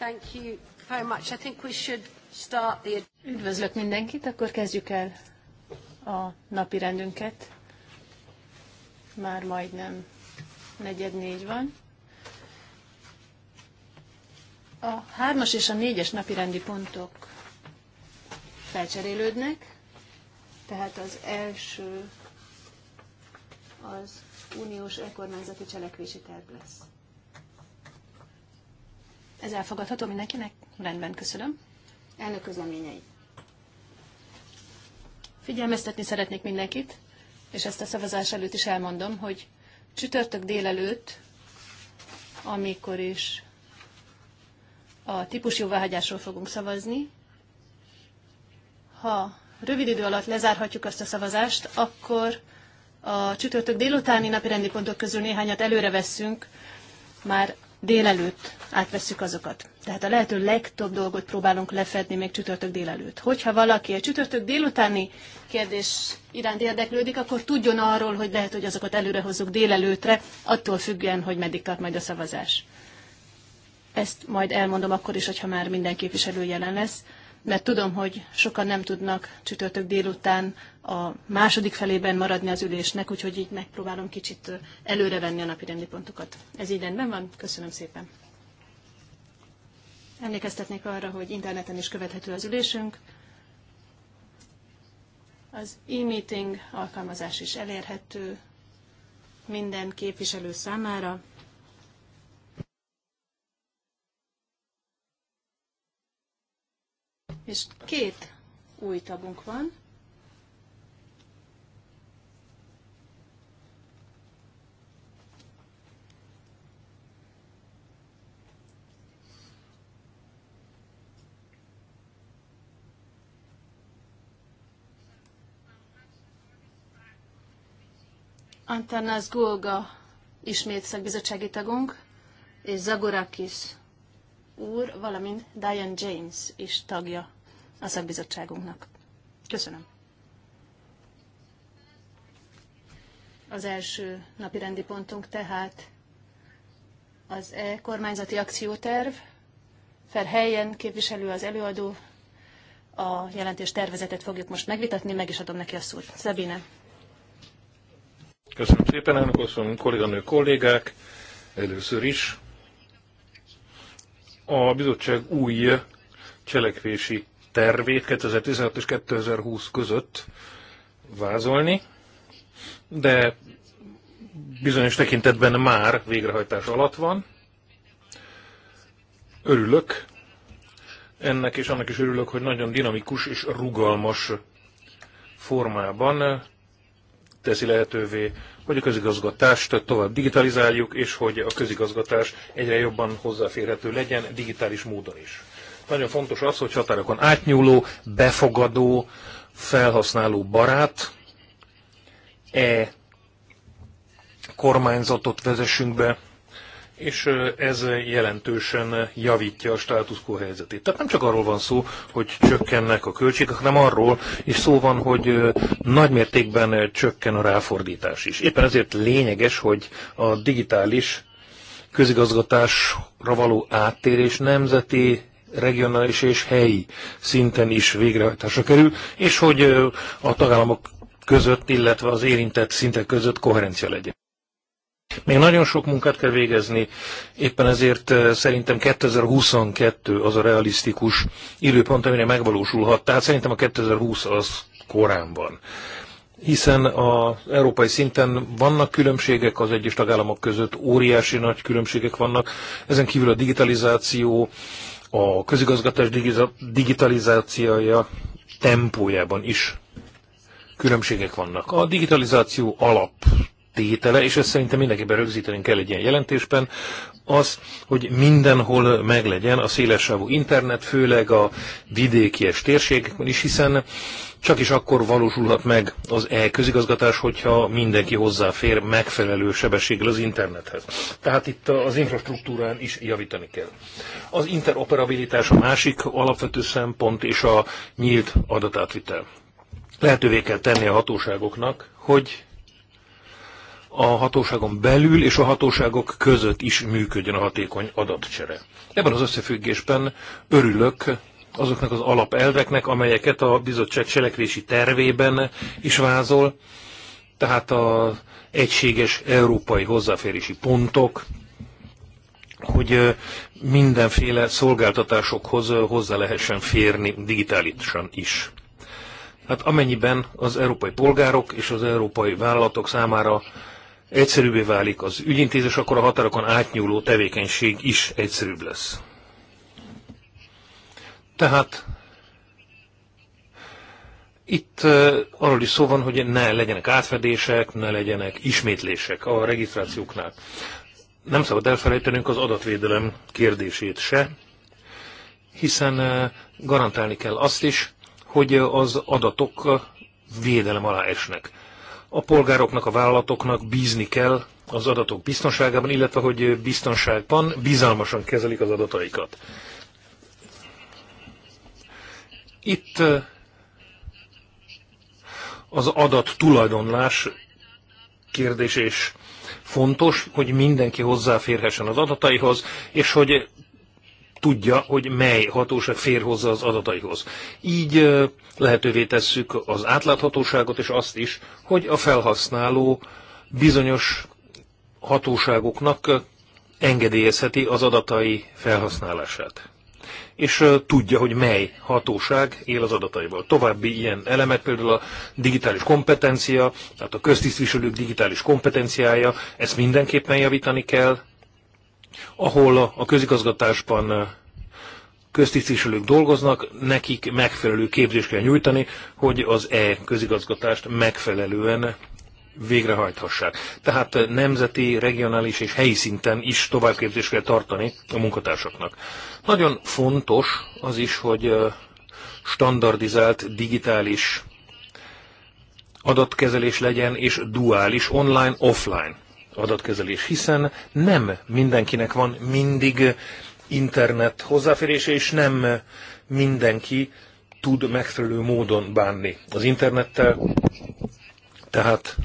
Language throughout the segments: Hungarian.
Thank you very much. I think we should start the... Üdvözlök mindenkit, akkor kezdjük el a napi rendünket. Már majdnem negyed négy van. A hármas és a négyes napi rendi pontok felcserélődnek, tehát az első az uniós önkormányzati cselekvési terv lesz. Ez elfogadható mindenkinek? Rendben, köszönöm. Elnök közleményei. Figyelmeztetni szeretnék mindenkit, és ezt a szavazás előtt is elmondom, hogy csütörtök délelőtt, amikor is a típus jóváhagyásról fogunk szavazni, ha rövid idő alatt lezárhatjuk azt a szavazást, akkor a csütörtök délutáni napi rendi pontok közül néhányat előre vesszünk, már délelőtt átveszük azokat. Tehát a lehető legtöbb dolgot próbálunk lefedni még csütörtök délelőtt. Hogyha valaki a csütörtök délutáni kérdés iránt érdeklődik, akkor tudjon arról, hogy lehet, hogy azokat előre hozzuk délelőtre, attól függően, hogy meddig tart majd a szavazás. Ezt majd elmondom akkor is, hogyha már minden képviselő jelen lesz mert tudom, hogy sokan nem tudnak csütörtök délután a második felében maradni az ülésnek, úgyhogy így megpróbálom kicsit előrevenni a napi rendi pontokat. Ez így rendben van? Köszönöm szépen. Emlékeztetnék arra, hogy interneten is követhető az ülésünk. Az e-meeting alkalmazás is elérhető minden képviselő számára. és két új tagunk van. Antanas Gulga ismét szakbizottsági tagunk, és Zagorakis úr, valamint Diane James is tagja a szakbizottságunknak. Köszönöm. Az első napi rendi pontunk tehát az e-kormányzati akcióterv. Ferhelyen képviselő az előadó, a jelentés tervezetet fogjuk most megvitatni, meg is adom neki a szót. Szabine. Köszönöm szépen, elnök úr, szóval kolléganő kollégák. Először is a bizottság új cselekvési tervét 2016 és 2020 között vázolni, de bizonyos tekintetben már végrehajtás alatt van. Örülök ennek, és annak is örülök, hogy nagyon dinamikus és rugalmas formában teszi lehetővé, hogy a közigazgatást tovább digitalizáljuk, és hogy a közigazgatás egyre jobban hozzáférhető legyen digitális módon is. Nagyon fontos az, hogy határokon átnyúló, befogadó, felhasználó barát e kormányzatot vezessünk be, és ez jelentősen javítja a státusz quo helyzetét. Tehát nem csak arról van szó, hogy csökkennek a költségek, hanem arról is szó van, hogy nagymértékben csökken a ráfordítás is. Éppen ezért lényeges, hogy a digitális közigazgatásra való áttérés nemzeti regionális és helyi szinten is végrehajtásra kerül, és hogy a tagállamok között, illetve az érintett szintek között koherencia legyen. Még nagyon sok munkát kell végezni, éppen ezért szerintem 2022 az a realisztikus időpont, amire megvalósulhat. Tehát szerintem a 2020 az korán van. Hiszen az európai szinten vannak különbségek az egyes tagállamok között, óriási nagy különbségek vannak, ezen kívül a digitalizáció, a közigazgatás digitalizációja tempójában is különbségek vannak. A digitalizáció alap tétele, és ezt szerintem mindenképpen rögzítenünk kell egy ilyen jelentésben, az, hogy mindenhol meglegyen a szélessávú internet, főleg a vidéki és térségekben is, hiszen csak is akkor valósulhat meg az e-közigazgatás, hogyha mindenki hozzáfér megfelelő sebességgel az internethez. Tehát itt az infrastruktúrán is javítani kell. Az interoperabilitás a másik alapvető szempont és a nyílt adatátvitel. Lehetővé kell tenni a hatóságoknak, hogy a hatóságon belül és a hatóságok között is működjön a hatékony adatcsere. Ebben az összefüggésben örülök azoknak az alapelveknek, amelyeket a bizottság cselekvési tervében is vázol, tehát az egységes európai hozzáférési pontok, hogy mindenféle szolgáltatásokhoz hozzá lehessen férni digitálisan is. Hát amennyiben az európai polgárok és az európai vállalatok számára egyszerűbbé válik az ügyintézés, akkor a határokon átnyúló tevékenység is egyszerűbb lesz. Tehát itt arról is szó van, hogy ne legyenek átfedések, ne legyenek ismétlések a regisztrációknál. Nem szabad elfelejtenünk az adatvédelem kérdését se, hiszen garantálni kell azt is, hogy az adatok védelem alá esnek. A polgároknak, a vállalatoknak bízni kell az adatok biztonságában, illetve hogy biztonságban, bizalmasan kezelik az adataikat. Itt az adat tulajdonlás kérdés és fontos, hogy mindenki hozzáférhessen az adataihoz, és hogy tudja, hogy mely hatóság fér hozzá az adataihoz. Így lehetővé tesszük az átláthatóságot, és azt is, hogy a felhasználó bizonyos hatóságoknak engedélyezheti az adatai felhasználását és tudja, hogy mely hatóság él az adataival. További ilyen elemek például a digitális kompetencia, tehát a köztisztviselők digitális kompetenciája, ezt mindenképpen javítani kell, ahol a közigazgatásban köztisztviselők dolgoznak, nekik megfelelő képzést kell nyújtani, hogy az e-közigazgatást megfelelően végrehajthassák. Tehát nemzeti, regionális és helyi szinten is továbbképzést kell tartani a munkatársaknak. Nagyon fontos az is, hogy standardizált digitális adatkezelés legyen, és duális online-offline adatkezelés, hiszen nem mindenkinek van mindig internet hozzáférése, és nem mindenki tud megfelelő módon bánni az internettel. Tehát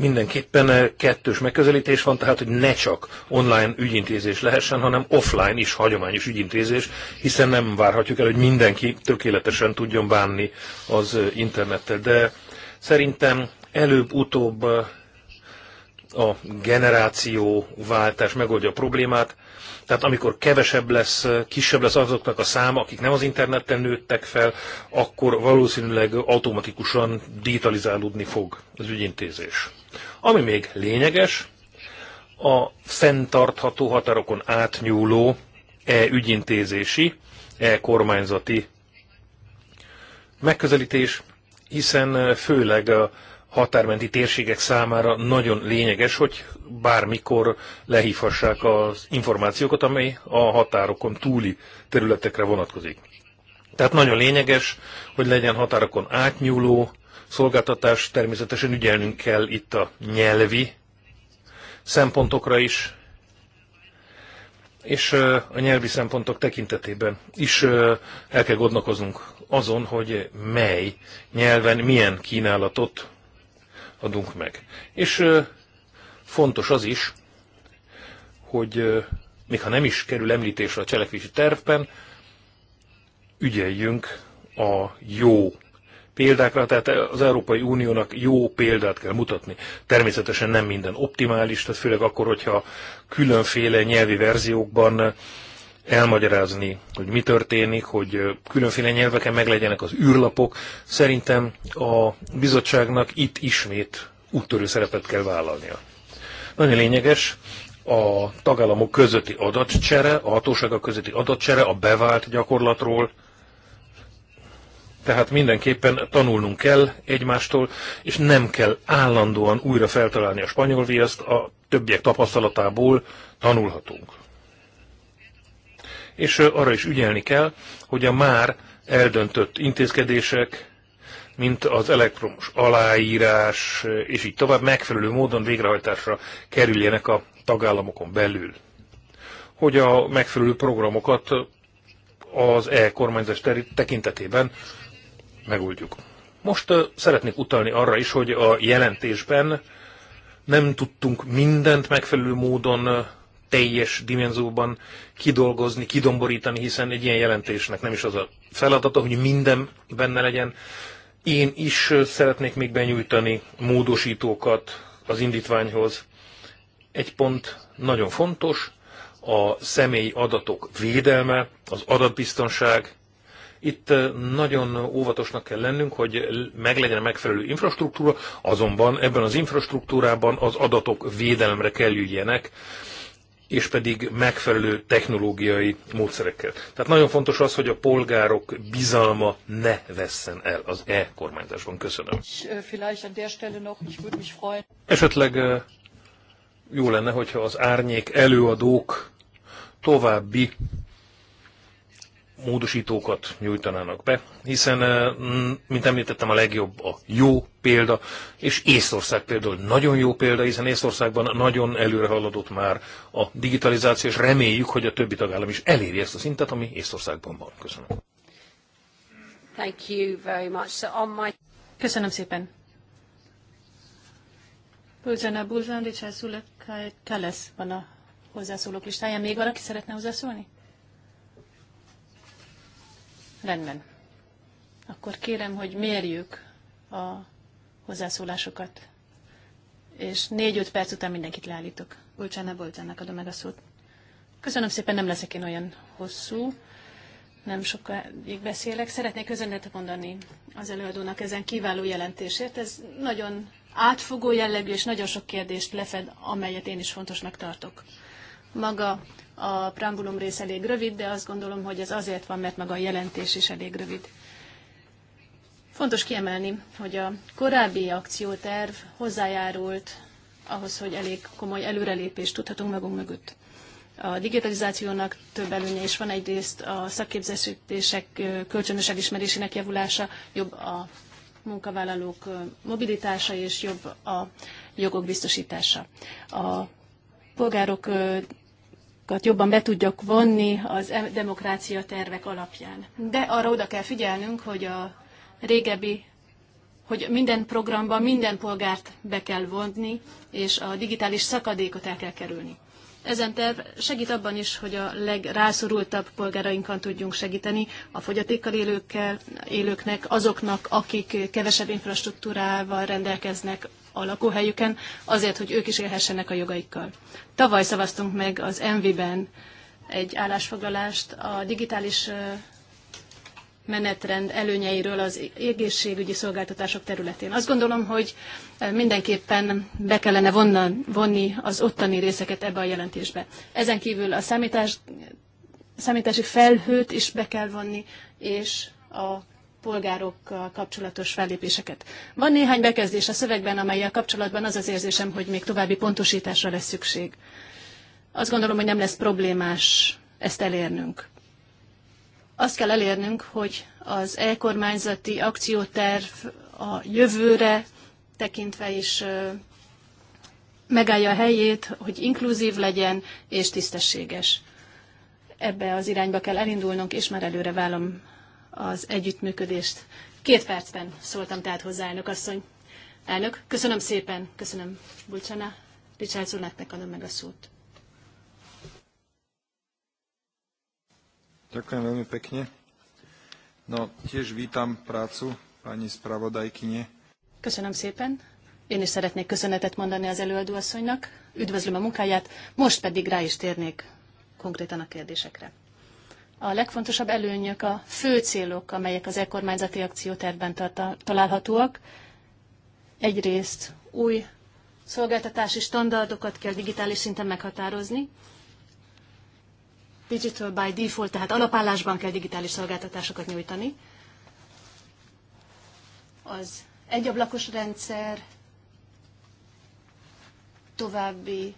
mindenképpen eh, kettős megközelítés van, tehát hogy ne csak online ügyintézés lehessen, hanem offline is hagyományos ügyintézés, hiszen nem várhatjuk el, hogy mindenki tökéletesen tudjon bánni az eh, internettel. De szerintem előbb-utóbb eh, a generációváltás megoldja a problémát, tehát amikor kevesebb lesz, kisebb lesz azoknak a száma, akik nem az interneten nőttek fel, akkor valószínűleg automatikusan digitalizálódni fog az ügyintézés. Ami még lényeges, a fenntartható határokon átnyúló e-ügyintézési, e-kormányzati megközelítés, hiszen főleg a határmenti térségek számára nagyon lényeges, hogy bármikor lehívhassák az információkat, amely a határokon túli területekre vonatkozik. Tehát nagyon lényeges, hogy legyen határokon átnyúló szolgáltatás. Természetesen ügyelnünk kell itt a nyelvi szempontokra is, és a nyelvi szempontok tekintetében is el kell gondolkoznunk azon, hogy mely nyelven milyen kínálatot adunk meg. És fontos az is, hogy még ha nem is kerül említésre a cselekvési tervben, ügyeljünk a jó példákra, tehát az Európai Uniónak jó példát kell mutatni. Természetesen nem minden optimális, tehát főleg akkor, hogyha különféle nyelvi verziókban elmagyarázni, hogy mi történik, hogy különféle nyelveken meglegyenek az űrlapok. Szerintem a bizottságnak itt ismét úttörő szerepet kell vállalnia. Nagyon lényeges, a tagállamok közötti adatcsere, a hatóságok közötti adatcsere, a bevált gyakorlatról, tehát mindenképpen tanulnunk kell egymástól, és nem kell állandóan újra feltalálni a spanyol viaszt, a többiek tapasztalatából tanulhatunk. És arra is ügyelni kell, hogy a már eldöntött intézkedések, mint az elektromos aláírás, és így tovább megfelelő módon végrehajtásra kerüljenek a tagállamokon belül. Hogy a megfelelő programokat az e-kormányzás tekintetében megoldjuk. Most szeretnék utalni arra is, hogy a jelentésben nem tudtunk mindent megfelelő módon teljes dimenzióban kidolgozni, kidomborítani, hiszen egy ilyen jelentésnek nem is az a feladata, hogy minden benne legyen. Én is szeretnék még benyújtani módosítókat az indítványhoz. Egy pont nagyon fontos, a személyi adatok védelme, az adatbiztonság, itt nagyon óvatosnak kell lennünk, hogy meglegyen a megfelelő infrastruktúra, azonban ebben az infrastruktúrában az adatok védelemre kerüljenek, és pedig megfelelő technológiai módszerekkel. Tehát nagyon fontos az, hogy a polgárok bizalma ne vesszen el az e-kormányzásban. Köszönöm. Esetleg jó lenne, hogyha az árnyék előadók további módosítókat nyújtanának be, hiszen, eh, mint említettem, a legjobb a jó példa, és Észország például nagyon jó példa, hiszen Észországban nagyon előre haladott már a digitalizáció, és reméljük, hogy a többi tagállam is eléri ezt a szintet, ami Észországban van. Köszönöm. Thank you very much. So on my... Köszönöm szépen. Buzana Buzan, Richard Szulek, Kalesz van a hozzászólók listáján. Még valaki szeretne hozzászólni? Rendben. Akkor kérem, hogy mérjük a hozzászólásokat. És négy-öt perc után mindenkit leállítok. Bolcsánál Bolcsánál adom meg a szót. Köszönöm szépen, nem leszek én olyan hosszú. Nem sokáig beszélek. Szeretnék köszönetet mondani az előadónak ezen kiváló jelentésért. Ez nagyon átfogó jellegű és nagyon sok kérdést lefed, amelyet én is fontosnak tartok. Maga a preambulum rész elég rövid, de azt gondolom, hogy ez azért van, mert maga a jelentés is elég rövid. Fontos kiemelni, hogy a korábbi akcióterv hozzájárult ahhoz, hogy elég komoly előrelépést tudhatunk magunk mögött. A digitalizációnak több előnye is van. Egyrészt a szakképzésítések kölcsönös elismerésének javulása, jobb a munkavállalók mobilitása és jobb a jogok biztosítása. A polgárok jobban be tudjak vonni az demokrácia tervek alapján. De arra oda kell figyelnünk, hogy a régebbi hogy minden programban minden polgárt be kell vonni, és a digitális szakadékot el kell kerülni. Ezen terv segít abban is, hogy a legrászorultabb polgárainkat tudjunk segíteni, a fogyatékkal élőkkel, élőknek, azoknak, akik kevesebb infrastruktúrával rendelkeznek a lakóhelyüken, azért, hogy ők is élhessenek a jogaikkal. Tavaly szavaztunk meg az MV-ben egy állásfoglalást a digitális menetrend előnyeiről az egészségügyi szolgáltatások területén. Azt gondolom, hogy mindenképpen be kellene vonna, vonni az ottani részeket ebbe a jelentésbe. Ezen kívül a számítás, számítási felhőt is be kell vonni, és a polgárokkal kapcsolatos fellépéseket. Van néhány bekezdés a szövegben, amelyel kapcsolatban az az érzésem, hogy még további pontosításra lesz szükség. Azt gondolom, hogy nem lesz problémás ezt elérnünk. Azt kell elérnünk, hogy az e-kormányzati akcióterv a jövőre tekintve is megállja a helyét, hogy inkluzív legyen és tisztességes. Ebbe az irányba kell elindulnunk, és már előre vállom az együttműködést. Két percben szóltam tehát hozzá, elnök asszony. Elnök, köszönöm szépen, köszönöm Bulcsana. Richardsonnak adom meg a szót. Ďakujem veľmi pekne. No, tiež vítam prácu pani spravodajkine. Köszönöm szépen. Én is szeretnék köszönetet mondani az előadó asszonynak. Üdvözlöm a munkáját, most pedig rá is térnék konkrétan a kérdésekre. A legfontosabb előnyök a fő célok, amelyek az e-kormányzati akciótervben találhatóak. Egyrészt új szolgáltatási standardokat kell digitális szinten meghatározni. Digital by default, tehát alapállásban kell digitális szolgáltatásokat nyújtani. Az egyablakos rendszer további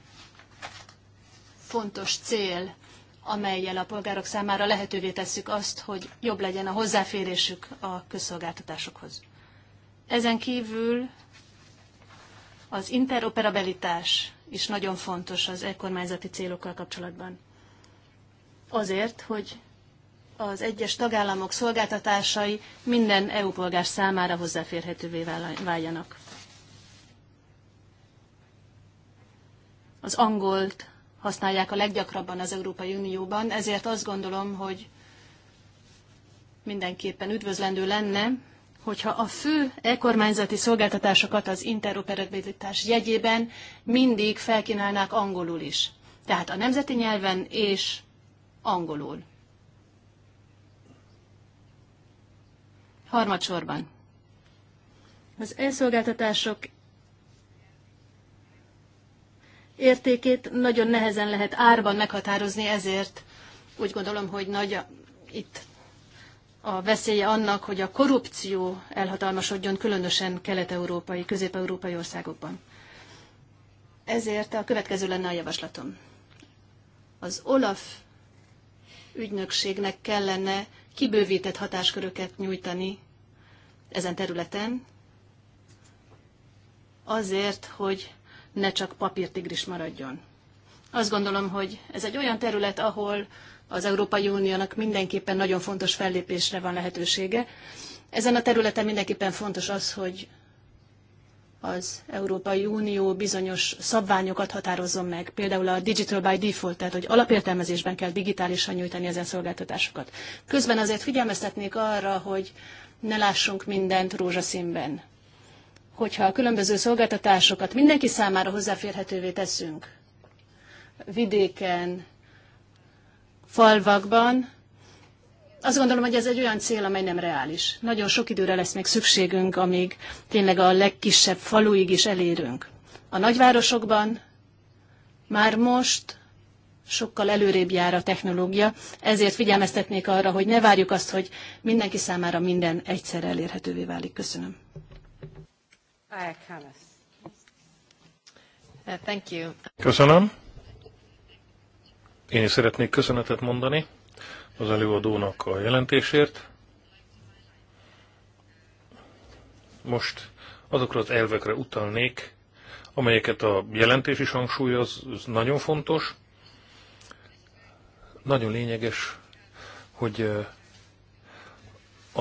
fontos cél amelyel a polgárok számára lehetővé tesszük azt, hogy jobb legyen a hozzáférésük a közszolgáltatásokhoz. Ezen kívül az interoperabilitás is nagyon fontos az e-kormányzati célokkal kapcsolatban. Azért, hogy az egyes tagállamok szolgáltatásai minden EU polgár számára hozzáférhetővé váljanak. Az angolt használják a leggyakrabban az Európai Unióban, ezért azt gondolom, hogy mindenképpen üdvözlendő lenne, hogyha a fő e-kormányzati szolgáltatásokat az interoperabilitás jegyében mindig felkínálnák angolul is. Tehát a nemzeti nyelven és angolul. Harmadsorban. Az szolgáltatások értékét nagyon nehezen lehet árban meghatározni, ezért úgy gondolom, hogy nagy a, itt a veszélye annak, hogy a korrupció elhatalmasodjon, különösen kelet-európai, közép-európai országokban. Ezért a következő lenne a javaslatom. Az OLAF ügynökségnek kellene kibővített hatásköröket nyújtani ezen területen, azért, hogy ne csak papírtigris maradjon. Azt gondolom, hogy ez egy olyan terület, ahol az Európai Uniónak mindenképpen nagyon fontos fellépésre van lehetősége. Ezen a területen mindenképpen fontos az, hogy az Európai Unió bizonyos szabványokat határozzon meg, például a Digital by Default, tehát hogy alapértelmezésben kell digitálisan nyújtani ezen szolgáltatásokat. Közben azért figyelmeztetnék arra, hogy ne lássunk mindent rózsaszínben hogyha a különböző szolgáltatásokat mindenki számára hozzáférhetővé teszünk, vidéken, falvakban, azt gondolom, hogy ez egy olyan cél, amely nem reális. Nagyon sok időre lesz még szükségünk, amíg tényleg a legkisebb faluig is elérünk. A nagyvárosokban már most sokkal előrébb jár a technológia, ezért figyelmeztetnék arra, hogy ne várjuk azt, hogy mindenki számára minden egyszer elérhetővé válik. Köszönöm. Uh, Köszönöm. Én is szeretnék köszönetet mondani az előadónak a jelentésért. Most azokra az elvekre utalnék, amelyeket a jelentés is hangsúlyoz, ez nagyon fontos. Nagyon lényeges, hogy uh,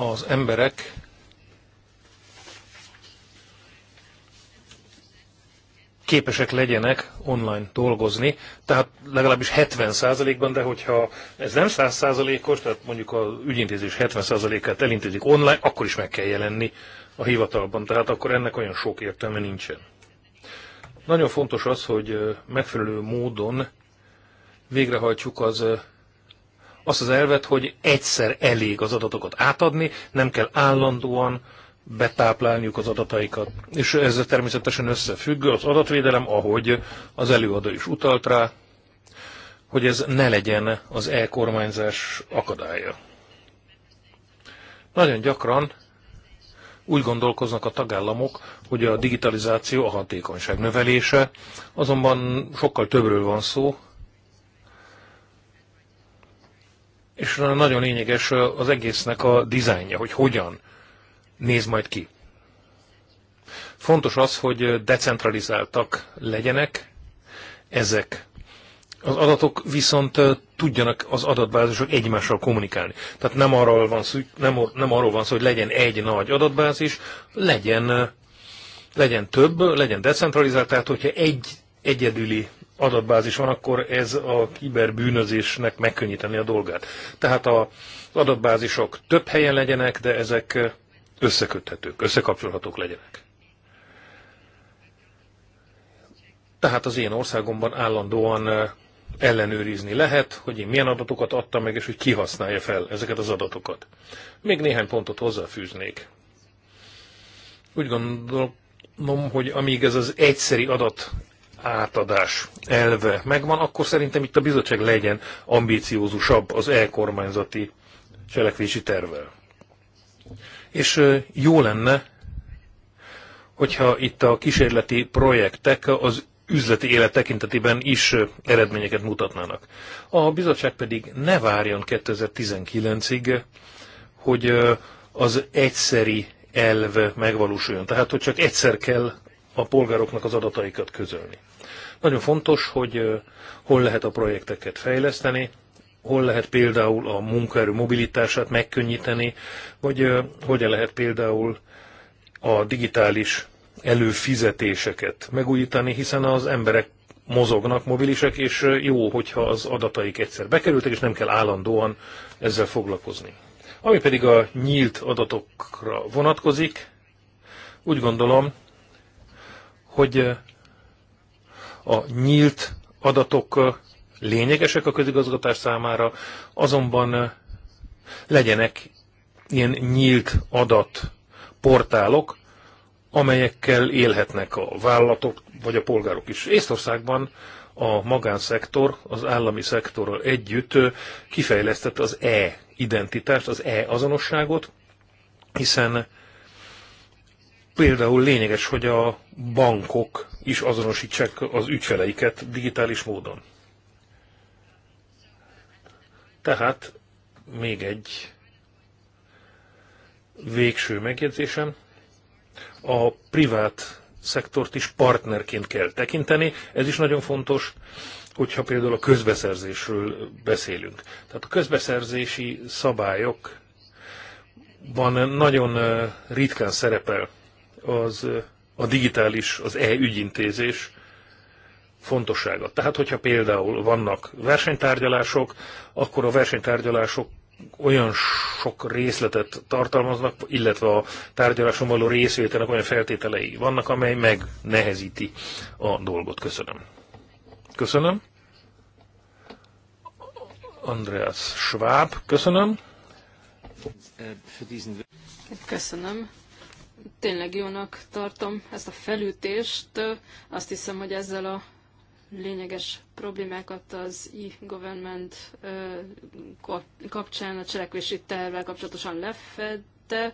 az emberek képesek legyenek online dolgozni, tehát legalábbis 70%-ban, de hogyha ez nem 100%-os, tehát mondjuk az ügyintézés 70%-át elintézik online, akkor is meg kell jelenni a hivatalban, tehát akkor ennek olyan sok értelme nincsen. Nagyon fontos az, hogy megfelelő módon végrehajtsuk az azt az elvet, hogy egyszer elég az adatokat átadni, nem kell állandóan betáplálniuk az adataikat. És ez természetesen összefügg az adatvédelem, ahogy az előadó is utalt rá, hogy ez ne legyen az e-kormányzás akadálya. Nagyon gyakran úgy gondolkoznak a tagállamok, hogy a digitalizáció a hatékonyság növelése, azonban sokkal többről van szó, és nagyon lényeges az egésznek a dizájnja, hogy hogyan néz majd ki. Fontos az, hogy decentralizáltak legyenek ezek az adatok viszont tudjanak az adatbázisok egymással kommunikálni. Tehát nem arról van szó, nem, nem arról van szó hogy legyen egy nagy adatbázis, legyen, legyen több, legyen decentralizált, tehát hogyha egy egyedüli adatbázis van, akkor ez a kiberbűnözésnek megkönnyíteni a dolgát. Tehát a, az adatbázisok több helyen legyenek, de ezek összeköthetők, összekapcsolhatók legyenek. Tehát az én országomban állandóan eh, ellenőrizni lehet, hogy én milyen adatokat adtam meg, és hogy ki használja fel ezeket az adatokat. Még néhány pontot hozzáfűznék. Úgy gondolom, hogy amíg ez az egyszeri adat átadás elve megvan, akkor szerintem itt a bizottság legyen ambíciózusabb az elkormányzati cselekvési tervvel. És jó lenne, hogyha itt a kísérleti projektek az üzleti élet tekintetében is eredményeket mutatnának. A bizottság pedig ne várjon 2019-ig, hogy az egyszeri elv megvalósuljon. Tehát, hogy csak egyszer kell a polgároknak az adataikat közölni. Nagyon fontos, hogy hol lehet a projekteket fejleszteni, hol lehet például a munkaerő mobilitását megkönnyíteni, vagy hogyan lehet például a digitális előfizetéseket megújítani, hiszen az emberek mozognak, mobilisek, és jó, hogyha az adataik egyszer bekerültek, és nem kell állandóan ezzel foglalkozni. Ami pedig a nyílt adatokra vonatkozik, úgy gondolom, hogy a nyílt adatok lényegesek a közigazgatás számára, azonban legyenek ilyen nyílt adat portálok, amelyekkel élhetnek a vállalatok vagy a polgárok is. Észtországban a magánszektor az állami szektorral együtt kifejlesztett az e-identitást, az e-azonosságot, hiszen például lényeges, hogy a bankok is azonosítsák az ügyfeleiket digitális módon. Tehát még egy végső megjegyzésem. A privát szektort is partnerként kell tekinteni. Ez is nagyon fontos, hogyha például a közbeszerzésről beszélünk. Tehát a közbeszerzési szabályokban nagyon eh, ritkán szerepel az, eh, a digitális, az e-ügyintézés, fontossága. Tehát, hogyha például vannak versenytárgyalások, akkor a versenytárgyalások olyan sok részletet tartalmaznak, illetve a tárgyaláson való részvételnek olyan feltételei vannak, amely megnehezíti a dolgot. Köszönöm. Köszönöm. Andreas Schwab, köszönöm. Köszönöm. Tényleg jónak tartom ezt a felütést. Azt hiszem, hogy ezzel a lényeges problémákat az e-government kapcsán, a cselekvési tervvel kapcsolatosan lefedte,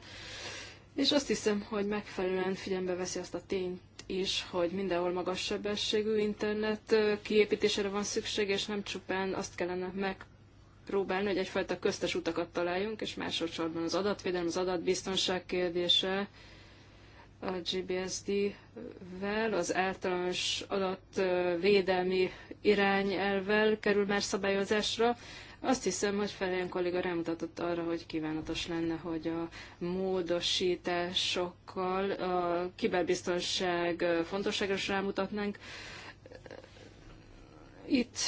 és azt hiszem, hogy megfelelően figyelembe veszi azt a tényt is, hogy mindenhol magas sebességű internet kiépítésére van szükség, és nem csupán azt kellene meg próbálni, hogy egyfajta köztes utakat találjunk, és másodszorban az adatvédelem, az adatbiztonság kérdése, a GBSD-vel, az általános adatvédelmi irányelvvel kerül már szabályozásra. Azt hiszem, hogy Ferjen kolléga rámutatott arra, hogy kívánatos lenne, hogy a módosításokkal a kiberbiztonság fontosságra rámutatnánk. Itt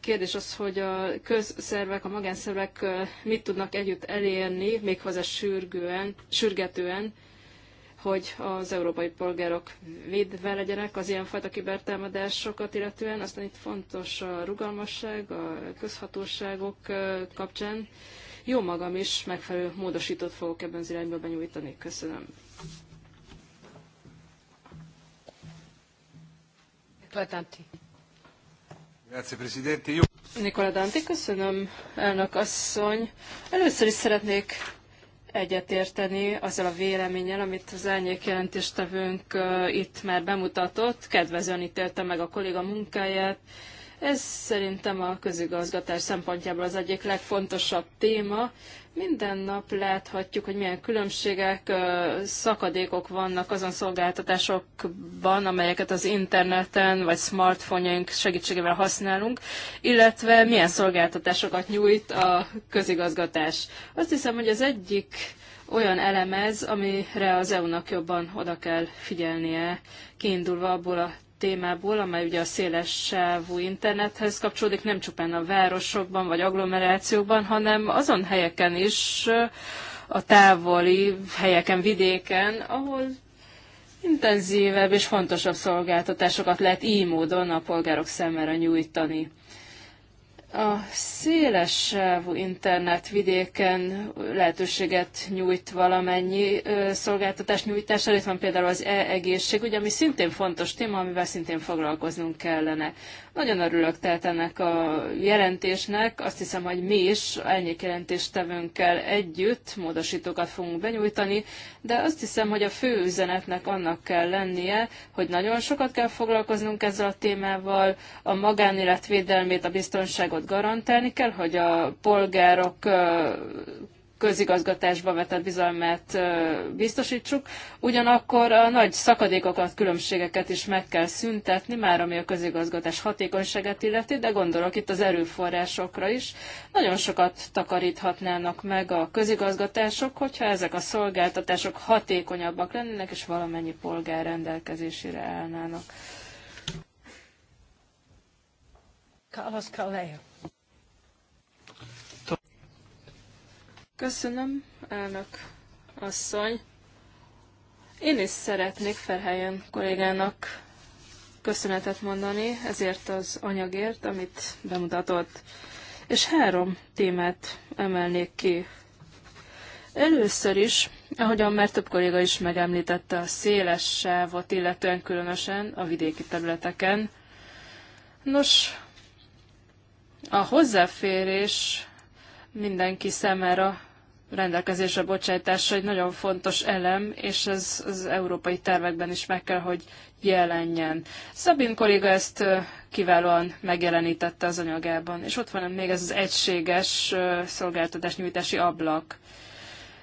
kérdés az, hogy a közszervek, a magánszervek mit tudnak együtt elérni, méghozzá sürgően, sürgetően, hogy az európai polgárok védve legyenek az ilyenfajta kibertámadásokat illetően. Aztán itt fontos a rugalmasság a közhatóságok kapcsán. Jó magam is megfelelő módosítót fogok ebben az irányba benyújtani. Köszönöm. Nikola Danti, köszönöm, elnök asszony. Először is szeretnék egyetérteni azzal a véleménnyel, amit az elnyék jelentéstevőnk itt már bemutatott. Kedvezően ítélte meg a kolléga munkáját, ez szerintem a közigazgatás szempontjából az egyik legfontosabb téma. Minden nap láthatjuk, hogy milyen különbségek, szakadékok vannak azon szolgáltatásokban, amelyeket az interneten vagy smartphone segítségével használunk, illetve milyen szolgáltatásokat nyújt a közigazgatás. Azt hiszem, hogy az egyik olyan elemez, amire az EU-nak jobban oda kell figyelnie, kiindulva abból a témából, amely ugye a széles sávú internethez kapcsolódik, nem csupán a városokban vagy agglomerációkban, hanem azon helyeken is, a távoli helyeken, vidéken, ahol intenzívebb és fontosabb szolgáltatásokat lehet így módon a polgárok számára nyújtani. A széles sávú internet vidéken lehetőséget nyújt valamennyi szolgáltatás nyújtására. Itt van például az e-egészség, ugye, ami szintén fontos téma, amivel szintén foglalkoznunk kellene. Nagyon örülök tehát ennek a jelentésnek. Azt hiszem, hogy mi is ennyi jelentéstevőnkkel együtt módosítókat fogunk benyújtani, de azt hiszem, hogy a fő üzenetnek annak kell lennie, hogy nagyon sokat kell foglalkoznunk ezzel a témával, a magánélet védelmét, a biztonságot garantálni kell, hogy a polgárok közigazgatásba vetett bizalmát biztosítsuk, ugyanakkor a nagy szakadékokat, különbségeket is meg kell szüntetni, már ami a közigazgatás hatékonyságát illeti, de gondolok itt az erőforrásokra is. Nagyon sokat takaríthatnának meg a közigazgatások, hogyha ezek a szolgáltatások hatékonyabbak lennének, és valamennyi polgár rendelkezésére állnának. Carlos Callejo. Köszönöm, elnök asszony. Én is szeretnék Ferhelyen kollégának köszönetet mondani ezért az anyagért, amit bemutatott. És három témát emelnék ki. Először is, ahogyan már több kolléga is megemlítette, a széles sávot, illetően különösen a vidéki területeken. Nos, a hozzáférés mindenki számára rendelkezésre bocsátása egy nagyon fontos elem, és ez az európai tervekben is meg kell, hogy jelenjen. Szabin kolléga ezt kiválóan megjelenítette az anyagában, és ott van még ez az egységes szolgáltatás nyújtási ablak.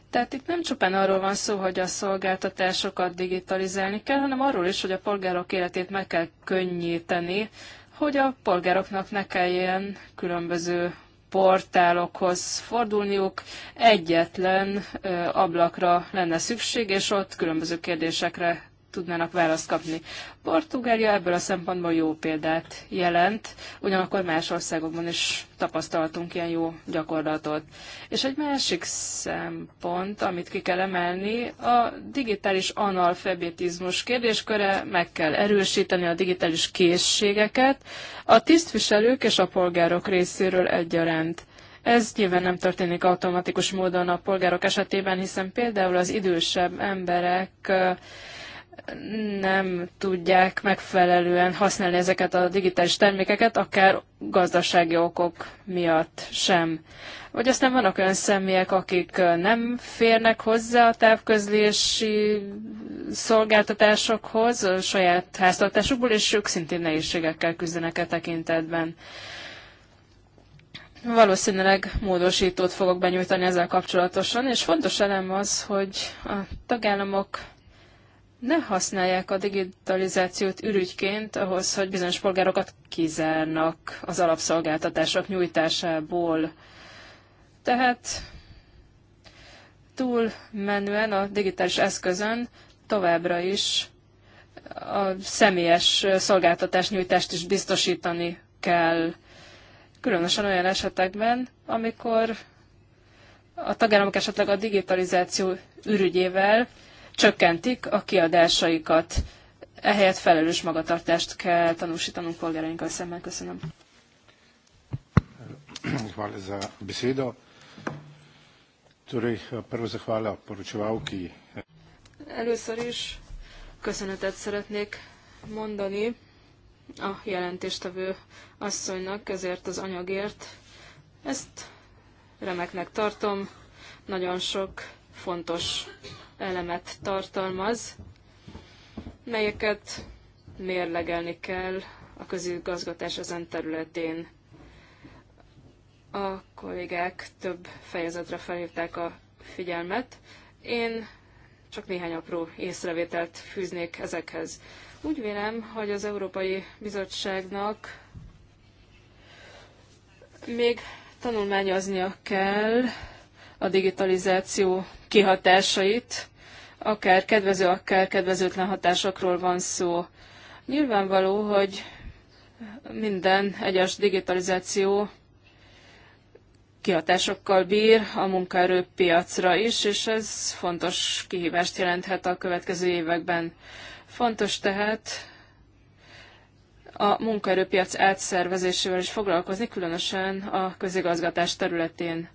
Tehát itt nem csupán arról van szó, hogy a szolgáltatásokat digitalizálni kell, hanem arról is, hogy a polgárok életét meg kell könnyíteni, hogy a polgároknak ne kelljen különböző portálokhoz fordulniuk, egyetlen ablakra lenne szükség, és ott különböző kérdésekre tudnának választ kapni. Portugália ebből a szempontból jó példát jelent, ugyanakkor más országokban is tapasztaltunk ilyen jó gyakorlatot. És egy másik szempont, amit ki kell emelni, a digitális analfabetizmus kérdésköre, meg kell erősíteni a digitális készségeket a tisztviselők és a polgárok részéről egyaránt. Ez nyilván nem történik automatikus módon a polgárok esetében, hiszen például az idősebb emberek nem tudják megfelelően használni ezeket a digitális termékeket, akár gazdasági okok miatt sem. Vagy aztán vannak olyan személyek, akik nem férnek hozzá a távközlési szolgáltatásokhoz, a saját háztartásukból, és ők szintén nehézségekkel küzdenek a e tekintetben. Valószínűleg módosítót fogok benyújtani ezzel kapcsolatosan, és fontos elem az, hogy a tagállamok ne használják a digitalizációt ürügyként ahhoz, hogy bizonyos polgárokat kizárnak az alapszolgáltatások nyújtásából. Tehát túl menően a digitális eszközön továbbra is a személyes szolgáltatás nyújtást is biztosítani kell, különösen olyan esetekben, amikor a tagállamok esetleg a digitalizáció ürügyével csökkentik a kiadásaikat. Ehelyett felelős magatartást kell tanúsítanunk polgárainkkal szemben. Köszönöm. Hvala za besedo. Torej, prvo zahvala poročevalki. Először is köszönetet szeretnék mondani a jelentéstevő asszonynak ezért az anyagért. Ezt remeknek tartom. Nagyon sok fontos elemet tartalmaz, melyeket mérlegelni kell a közigazgatás ezen területén. A kollégák több fejezetre felhívták a figyelmet. Én csak néhány apró észrevételt fűznék ezekhez. Úgy vélem, hogy az Európai Bizottságnak még tanulmányoznia kell a digitalizáció kihatásait, akár kedvező, akár kedvezőtlen hatásokról van szó. Nyilvánvaló, hogy minden egyes digitalizáció kihatásokkal bír a munkaerőpiacra is, és ez fontos kihívást jelenthet a következő években. Fontos tehát a munkaerőpiac átszervezésével is foglalkozni, különösen a közigazgatás területén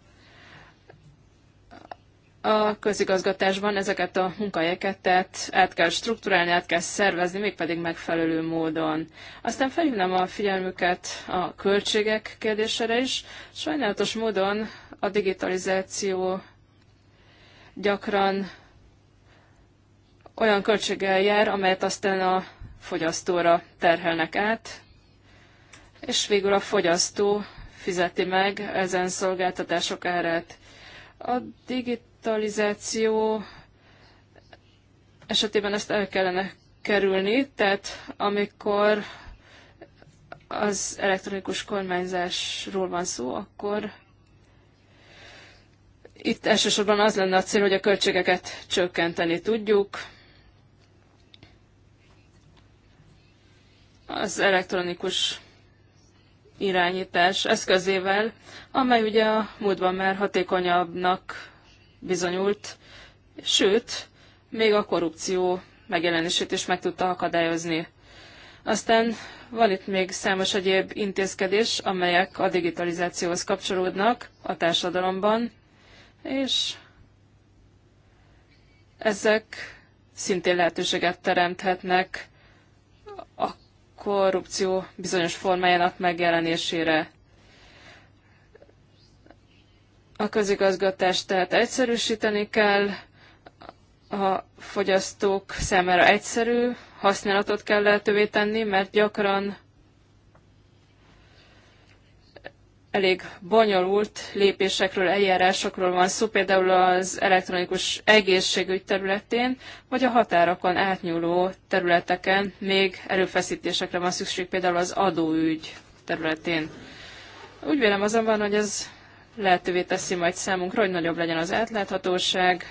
a közigazgatásban ezeket a munkahelyeket tehát át kell struktúrálni, át kell szervezni, mégpedig megfelelő módon. Aztán felhívnám a figyelmüket a költségek kérdésére is. Sajnálatos módon a digitalizáció gyakran olyan költséggel jár, amelyet aztán a fogyasztóra terhelnek át, és végül a fogyasztó fizeti meg ezen szolgáltatások árát. A digit digitalizáció esetében ezt el kellene kerülni, tehát amikor az elektronikus kormányzásról van szó, akkor itt elsősorban az lenne a cél, hogy a költségeket csökkenteni tudjuk. Az elektronikus irányítás eszközével, amely ugye a múltban már hatékonyabbnak bizonyult, sőt, még a korrupció megjelenését is meg tudta akadályozni. Aztán van itt még számos egyéb intézkedés, amelyek a digitalizációhoz kapcsolódnak a társadalomban, és ezek szintén lehetőséget teremthetnek a korrupció bizonyos formájának megjelenésére. A közigazgatást tehát egyszerűsíteni kell, a fogyasztók számára egyszerű használatot kell lehetővé tenni, mert gyakran elég bonyolult lépésekről, eljárásokról van szó, például az elektronikus egészségügy területén, vagy a határokon átnyúló területeken még erőfeszítésekre van szükség, például az adóügy területén. Úgy vélem azonban, hogy ez lehetővé teszi majd számunkra, hogy nagyobb legyen az átláthatóság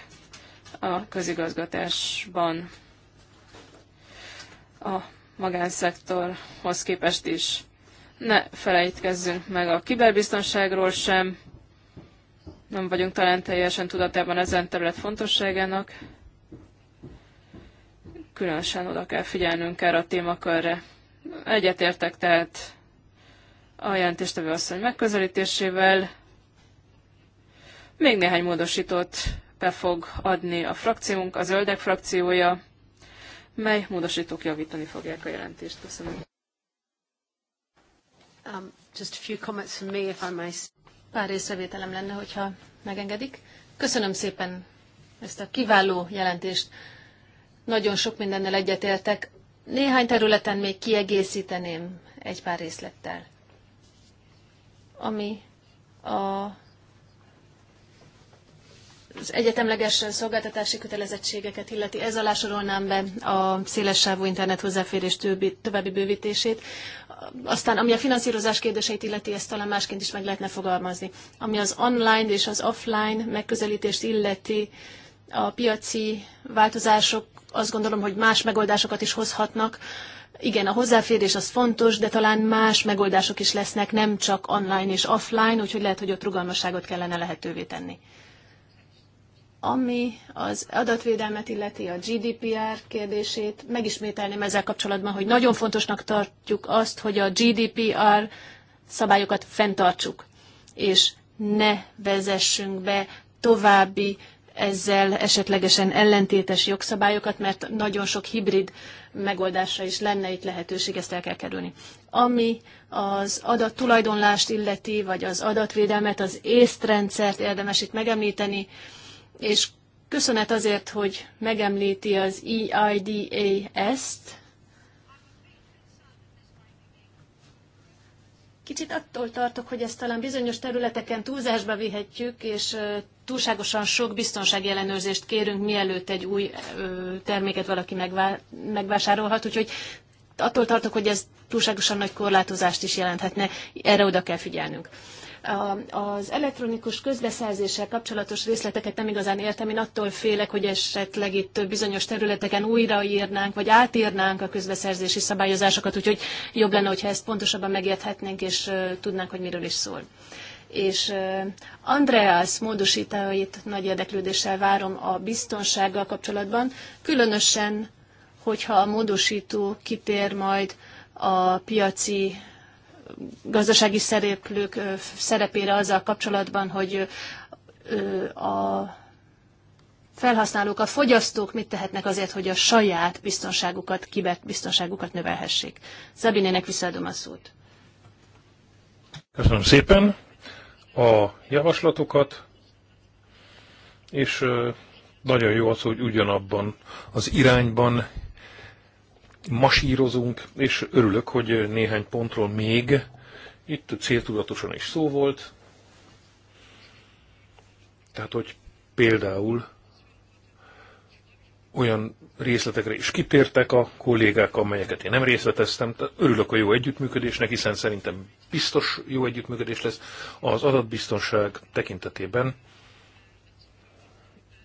a közigazgatásban a magánszektorhoz képest is. Ne felejtkezzünk meg a kiberbiztonságról sem, nem vagyunk talán teljesen tudatában ezen terület fontosságának. Különösen oda kell figyelnünk erre a témakörre. Egyetértek tehát a jelentéstevő asszony megközelítésével, még néhány módosítót be fog adni a frakciónk, a zöldek frakciója, mely módosítók javítani fogják a jelentést. Köszönöm. Um, just a few comments from me, if I may. Pár észrevételem lenne, hogyha megengedik. Köszönöm szépen ezt a kiváló jelentést. Nagyon sok mindennel egyetértek. Néhány területen még kiegészíteném egy pár részlettel, ami a az egyetemleges szolgáltatási kötelezettségeket illeti, ez alá sorolnám be a sávú internet hozzáférés többi, további bővítését. Aztán, ami a finanszírozás kérdéseit illeti, ezt talán másként is meg lehetne fogalmazni. Ami az online és az offline megközelítést illeti, a piaci változások azt gondolom, hogy más megoldásokat is hozhatnak. Igen, a hozzáférés az fontos, de talán más megoldások is lesznek, nem csak online és offline, úgyhogy lehet, hogy ott rugalmasságot kellene lehetővé tenni. Ami az adatvédelmet illeti a GDPR kérdését, megismételném ezzel kapcsolatban, hogy nagyon fontosnak tartjuk azt, hogy a GDPR szabályokat fenntartsuk, és ne vezessünk be további ezzel esetlegesen ellentétes jogszabályokat, mert nagyon sok hibrid megoldásra is lenne itt lehetőség, ezt el kell kerülni. Ami az adattulajdonlást illeti, vagy az adatvédelmet, az észtrendszert érdemes itt megemlíteni, és köszönet azért, hogy megemlíti az EIDA-ezt. Kicsit attól tartok, hogy ezt talán bizonyos területeken túlzásba vihetjük, és túlságosan sok biztonsági ellenőrzést kérünk, mielőtt egy új terméket valaki megvásárolhat, úgyhogy attól tartok, hogy ez túlságosan nagy korlátozást is jelenthetne, erre oda kell figyelnünk. Az elektronikus közbeszerzéssel kapcsolatos részleteket nem igazán értem. Én attól félek, hogy esetleg itt bizonyos területeken újraírnánk, vagy átírnánk a közbeszerzési szabályozásokat, úgyhogy jobb lenne, hogyha ezt pontosabban megérthetnénk, és tudnánk, hogy miről is szól és Andreas módosítáit nagy érdeklődéssel várom a biztonsággal kapcsolatban, különösen, hogyha a módosító kitér majd a piaci gazdasági szereplők szerepére azzal kapcsolatban, hogy a felhasználók, a fogyasztók mit tehetnek azért, hogy a saját biztonságukat, biztonságukat növelhessék. Szabinének visszaadom a szót. Köszönöm szépen a javaslatokat, és nagyon jó az, hogy ugyanabban az irányban masírozunk, és örülök, hogy néhány pontról még itt céltudatosan is szó volt. Tehát, hogy például olyan részletekre is kitértek a kollégák, amelyeket én nem részleteztem. Tehát örülök a jó együttműködésnek, hiszen szerintem biztos jó együttműködés lesz az adatbiztonság tekintetében.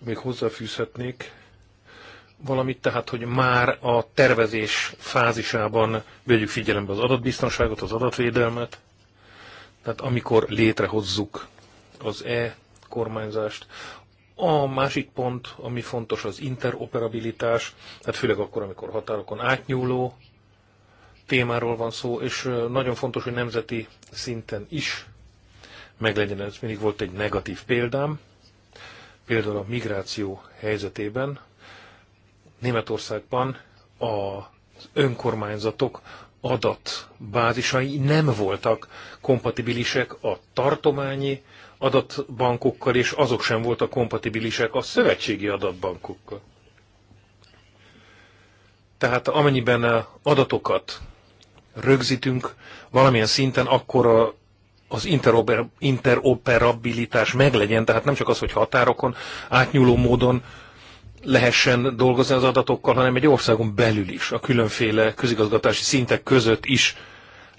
Még hozzáfűzhetnék, valamit, tehát hogy már a tervezés fázisában vegyük figyelembe az adatbiztonságot, az adatvédelmet, tehát amikor létrehozzuk az e-kormányzást. A másik pont, ami fontos, az interoperabilitás, tehát főleg akkor, amikor határokon átnyúló témáról van szó, és nagyon fontos, hogy nemzeti szinten is meglegyen ez. Mindig volt egy negatív példám, például a migráció helyzetében, Németországban az önkormányzatok adatbázisai nem voltak kompatibilisek a tartományi adatbankokkal, és azok sem voltak kompatibilisek a szövetségi adatbankokkal. Tehát amennyiben adatokat rögzítünk valamilyen szinten, akkor a, az interoper, interoperabilitás meglegyen, tehát nem csak az, hogy határokon átnyúló módon lehessen dolgozni az adatokkal, hanem egy országon belül is, a különféle közigazgatási szintek között is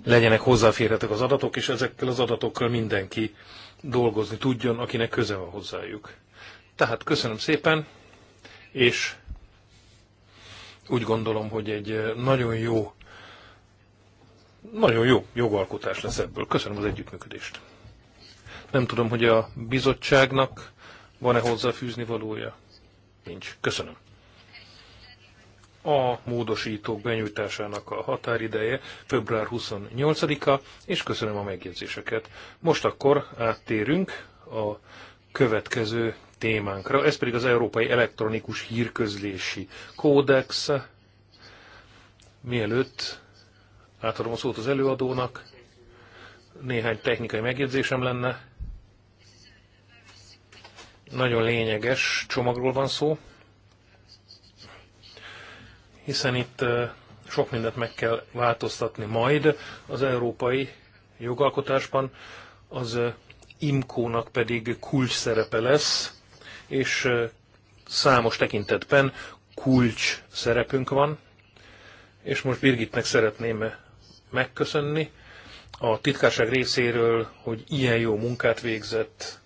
legyenek hozzáférhetek az adatok, és ezekkel az adatokkal mindenki dolgozni tudjon, akinek köze van hozzájuk. Tehát köszönöm szépen, és úgy gondolom, hogy egy eh, nagyon jó, nagyon jó jogalkotás lesz ebből. Köszönöm az együttműködést. Nem tudom, hogy a bizottságnak van-e hozzáfűzni valója. Nincs. Köszönöm. A módosítók benyújtásának a határideje február 28-a, és köszönöm a megjegyzéseket. Most akkor áttérünk a következő témánkra, ez pedig az Európai Elektronikus Hírközlési Kódex. Mielőtt átadom a szót az előadónak, néhány technikai megjegyzésem lenne nagyon lényeges csomagról van szó, hiszen itt sok mindent meg kell változtatni majd az európai jogalkotásban, az IMCO-nak pedig kulcs szerepe lesz, és számos tekintetben kulcs szerepünk van, és most Birgitnek szeretném megköszönni a titkárság részéről, hogy ilyen jó munkát végzett,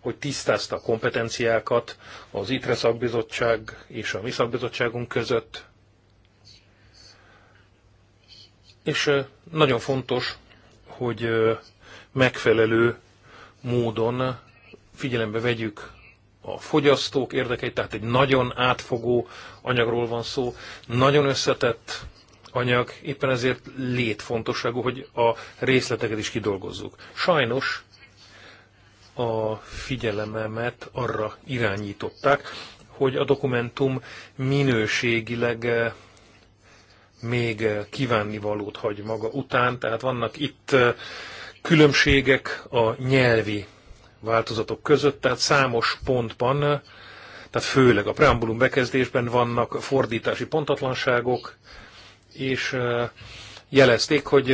hogy tisztázta a kompetenciákat az ITRE szakbizottság és a mi szakbizottságunk között. És nagyon fontos, hogy megfelelő módon figyelembe vegyük a fogyasztók érdekeit, tehát egy nagyon átfogó anyagról van szó, nagyon összetett anyag, éppen ezért létfontosságú, hogy a részleteket is kidolgozzuk. Sajnos a figyelememet arra irányították, hogy a dokumentum minőségileg eh, még eh, kívánnivalót hagy maga után, tehát vannak itt eh, különbségek a nyelvi változatok között, tehát számos pontban, tehát főleg a preambulum bekezdésben vannak fordítási pontatlanságok, és jelezték, hogy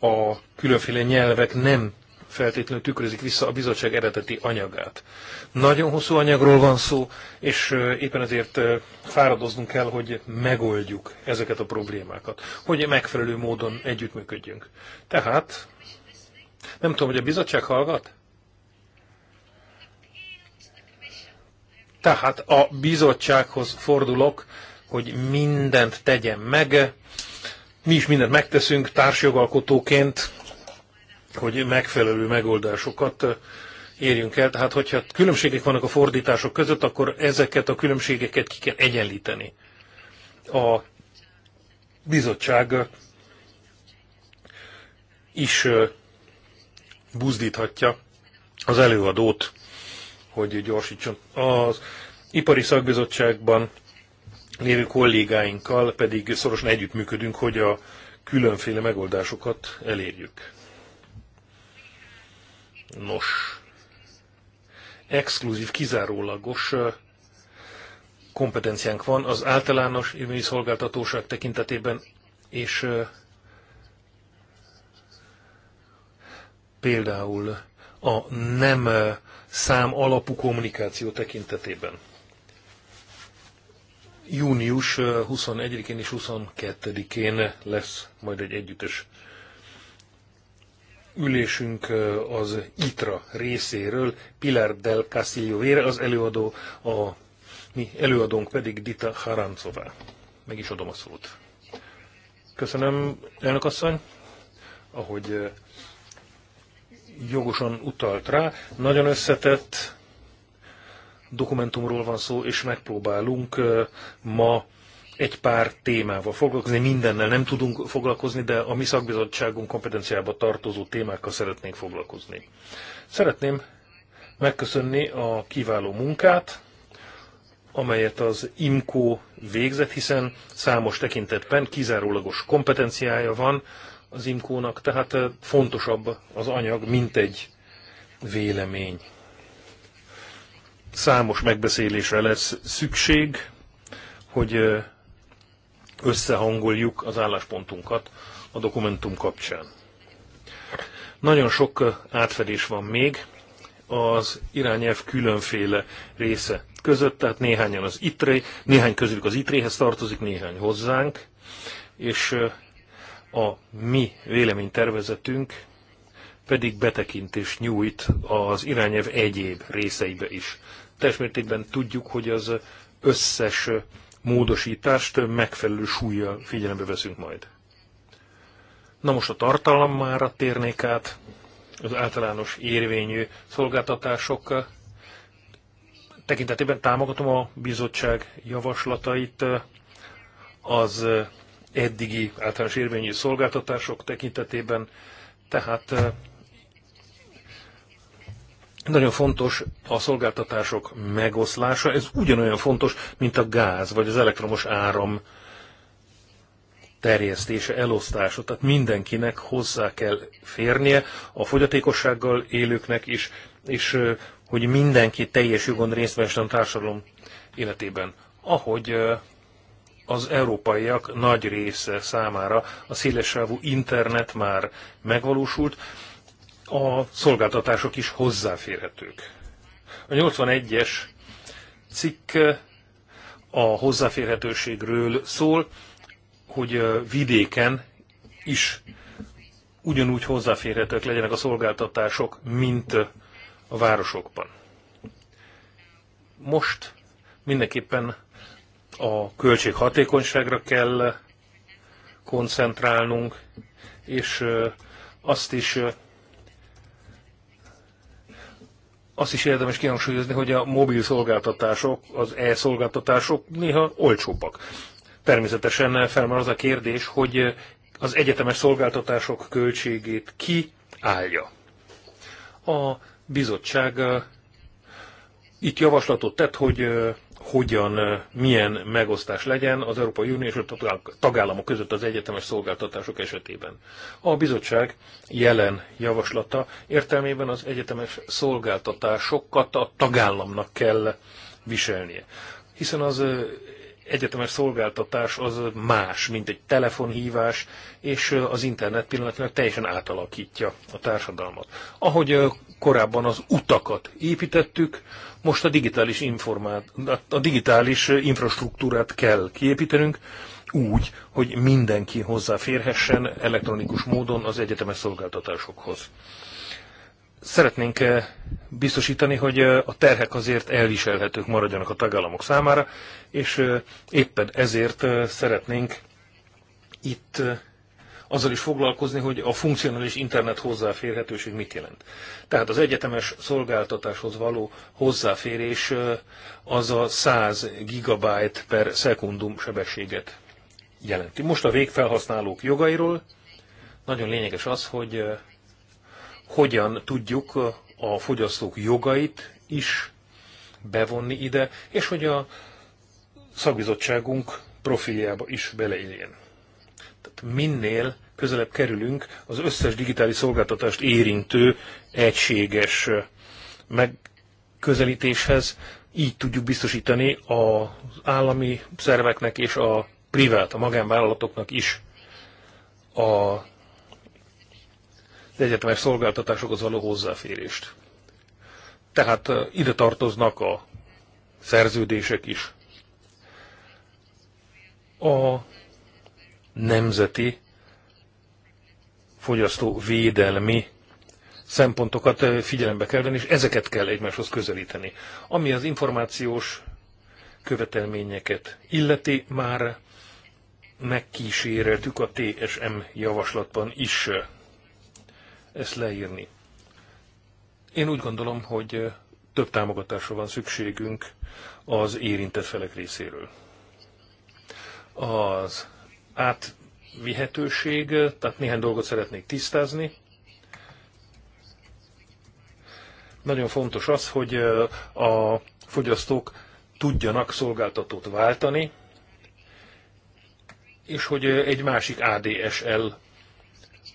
a különféle nyelvek nem feltétlenül tükrözik vissza a bizottság eredeti anyagát. Nagyon hosszú anyagról van szó, és éppen ezért fáradoznunk kell, hogy megoldjuk ezeket a problémákat, hogy megfelelő módon együttműködjünk. Tehát, nem tudom, hogy a bizottság hallgat? Tehát a bizottsághoz fordulok, hogy mindent tegyen meg, mi is mindent megteszünk társjogalkotóként, hogy megfelelő megoldásokat érjünk el. Tehát, hogyha különbségek vannak a fordítások között, akkor ezeket a különbségeket ki kell egyenlíteni. A bizottság is buzdíthatja az előadót, hogy gyorsítson. Az ipari szakbizottságban lévő kollégáinkkal pedig szorosan együttműködünk, hogy a különféle megoldásokat elérjük. Nos, exkluzív, kizárólagos kompetenciánk van az általános e szolgáltatóság tekintetében, és például a nem szám alapú kommunikáció tekintetében. Június 21-én és 22-én lesz majd egy együttes ülésünk az ITRA részéről, Pilar del Castillo Vére, az előadó, a mi előadónk pedig Dita Harancová. Meg is adom a szót. Köszönöm, elnök asszony, ahogy jogosan utalt rá. Nagyon összetett dokumentumról van szó, és megpróbálunk ma egy pár témával foglalkozni, mindennel nem tudunk foglalkozni, de a mi szakbizottságunk kompetenciába tartozó témákkal szeretnénk foglalkozni. Szeretném megköszönni a kiváló munkát, amelyet az IMCO végzett, hiszen számos tekintetben kizárólagos kompetenciája van az IMCO-nak, tehát fontosabb az anyag, mint egy vélemény. Számos megbeszélésre lesz szükség, hogy összehangoljuk az álláspontunkat a dokumentum kapcsán. Nagyon sok átfedés van még az irányelv különféle része között, tehát néhányan az ITRE, néhány közülük az itréhez tartozik, néhány hozzánk, és a mi véleménytervezetünk pedig betekintést nyújt az irányelv egyéb részeibe is. Testmértékben tudjuk, hogy az összes módosítást megfelelő súlyjal figyelembe veszünk majd. Na most a tartalmára térnék át, az általános érvényű szolgáltatások tekintetében támogatom a bizottság javaslatait az eddigi általános érvényű szolgáltatások tekintetében, tehát nagyon fontos a szolgáltatások megoszlása, ez ugyanolyan fontos, mint a gáz vagy az elektromos áram terjesztése, elosztása. Tehát mindenkinek hozzá kell férnie, a fogyatékossággal élőknek is, és hogy mindenki teljes jogon részt vessen a társadalom életében. Ahogy az európaiak nagy része számára a szélesávú internet már megvalósult, a szolgáltatások is hozzáférhetők. A 81-es cikk a hozzáférhetőségről szól, hogy vidéken is ugyanúgy hozzáférhetők legyenek a szolgáltatások, mint a városokban. Most mindenképpen a költséghatékonyságra kell koncentrálnunk, és azt is azt is érdemes kihangsúlyozni, hogy a mobil szolgáltatások, az e-szolgáltatások néha olcsóbbak. Természetesen felmerül az a kérdés, hogy az egyetemes szolgáltatások költségét ki állja. A bizottság uh, itt javaslatot tett, hogy uh, hogyan, milyen megosztás legyen az Európai Unió és a tagállamok között az egyetemes szolgáltatások esetében. A bizottság jelen javaslata értelmében az egyetemes szolgáltatásokat a tagállamnak kell viselnie. Hiszen az egyetemes szolgáltatás az más, mint egy telefonhívás, és az internet pillanatnyilag teljesen átalakítja a társadalmat. Ahogy korábban az utakat építettük, most a digitális, informát, a digitális infrastruktúrát kell kiépítenünk, úgy, hogy mindenki hozzáférhessen elektronikus módon az egyetemes szolgáltatásokhoz szeretnénk eh, biztosítani, hogy eh, a terhek azért elviselhetők maradjanak a tagállamok számára, és eh, éppen ezért szeretnénk itt azzal is foglalkozni, hogy a funkcionális internet hozzáférhetőség mit jelent. Tehát az egyetemes szolgáltatáshoz való hozzáférés az a 100 gigabyte per szekundum sebességet jelenti. Most a végfelhasználók jogairól. Nagyon lényeges az, hogy hogyan tudjuk a fogyasztók jogait is bevonni ide, és hogy a szakbizottságunk profiljába is beleéljen. Tehát minél közelebb kerülünk az összes digitális szolgáltatást érintő egységes megközelítéshez, így tudjuk biztosítani az állami szerveknek és a privát, a magánvállalatoknak is a egyetemes szolgáltatásokhoz való hozzáférést. Tehát ide tartoznak a szerződések is. A nemzeti fogyasztó védelmi szempontokat figyelembe kell venni, és ezeket kell egymáshoz közelíteni. Ami az információs követelményeket illeti, már megkíséreltük a TSM javaslatban is ezt leírni. Én úgy gondolom, hogy több támogatásra van szükségünk az érintett felek részéről. Az átvihetőség, tehát néhány dolgot szeretnék tisztázni. Nagyon fontos az, hogy a fogyasztók tudjanak szolgáltatót váltani, és hogy egy másik ADSL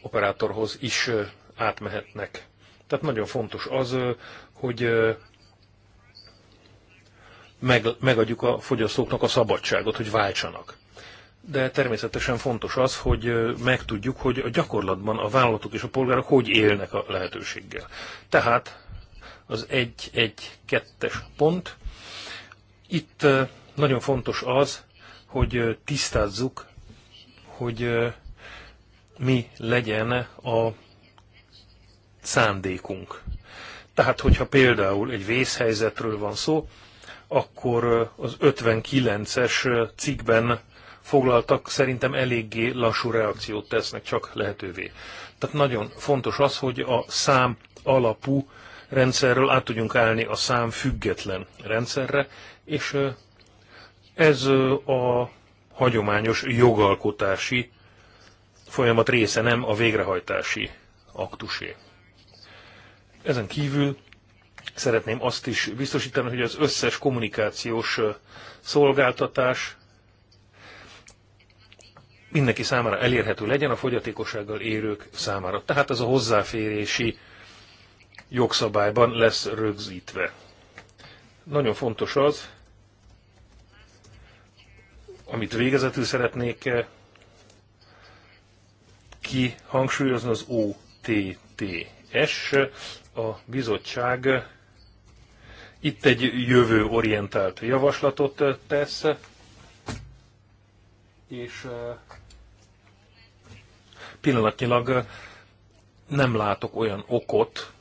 operátorhoz is átmehetnek. Tehát nagyon fontos az, hogy meg, megadjuk a fogyasztóknak a szabadságot, hogy váltsanak. De természetesen fontos az, hogy megtudjuk, hogy a gyakorlatban a vállalatok és a polgárok hogy élnek a lehetőséggel. Tehát az 1-1-2-es pont. Itt nagyon fontos az, hogy tisztázzuk, hogy mi legyen a szándékunk. Tehát, hogyha például egy vészhelyzetről van szó, akkor az 59-es cikkben foglaltak szerintem eléggé lassú reakciót tesznek csak lehetővé. Tehát nagyon fontos az, hogy a szám alapú rendszerről át tudjunk állni a szám független rendszerre, és ez a hagyományos jogalkotási folyamat része, nem a végrehajtási aktusé. Ezen kívül szeretném azt is biztosítani, hogy az összes kommunikációs szolgáltatás mindenki számára elérhető legyen, a fogyatékossággal érők számára. Tehát ez a hozzáférési jogszabályban lesz rögzítve. Nagyon fontos az, amit végezetül szeretnék kihangsúlyozni, az OTTS a bizottság itt egy jövőorientált javaslatot tesz, és pillanatnyilag nem látok olyan okot,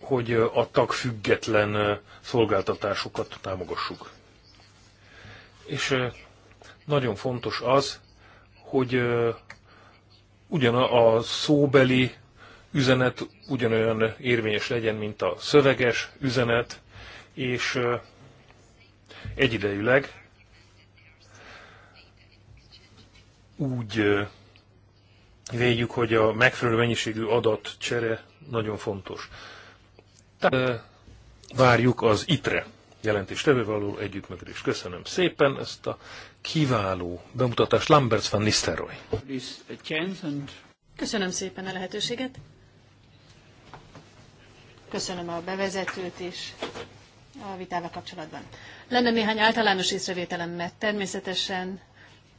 hogy a tagfüggetlen szolgáltatásokat támogassuk. És nagyon fontos az, hogy ugyan a szóbeli üzenet ugyanolyan érvényes legyen, mint a szöveges üzenet, és egyidejűleg úgy véljük, hogy a megfelelő mennyiségű adatcsere nagyon fontos. Tehát várjuk az ITRE jelentéstevő való együttműködést. Köszönöm szépen ezt a kiváló bemutatást. Lamberts van Nisteroy. Köszönöm szépen a lehetőséget. Köszönöm a bevezetőt is a vitával kapcsolatban. Lenne néhány általános észrevételem, mert természetesen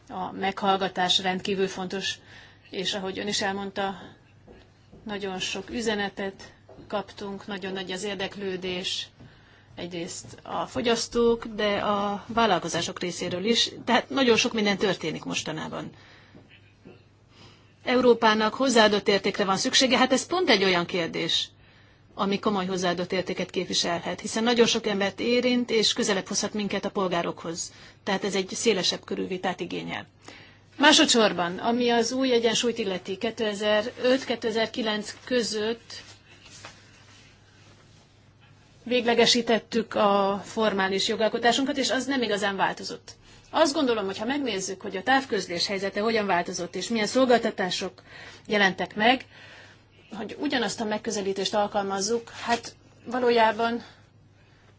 a meghallgatás rendkívül fontos, és ahogy ön is elmondta, nagyon sok üzenetet kaptunk, nagyon nagy az érdeklődés, egyrészt a fogyasztók, de a vállalkozások részéről is. Tehát nagyon sok minden történik mostanában. Európának hozzáadott értékre van szüksége, hát ez pont egy olyan kérdés, ami komoly hozzáadott értéket képviselhet, hiszen nagyon sok embert érint, és közelebb hozhat minket a polgárokhoz. Tehát ez egy szélesebb körű vitát igényel. Másodszorban, ami az új egyensúlyt illeti 2005-2009 között véglegesítettük a formális jogalkotásunkat, és az nem igazán változott. Azt gondolom, hogy ha megnézzük, hogy a távközlés helyzete hogyan változott, és milyen szolgáltatások jelentek meg, hogy ugyanazt a megközelítést alkalmazzuk, hát valójában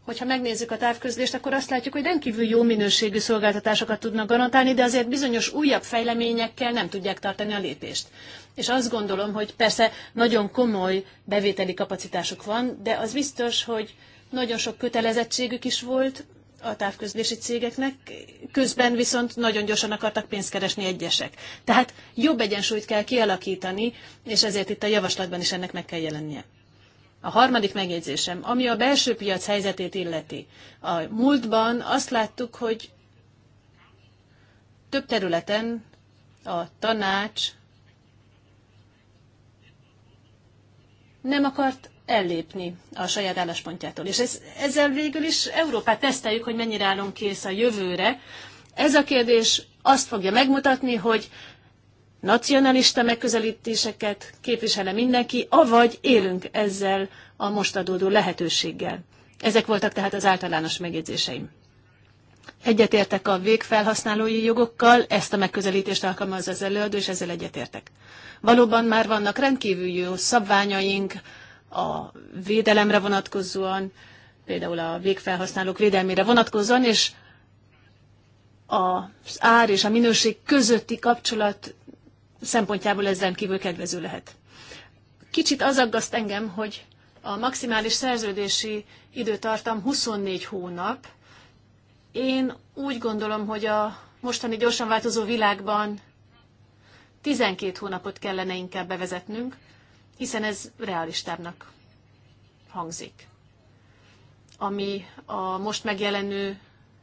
hogyha megnézzük a távközlést, akkor azt látjuk, hogy rendkívül jó minőségű szolgáltatásokat tudnak garantálni, de azért bizonyos újabb fejleményekkel nem tudják tartani a lépést. És azt gondolom, hogy persze nagyon komoly bevételi kapacitásuk van, de az biztos, hogy nagyon sok kötelezettségük is volt, a távközlési cégeknek, közben viszont nagyon gyorsan akartak pénzt keresni egyesek. Tehát jobb egyensúlyt kell kialakítani, és ezért itt a javaslatban is ennek meg kell jelennie. A harmadik megjegyzésem, ami a belső piac helyzetét illeti. A múltban azt láttuk, hogy több területen a tanács nem akart ellépni a saját álláspontjától. És ez, ezzel végül is Európát teszteljük, hogy mennyire állunk kész a jövőre. Ez a kérdés azt fogja megmutatni, hogy nacionalista megközelítéseket képvisele mindenki, avagy élünk ezzel a most adódó lehetőséggel. Ezek voltak tehát az általános megjegyzéseim. Egyetértek a végfelhasználói jogokkal, ezt a megközelítést alkalmaz az előadó, és ezzel egyetértek. Valóban már vannak rendkívül jó szabványaink a védelemre vonatkozóan, például a végfelhasználók védelmére vonatkozóan, és az ár és a minőség közötti kapcsolat szempontjából ez rendkívül kedvező lehet. Kicsit az aggaszt engem, hogy a maximális szerződési időtartam 24 hónap. Én úgy gondolom, hogy a mostani gyorsan változó világban 12 hónapot kellene inkább bevezetnünk, hiszen ez realistábbnak hangzik. Ami a most megjelenő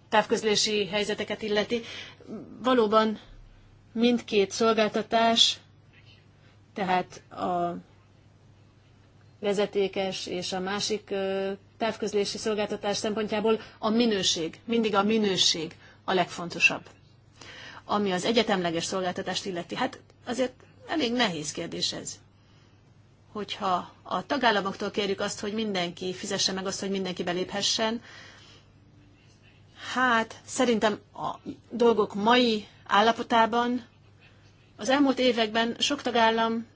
távközlési helyzeteket illeti, valóban mindkét szolgáltatás, tehát a vezetékes és a másik távközlési szolgáltatás szempontjából a minőség, mindig a minőség a legfontosabb. Ami az egyetemleges szolgáltatást illeti, hát azért elég nehéz kérdés ez hogyha a tagállamoktól kérjük azt, hogy mindenki fizesse meg azt, hogy mindenki beléphessen, hát szerintem a dolgok mai állapotában az elmúlt években sok tagállam,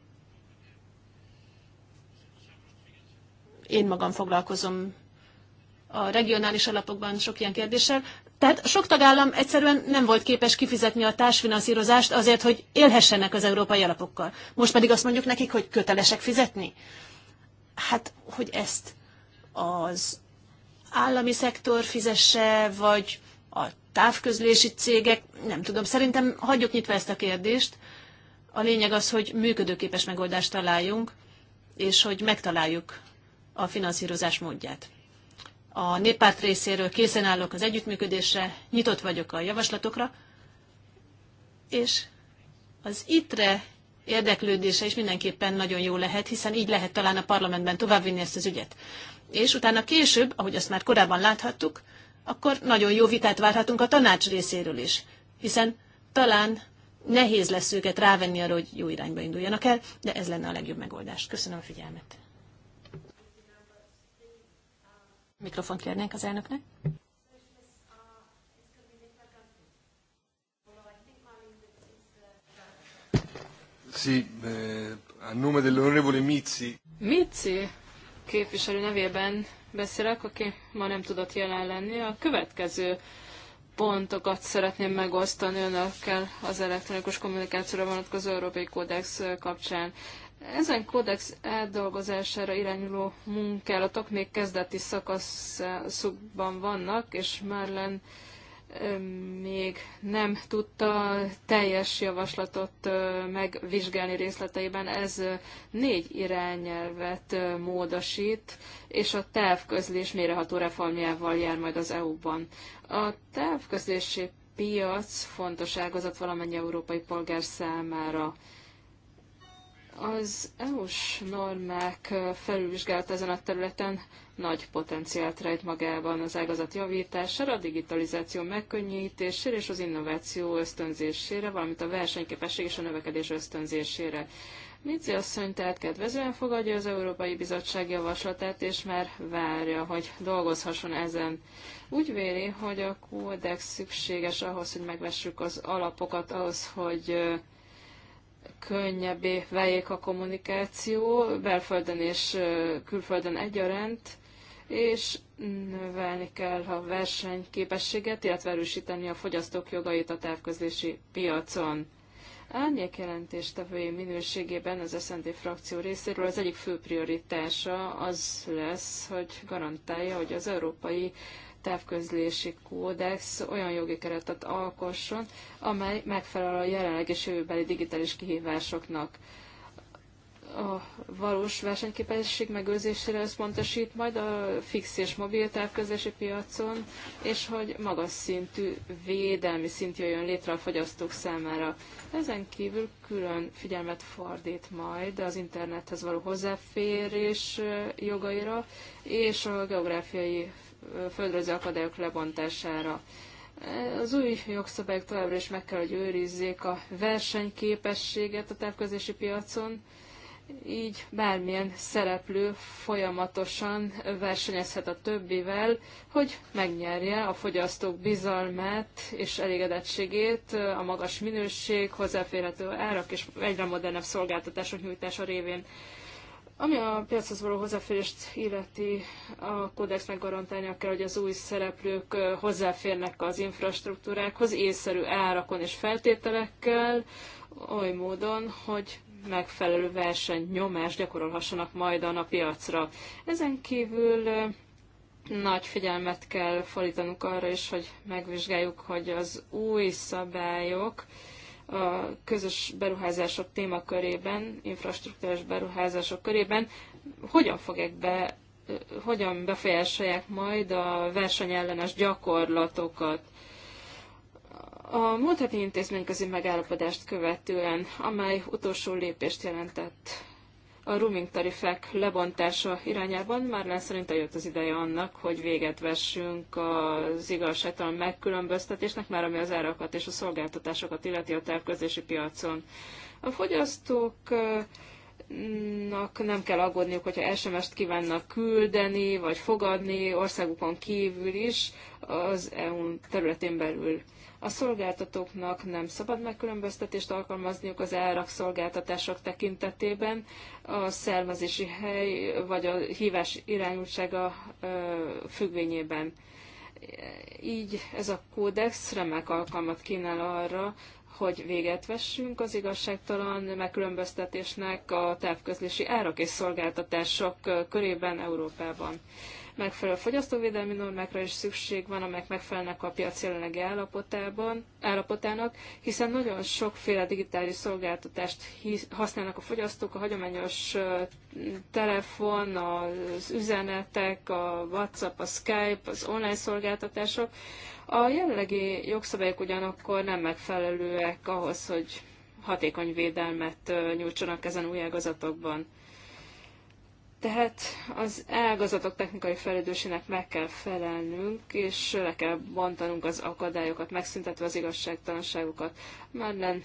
én magam foglalkozom a regionális alapokban sok ilyen kérdéssel, tehát sok tagállam egyszerűen nem volt képes kifizetni a társfinanszírozást azért, hogy élhessenek az európai alapokkal. Most pedig azt mondjuk nekik, hogy kötelesek fizetni. Hát, hogy ezt az állami szektor fizesse, vagy a távközlési cégek, nem tudom, szerintem hagyjuk nyitva ezt a kérdést. A lényeg az, hogy működőképes megoldást találjunk, és hogy megtaláljuk a finanszírozás módját a néppárt részéről készen állok az együttműködésre, nyitott vagyok a javaslatokra, és az ITRE érdeklődése is mindenképpen nagyon jó lehet, hiszen így lehet talán a parlamentben továbbvinni ezt az ügyet. És utána később, ahogy azt már korábban láthattuk, akkor nagyon jó vitát várhatunk a tanács részéről is, hiszen talán nehéz lesz őket rávenni arra, hogy jó irányba induljanak el, de ez lenne a legjobb megoldás. Köszönöm a figyelmet. Mikrofon kérnénk az elnöknek. Sí, eh, a nome dell'onorevole Mizzi. Mizzi képviselő nevében beszélek, aki ma nem tudott jelen lenni. A következő pontokat szeretném megosztani önökkel az elektronikus kommunikációra vonatkozó Európai Kódex kapcsán. Ezen kódex eldolgozására irányuló munkálatok még kezdeti szakaszukban vannak, és Marlen még nem tudta teljes javaslatot megvizsgálni részleteiben. Ez négy irányelvet módosít, és a távközlés méreható reformjával jár majd az EU-ban. A távközlési piac fontos ágazat valamennyi európai polgár számára az EU-s normák felülvizsgálata ezen a területen nagy potenciált rejt magában az ágazat javítására, a digitalizáció megkönnyítésére és az innováció ösztönzésére, valamint a versenyképesség és a növekedés ösztönzésére. Mici asszony tehát kedvezően fogadja az Európai Bizottság javaslatát, és már várja, hogy dolgozhasson ezen. Úgy véli, hogy a kódex szükséges ahhoz, hogy megvessük az alapokat ahhoz, hogy könnyebbé vejék a kommunikáció, belföldön és külföldön egyaránt, és növelni kell a versenyképességet, illetve erősíteni a fogyasztók jogait a távközlési piacon. Árnyék jelentéstevői minőségében az SZND frakció részéről az egyik fő prioritása az lesz, hogy garantálja, hogy az európai távközlési kódex olyan jogi keretet alkosson, amely megfelel a jelenleg és jövőbeli digitális kihívásoknak. A valós versenyképesség megőrzésére összpontosít majd a fix és mobil távközlési piacon, és hogy magas szintű védelmi szint jöjjön létre a fogyasztók számára. Ezen kívül külön figyelmet fordít majd az internethez való hozzáférés jogaira és a geográfiai földrajzi akadályok lebontására. Az új jogszabályok továbbra is meg kell, hogy őrizzék a versenyképességet a távközési piacon, így bármilyen szereplő folyamatosan versenyezhet a többivel, hogy megnyerje a fogyasztók bizalmát és elégedettségét a magas minőség, hozzáférhető árak és egyre modernebb szolgáltatások nyújtása révén. Ami a piachoz való hozzáférést illeti, a kódex garantálnia kell, hogy az új szereplők hozzáférnek az infrastruktúrákhoz észszerű árakon és feltételekkel, oly módon, hogy megfelelő versenynyomást gyakorolhassanak majd a piacra. Ezen kívül nagy figyelmet kell fordítanunk arra is, hogy megvizsgáljuk, hogy az új szabályok, a közös beruházások témakörében, infrastruktúrás beruházások körében, hogyan fogják be, hogyan befolyásolják majd a versenyellenes gyakorlatokat. A múlt heti intézményközi megállapodást követően, amely utolsó lépést jelentett a roaming tarifák lebontása irányában már lesz szerint eljött az ideje annak, hogy véget vessünk az igazságtalan megkülönböztetésnek, már ami az árakat és a szolgáltatásokat illeti a távközlési piacon. A fogyasztóknak nem kell aggódniuk, hogyha SMS-t kívánnak küldeni vagy fogadni országukon kívül is az EU területén belül. A szolgáltatóknak nem szabad megkülönböztetést alkalmazniuk az árak szolgáltatások tekintetében. A származási hely vagy a hívás irányultsága függvényében. Így ez a kódex remek alkalmat kínál arra, hogy véget vessünk az igazságtalan megkülönböztetésnek a távközlési árak és szolgáltatások körében Európában megfelelő fogyasztóvédelmi normákra is szükség van, amelyek megfelelnek a piac jelenlegi állapotában, állapotának, hiszen nagyon sokféle digitális szolgáltatást használnak a fogyasztók, a hagyományos telefon, az üzenetek, a WhatsApp, a Skype, az online szolgáltatások. A jelenlegi jogszabályok ugyanakkor nem megfelelőek ahhoz, hogy hatékony védelmet nyújtsanak ezen új ágazatokban. Tehát az ágazatok technikai felelősének meg kell felelnünk, és le kell bontanunk az akadályokat, megszüntetve az igazságtalanságokat. Marlen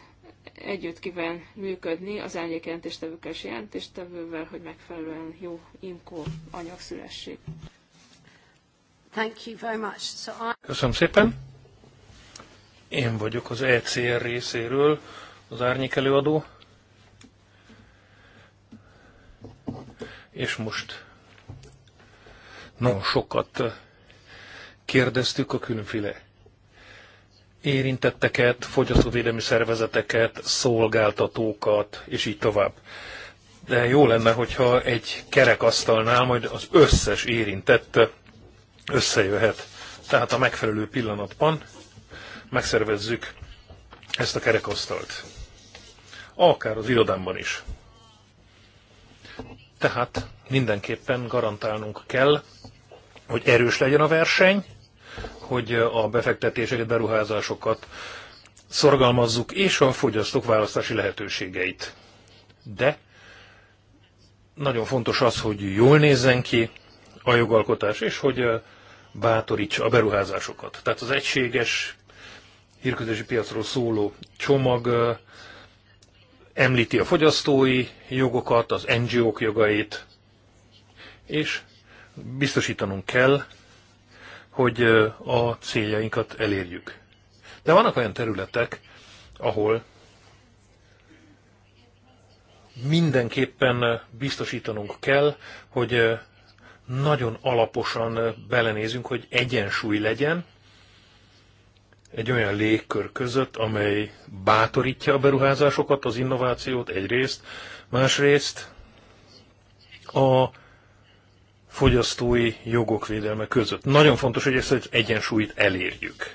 együtt kíván működni az árnyékjelentéstevőkkel és jelentéstevővel, hogy megfelelően jó imkó anyag szülessék. Thank you very much. So I... Köszönöm szépen. Én vagyok az ECR részéről, az árnyék előadó. és most nagyon sokat eh, kérdeztük a különféle érintetteket, fogyasztóvédelmi szervezeteket, szolgáltatókat, és így tovább. De jó lenne, hogyha egy kerekasztalnál majd az összes érintett eh, összejöhet. Tehát a megfelelő pillanatban megszervezzük ezt a kerekasztalt. Akár az irodámban is. Tehát mindenképpen garantálnunk kell, hogy erős legyen a verseny, hogy a befektetéseket, beruházásokat szorgalmazzuk, és a fogyasztók választási lehetőségeit. De nagyon fontos az, hogy jól nézzen ki a jogalkotás, és hogy bátorítsa a beruházásokat. Tehát az egységes hírközési piacról szóló csomag említi a fogyasztói jogokat, az NGO-k jogait, és biztosítanunk kell, hogy a céljainkat elérjük. De vannak olyan területek, ahol mindenképpen biztosítanunk kell, hogy nagyon alaposan belenézünk, hogy egyensúly legyen egy olyan légkör között, amely bátorítja a beruházásokat, az innovációt egyrészt, másrészt a fogyasztói jogok védelme között. Nagyon fontos, hogy ezt az egyensúlyt elérjük.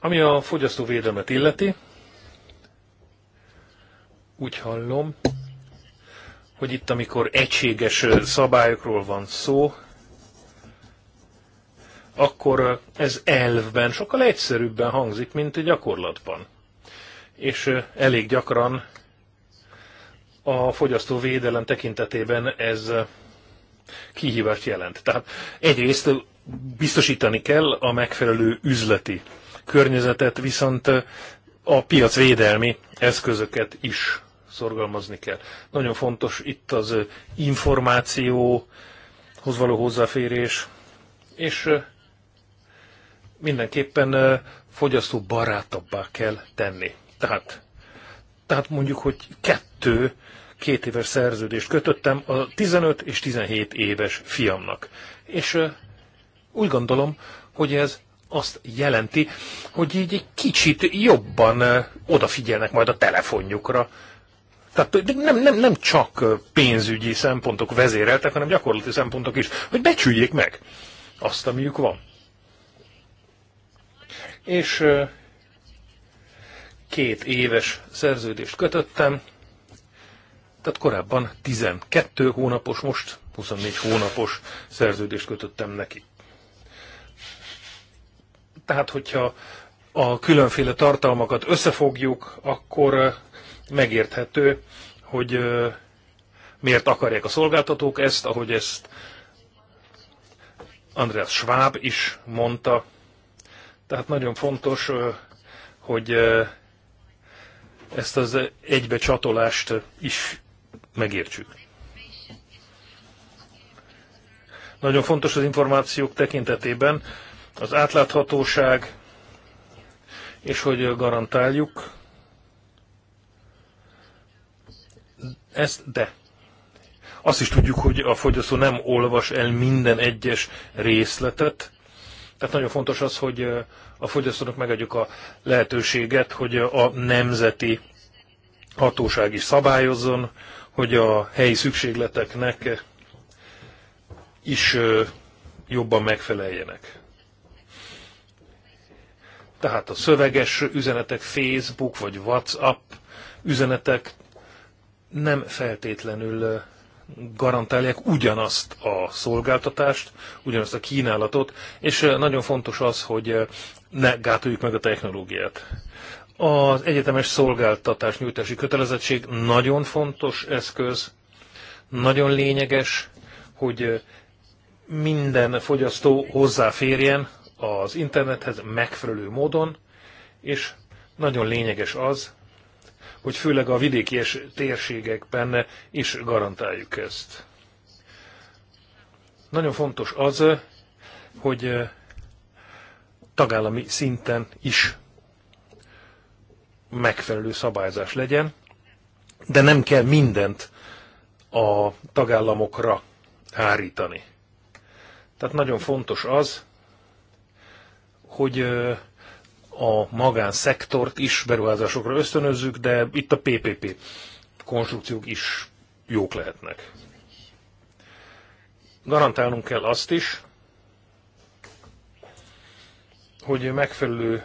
Ami a fogyasztóvédelmet illeti, úgy hallom, hogy itt, amikor egységes szabályokról van szó, akkor ez elvben sokkal egyszerűbben hangzik, mint gyakorlatban. És elég gyakran a fogyasztóvédelem tekintetében ez kihívást jelent. Tehát egyrészt biztosítani kell a megfelelő üzleti környezetet, viszont a piacvédelmi eszközöket is szorgalmazni kell. Nagyon fontos itt az információhoz való hozzáférés, és mindenképpen fogyasztó barátabbá kell tenni. Tehát, tehát mondjuk, hogy kettő két éves szerződést kötöttem a 15 és 17 éves fiamnak. És úgy gondolom, hogy ez azt jelenti, hogy így egy kicsit jobban odafigyelnek majd a telefonjukra. Tehát nem, nem, nem csak pénzügyi szempontok vezéreltek, hanem gyakorlati szempontok is, hogy becsüljék meg azt, amiük van és két éves szerződést kötöttem, tehát korábban 12 hónapos, most 24 hónapos szerződést kötöttem neki. Tehát, hogyha a különféle tartalmakat összefogjuk, akkor megérthető, hogy miért akarják a szolgáltatók ezt, ahogy ezt Andreas Schwab is mondta, tehát nagyon fontos, hogy ezt az egybecsatolást is megértsük. Nagyon fontos az információk tekintetében az átláthatóság, és hogy garantáljuk ezt, de azt is tudjuk, hogy a fogyasztó nem olvas el minden egyes részletet, tehát nagyon fontos az, hogy a fogyasztónak megadjuk a lehetőséget, hogy a nemzeti hatóság is szabályozzon, hogy a helyi szükségleteknek is jobban megfeleljenek. Tehát a szöveges üzenetek, Facebook vagy WhatsApp üzenetek nem feltétlenül garantálják ugyanazt a szolgáltatást, ugyanazt a kínálatot, és eh, nagyon fontos az, hogy eh, ne gátoljuk meg a technológiát. Az egyetemes szolgáltatás nyújtási kötelezettség nagyon fontos eszköz, nagyon lényeges, hogy eh, minden fogyasztó hozzáférjen az internethez megfelelő módon, és nagyon lényeges az, hogy főleg a vidéki térségekben is garantáljuk ezt. Nagyon fontos az, hogy tagállami szinten is megfelelő szabályzás legyen, de nem kell mindent a tagállamokra hárítani. Tehát nagyon fontos az, hogy a magánszektort is beruházásokra ösztönözzük, de itt a PPP konstrukciók is jók lehetnek. Garantálnunk kell azt is, hogy megfelelő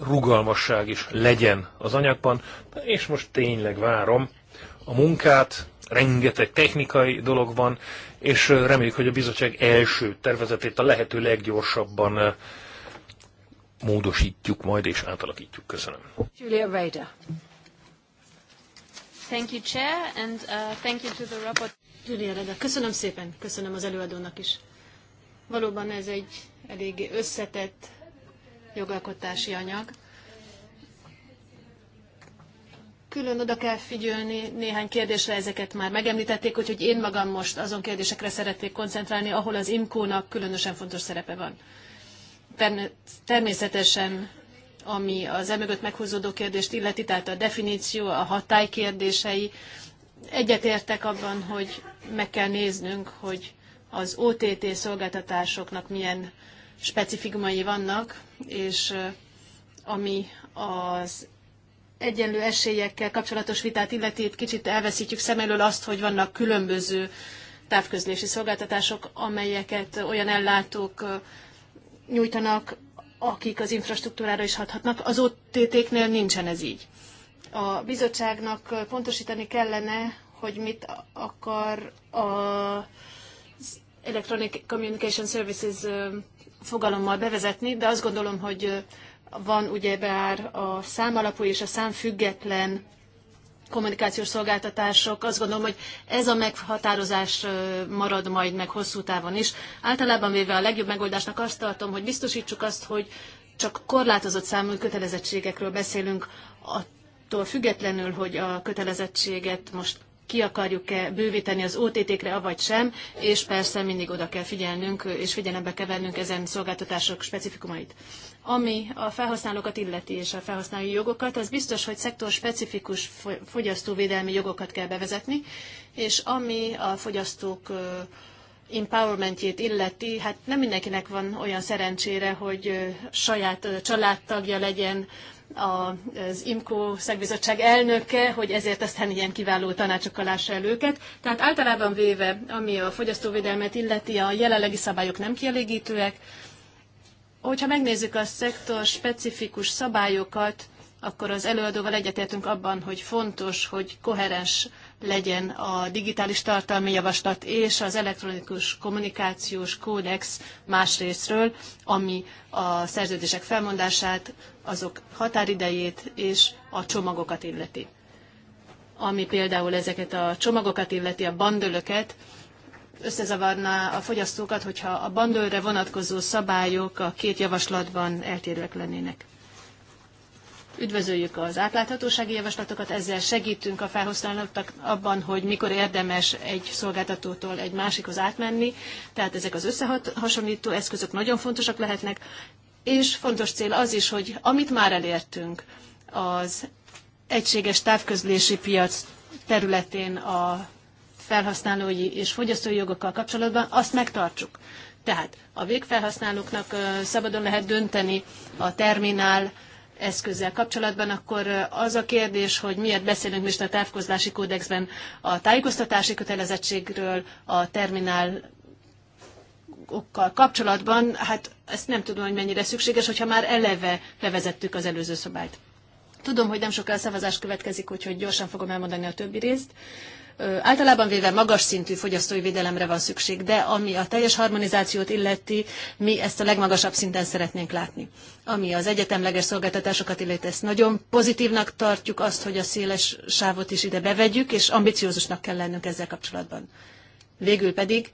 rugalmasság is legyen az anyagban, és most tényleg várom a munkát, rengeteg technikai dolog van, és reméljük, hogy a bizottság első tervezetét a lehető leggyorsabban módosítjuk majd és átalakítjuk. Köszönöm. Julia Rader. Thank you, Chair, and uh, thank you to the Julia Rader, köszönöm szépen, köszönöm az előadónak is. Valóban ez egy eléggé összetett jogalkotási anyag. Külön oda kell figyelni néhány kérdésre, ezeket már megemlítették, úgyhogy én magam most azon kérdésekre szeretnék koncentrálni, ahol az IMCO-nak különösen fontos szerepe van természetesen ami az emögött meghúzódó kérdést illeti, tehát a definíció, a hatály kérdései. Egyetértek abban, hogy meg kell néznünk, hogy az OTT szolgáltatásoknak milyen specifikumai vannak, és ami az egyenlő esélyekkel kapcsolatos vitát illeti, itt kicsit elveszítjük szem elől azt, hogy vannak különböző távközlési szolgáltatások, amelyeket olyan ellátók nyújtanak, akik az infrastruktúrára is hathatnak. Az OTT-knél nincsen ez így. A bizottságnak pontosítani kellene, hogy mit akar a Electronic Communication Services fogalommal bevezetni, de azt gondolom, hogy van ugye bár a számalapú és a számfüggetlen kommunikációs szolgáltatások, azt gondolom, hogy ez a meghatározás marad majd meg hosszú távon is. Általában véve a legjobb megoldásnak azt tartom, hogy biztosítsuk azt, hogy csak korlátozott számú kötelezettségekről beszélünk, attól függetlenül, hogy a kötelezettséget most ki akarjuk-e bővíteni az OTT-kre, avagy sem, és persze mindig oda kell figyelnünk, és figyelembe kell vennünk ezen szolgáltatások specifikumait. Ami a felhasználókat illeti és a felhasználói jogokat, az biztos, hogy szektorspecifikus fogyasztóvédelmi jogokat kell bevezetni, és ami a fogyasztók empowermentjét illeti, hát nem mindenkinek van olyan szerencsére, hogy saját családtagja legyen az IMCO szakbizottság elnöke, hogy ezért aztán ilyen kiváló tanácsokkal lássa el őket. Tehát általában véve, ami a fogyasztóvédelmet illeti, a jelenlegi szabályok nem kielégítőek, Hogyha megnézzük a szektor specifikus szabályokat, akkor az előadóval egyetértünk abban, hogy fontos, hogy koherens legyen a digitális tartalmi javaslat és az elektronikus kommunikációs kódex másrésztről, ami a szerződések felmondását, azok határidejét és a csomagokat illeti. Ami például ezeket a csomagokat illeti, a bandölöket, összezavarná a fogyasztókat, hogyha a bandőrre vonatkozó szabályok a két javaslatban eltérőek lennének. Üdvözöljük az átláthatósági javaslatokat, ezzel segítünk a felhasználóknak abban, hogy mikor érdemes egy szolgáltatótól egy másikhoz átmenni, tehát ezek az összehasonlító eszközök nagyon fontosak lehetnek, és fontos cél az is, hogy amit már elértünk az egységes távközlési piac területén a végfelhasználói és fogyasztói jogokkal kapcsolatban, azt megtartsuk. Tehát a végfelhasználóknak szabadon lehet dönteni a terminál eszközzel kapcsolatban, akkor az a kérdés, hogy miért beszélünk most a távkozlási kódexben a tájékoztatási kötelezettségről, a terminál okkal kapcsolatban, hát ezt nem tudom, hogy mennyire szükséges, hogyha már eleve bevezettük az előző szabályt. Tudom, hogy nem sokkal szavazás következik, úgyhogy gyorsan fogom elmondani a többi részt általában véve magas szintű fogyasztói védelemre van szükség, de ami a teljes harmonizációt illeti, mi ezt a legmagasabb szinten szeretnénk látni. Ami az egyetemleges szolgáltatásokat illeti, ezt nagyon pozitívnak tartjuk azt, hogy a széles sávot is ide bevegyük, és ambiciózusnak kell lennünk ezzel kapcsolatban. Végül pedig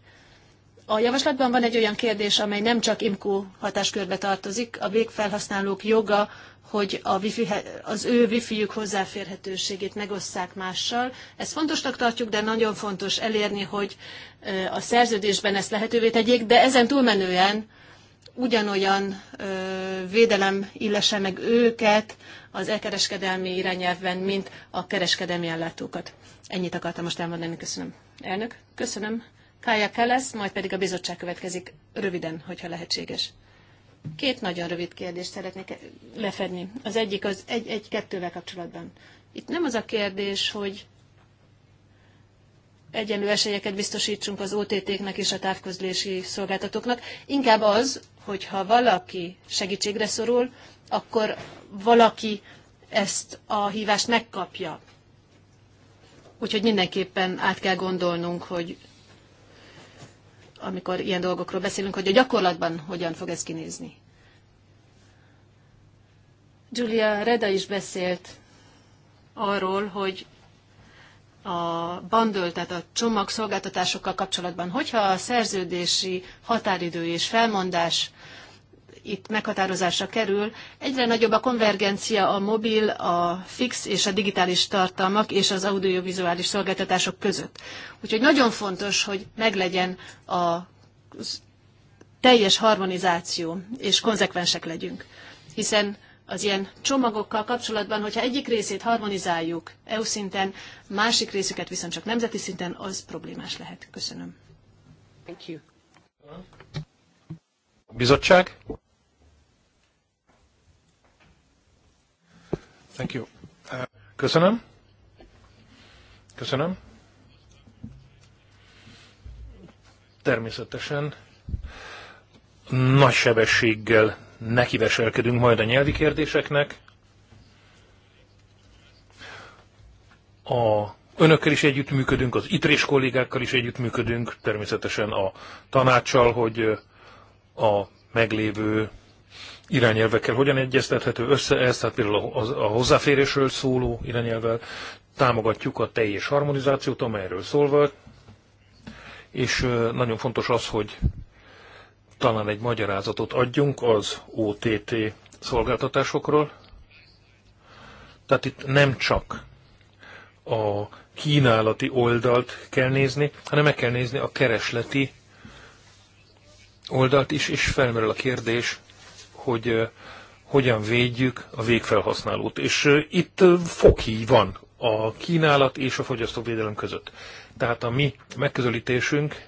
a javaslatban van egy olyan kérdés, amely nem csak IMCO hatáskörbe tartozik, a végfelhasználók joga, hogy a wifi, az ő wifi-jük hozzáférhetőségét megosszák mással. Ezt fontosnak tartjuk, de nagyon fontos elérni, hogy a szerződésben ezt lehetővé tegyék, de ezen túlmenően ugyanolyan ö, védelem illese meg őket az elkereskedelmi irányelvben, mint a kereskedelmi ellátókat. Ennyit akartam most elmondani, köszönöm. Elnök, köszönöm. Kája Kelesz, majd pedig a bizottság következik röviden, hogyha lehetséges. Két nagyon rövid kérdést szeretnék lefedni. Az egyik az egy-kettővel egy, kapcsolatban. Itt nem az a kérdés, hogy egyenlő esélyeket biztosítsunk az OTT-knek és a távközlési szolgáltatóknak. Inkább az, hogyha valaki segítségre szorul, akkor valaki ezt a hívást megkapja. Úgyhogy mindenképpen át kell gondolnunk, hogy amikor ilyen dolgokról beszélünk, hogy a gyakorlatban hogyan fog ez kinézni. Julia Reda is beszélt arról, hogy a bandöl, tehát a csomagszolgáltatásokkal kapcsolatban, hogyha a szerződési határidő és felmondás itt meghatározásra kerül, egyre nagyobb a konvergencia a mobil, a fix és a digitális tartalmak és az audiovizuális szolgáltatások között. Úgyhogy nagyon fontos, hogy meglegyen a teljes harmonizáció, és konzekvensek legyünk. Hiszen az ilyen csomagokkal kapcsolatban, hogyha egyik részét harmonizáljuk EU szinten, másik részüket viszont csak nemzeti szinten, az problémás lehet. Köszönöm. Thank you. Bizottság? Thank you. Köszönöm. Köszönöm. Természetesen nagy sebességgel nekiveselkedünk majd a nyelvi kérdéseknek. A önökkel is együttműködünk, az itrés kollégákkal is együttműködünk, természetesen a tanácssal, hogy a meglévő irányelvekkel hogyan egyeztethető össze ez, tehát például a hozzáférésről szóló irányelvvel támogatjuk a teljes harmonizációt, amelyről szólva, és nagyon fontos az, hogy talán egy magyarázatot adjunk az OTT szolgáltatásokról. Tehát itt nem csak a kínálati oldalt kell nézni, hanem meg kell nézni a keresleti oldalt is, és felmerül a kérdés, hogy hogyan védjük a végfelhasználót. És itt foki van a kínálat és a fogyasztóvédelem között. Tehát a mi megközelítésünk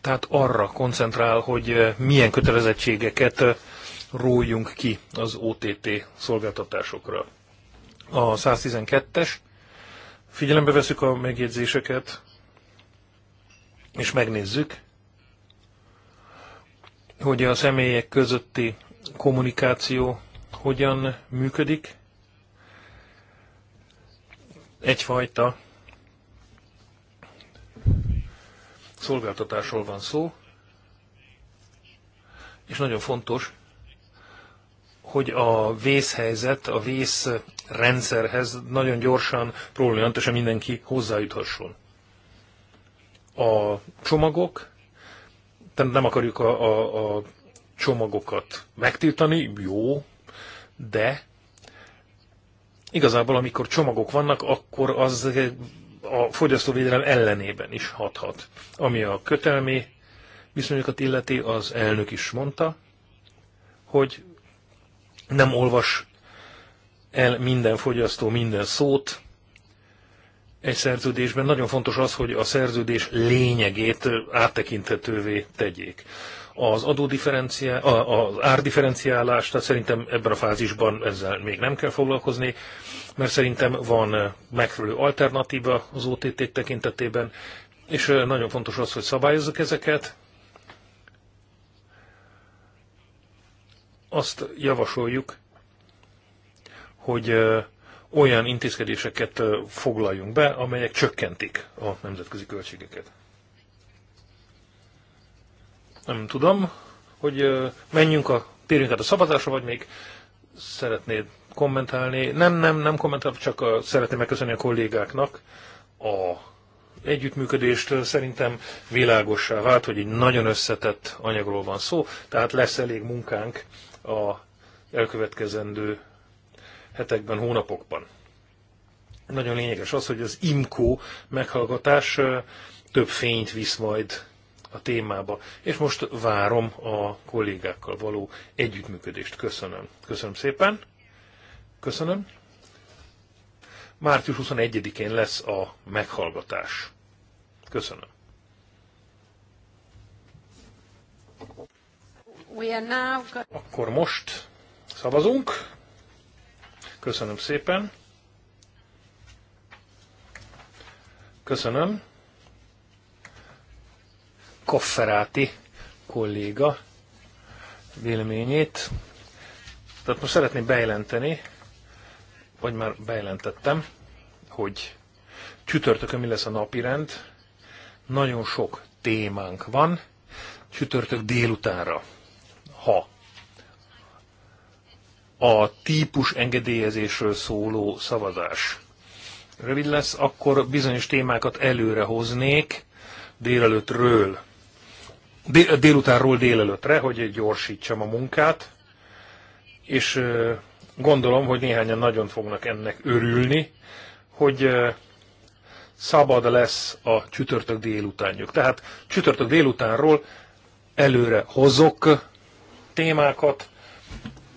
tehát arra koncentrál, hogy milyen kötelezettségeket rójunk ki az OTT szolgáltatásokra. A 112-es, figyelembe veszük a megjegyzéseket, és megnézzük, hogy a személyek közötti kommunikáció hogyan működik. Egyfajta szolgáltatásról van szó, és nagyon fontos, hogy a vészhelyzet, a vészrendszerhez nagyon gyorsan, problémamentes mindenki hozzájuthasson. A csomagok nem akarjuk a, a, a csomagokat megtiltani, jó, de igazából amikor csomagok vannak, akkor az a fogyasztóvédelem ellenében is hathat. Ami a kötelmi viszonyokat illeti, az elnök is mondta, hogy nem olvas el minden fogyasztó minden szót, egy szerződésben nagyon fontos az, hogy a szerződés lényegét áttekinthetővé tegyék. Az adódifferenciá, az árdifferenciálás, tehát szerintem ebben a fázisban ezzel még nem kell foglalkozni, mert szerintem van megfelelő alternatíva az OTT tekintetében, és nagyon fontos az, hogy szabályozzuk ezeket. Azt javasoljuk, hogy olyan intézkedéseket foglaljunk be, amelyek csökkentik a nemzetközi költségeket. Nem tudom, hogy menjünk a, térjünk át a szavazásra, vagy még szeretnéd kommentálni. Nem, nem, nem kommentál, csak a, szeretném megköszönni a kollégáknak a együttműködést. Szerintem világossá vált, hogy egy nagyon összetett anyagról van szó, tehát lesz elég munkánk a elkövetkezendő hetekben, hónapokban. Nagyon lényeges az, hogy az IMCO meghallgatás több fényt visz majd a témába. És most várom a kollégákkal való együttműködést. Köszönöm. Köszönöm szépen. Köszönöm. Március 21-én lesz a meghallgatás. Köszönöm. Akkor most szavazunk. Köszönöm szépen. Köszönöm. Kofferáti kolléga véleményét. Tehát most szeretném bejelenteni, vagy már bejelentettem, hogy csütörtökön mi lesz a napirend. Nagyon sok témánk van, csütörtök délutánra, ha a típus engedélyezésről szóló szavazás rövid lesz, akkor bizonyos témákat előre hoznék délelőttről, dél, délutánról délelőttre, hogy gyorsítsam a munkát, és gondolom, hogy néhányan nagyon fognak ennek örülni, hogy szabad lesz a csütörtök délutánjuk. Tehát csütörtök délutánról előre hozok témákat,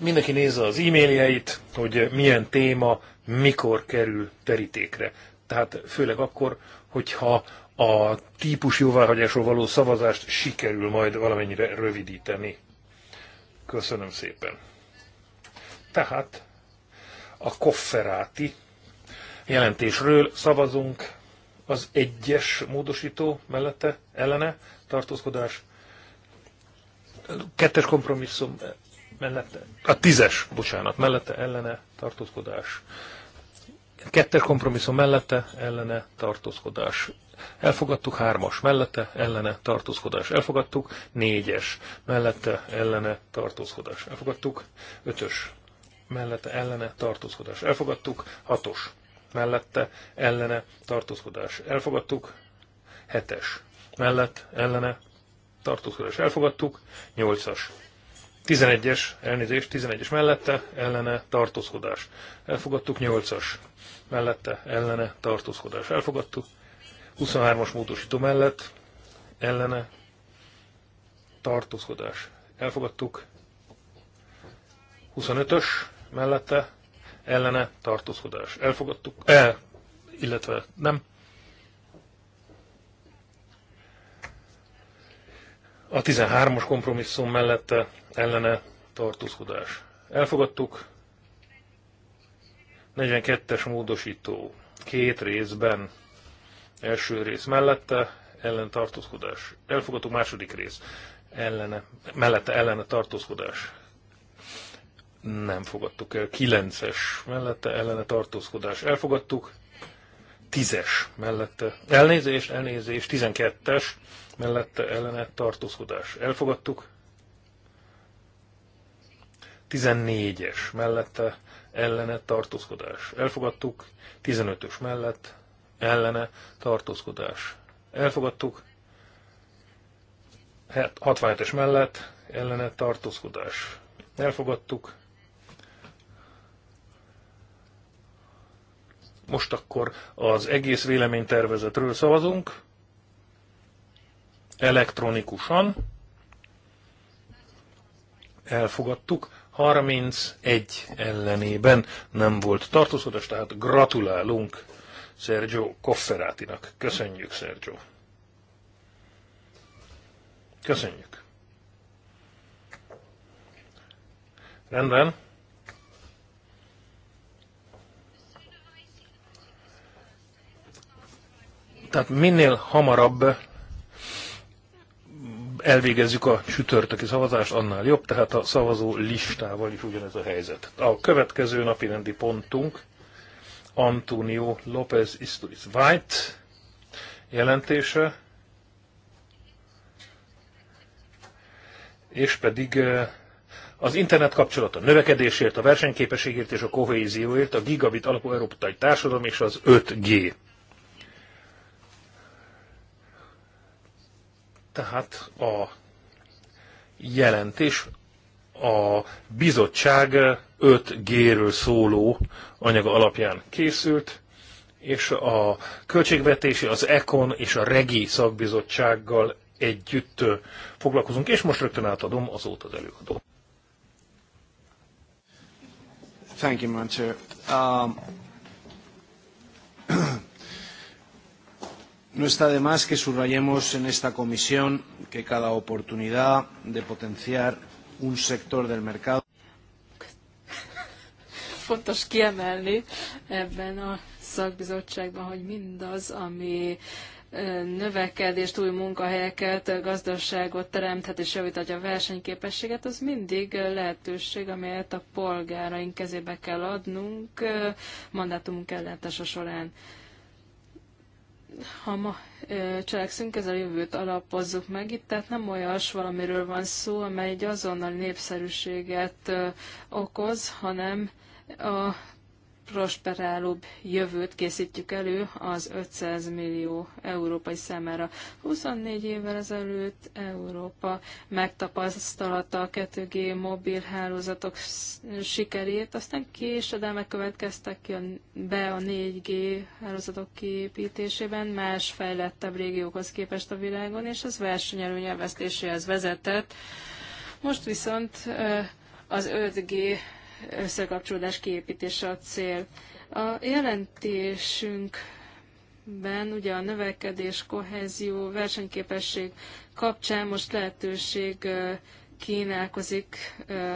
mindenki nézze az e-mailjeit, hogy milyen téma mikor kerül terítékre. Tehát főleg akkor, hogyha a típus jóváhagyásról való szavazást sikerül majd valamennyire rövidíteni. Köszönöm szépen. Tehát a kofferáti jelentésről szavazunk az egyes módosító mellette ellene tartózkodás, kettes kompromisszum mellette, a tízes, bocsánat, mellette ellene tartózkodás. Kettes kompromisszum mellette ellene tartózkodás. Elfogadtuk hármas mellette, ellene tartózkodás. Elfogadtuk négyes mellette, ellene tartózkodás. Elfogadtuk ötös mellette, ellene tartózkodás. Elfogadtuk hatos mellette, ellene tartózkodás. Elfogadtuk hetes mellett, ellene tartózkodás. Elfogadtuk nyolcas 11-es, elnézést, 11-es mellette, ellene, tartózkodás. Elfogadtuk 8-as, mellette, ellene, tartózkodás. Elfogadtuk 23-as módosító mellett, ellene, tartózkodás. Elfogadtuk 25-ös mellette, ellene, tartózkodás. Elfogadtuk, el, eh, illetve nem, A 13-as kompromisszum mellette ellene tartózkodás. Elfogadtuk. 42-es módosító két részben első rész mellette ellen tartózkodás. Elfogadtuk második rész ellene, mellette ellene tartózkodás. Nem fogadtuk el. 9-es mellette ellene tartózkodás. Elfogadtuk. 10-es mellette. Elnézés, elnézés. 12-es mellette ellene tartózkodás. Elfogadtuk. 14-es mellette ellene tartózkodás. Elfogadtuk. 15-ös mellett ellene tartózkodás. Elfogadtuk. 67-es mellett ellene tartózkodás. Elfogadtuk. Most akkor az egész véleménytervezetről szavazunk elektronikusan. Elfogadtuk. 31 ellenében nem volt tartózkodás, tehát gratulálunk Sergio Kofferátinak. Köszönjük, Sergio. Köszönjük. Rendben. Tehát minél hamarabb elvégezzük a csütörtöki szavazást, annál jobb, tehát a szavazó listával is ugyanez a helyzet. A következő napi rendi pontunk Antonio López Isturiz White jelentése, és pedig az internet kapcsolata, növekedésért, a versenyképességért és a kohézióért, a gigabit alapú európai társadalom és az 5G. Tehát a jelentés a bizottság 5G-ről szóló anyaga alapján készült, és a költségvetési, az ECON és a REGI szakbizottsággal együtt foglalkozunk, és most rögtön átadom az óta az előadó. Thank you, Mansour. Um, No está de más que subrayemos en esta comisión que cada oportunidad de potenciar un sector del mercado fontos kiemelni ebben a szakbizottságban, hogy mindaz, ami növekedést, új munkahelyeket, gazdaságot teremthet és javíthatja a versenyképességet, az mindig lehetőség, amelyet a polgáraink kezébe kell adnunk mandátumunk ellátása során ha ma cselekszünk, ez a jövőt alapozzuk meg itt, tehát nem olyas valamiről van szó, amely egy azonnal népszerűséget okoz, hanem a prosperálóbb jövőt készítjük elő az 500 millió európai számára. 24 évvel ezelőtt Európa megtapasztalhatta a 2G mobil hálózatok sikerét, aztán késedelmek következtek ki a, be a 4G hálózatok kiépítésében, más fejlettebb régiókhoz képest a világon, és ez versenyelőnyelvesztéséhez vezetett. Most viszont az 5G összekapcsolódás kiépítése a cél. A jelentésünkben ugye a növekedés, kohézió, versenyképesség kapcsán most lehetőség kínálkozik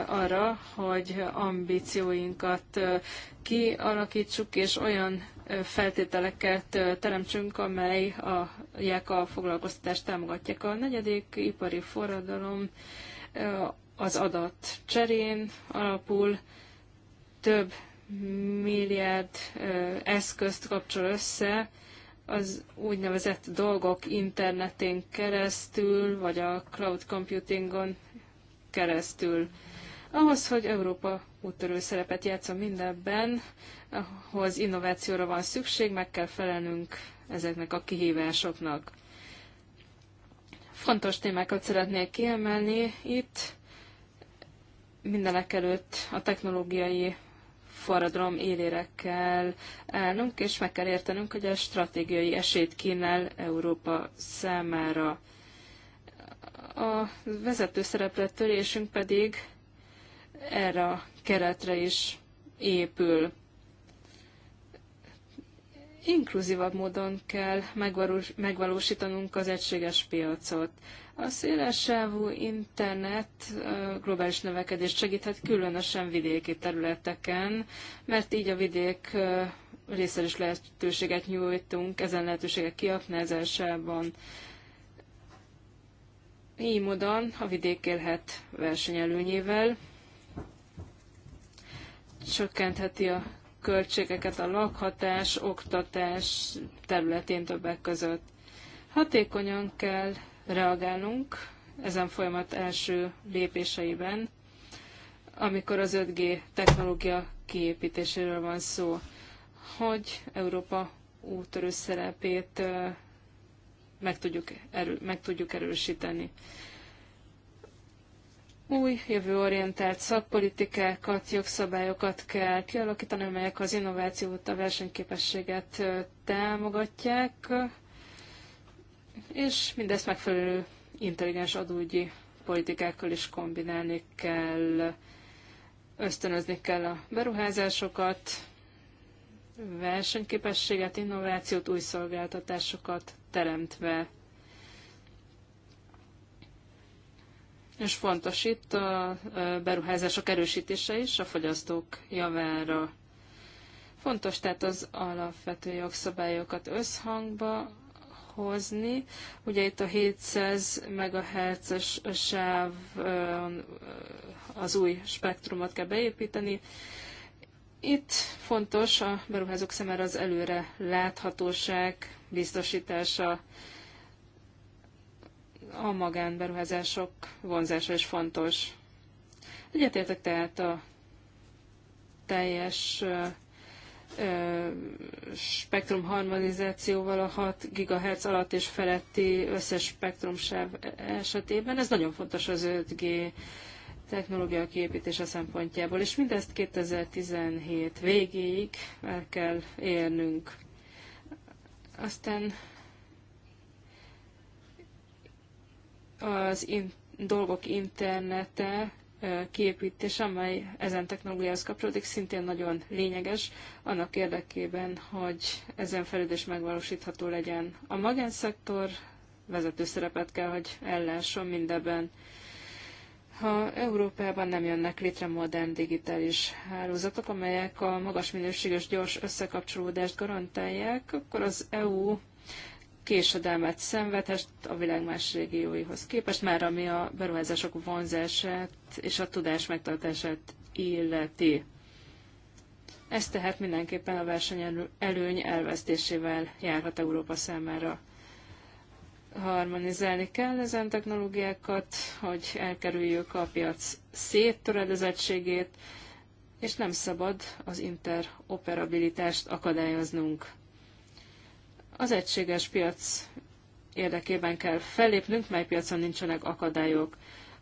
arra, hogy ambícióinkat kialakítsuk, és olyan feltételeket teremtsünk, amely a, a foglalkoztatást támogatják. A negyedik ipari forradalom az adat cserén alapul, több milliárd eszközt kapcsol össze, az úgynevezett dolgok internetén keresztül, vagy a cloud computingon keresztül. Ahhoz, hogy Európa úttörő szerepet játszon mindebben, ahhoz innovációra van szükség, meg kell felelnünk ezeknek a kihívásoknak. Fontos témákat szeretnék kiemelni itt mindenek előtt a technológiai forradalom élére kell állnunk, és meg kell értenünk, hogy a stratégiai esélyt kínál Európa számára. A vezető szerepre törésünk pedig erre a keretre is épül. Inkluzívabb módon kell megvalósítanunk az egységes piacot. A szélessávú internet globális növekedést segíthet különösen vidéki területeken, mert így a vidék részre is lehetőséget nyújtunk ezen lehetőségek kiaknázásában. Így módon a vidék élhet versenyelőnyével, csökkentheti a költségeket a lakhatás, oktatás területén többek között. Hatékonyan kell reagálnunk ezen folyamat első lépéseiben, amikor az 5G technológia kiépítéséről van szó, hogy Európa úttörő szerepét meg tudjuk, erő, meg tudjuk erősíteni. Új jövőorientált szakpolitikákat, jogszabályokat kell kialakítani, amelyek az innovációt, a versenyképességet támogatják, és mindezt megfelelő intelligens adógyi politikákkal is kombinálni kell, ösztönözni kell a beruházásokat, versenyképességet, innovációt, új szolgáltatásokat teremtve. És fontos itt a beruházások erősítése is a fogyasztók javára. Fontos tehát az alapvető jogszabályokat összhangba hozni. Ugye itt a 700 MHz-es sáv az új spektrumot kell beépíteni. Itt fontos a beruházók szemére az előre láthatóság biztosítása, a magánberuházások vonzása is fontos. Egyetértek tehát a teljes spektrum harmonizációval a 6 GHz alatt és feletti összes spektrumsáv esetében. Ez nagyon fontos az 5G technológia kiépítése szempontjából, és mindezt 2017 végéig el kell érnünk. Aztán az in- dolgok internete kiépítés, amely ezen technológiához kapcsolódik, szintén nagyon lényeges annak érdekében, hogy ezen felüldés megvalósítható legyen. A magánszektor vezető szerepet kell, hogy ellásson mindebben. Ha Európában nem jönnek létre modern digitális hálózatok, amelyek a magas minőséges gyors összekapcsolódást garantálják, akkor az EU késedelmet szenvedhet a világ más régióihoz képest, már ami a beruházások vonzását és a tudás megtartását illeti. Ez tehát mindenképpen a versenyelőny elvesztésével járhat Európa számára. Harmonizálni kell ezen technológiákat, hogy elkerüljük a piac széttöredezettségét, és nem szabad az interoperabilitást akadályoznunk. Az egységes piac érdekében kell fellépnünk, mely piacon nincsenek akadályok.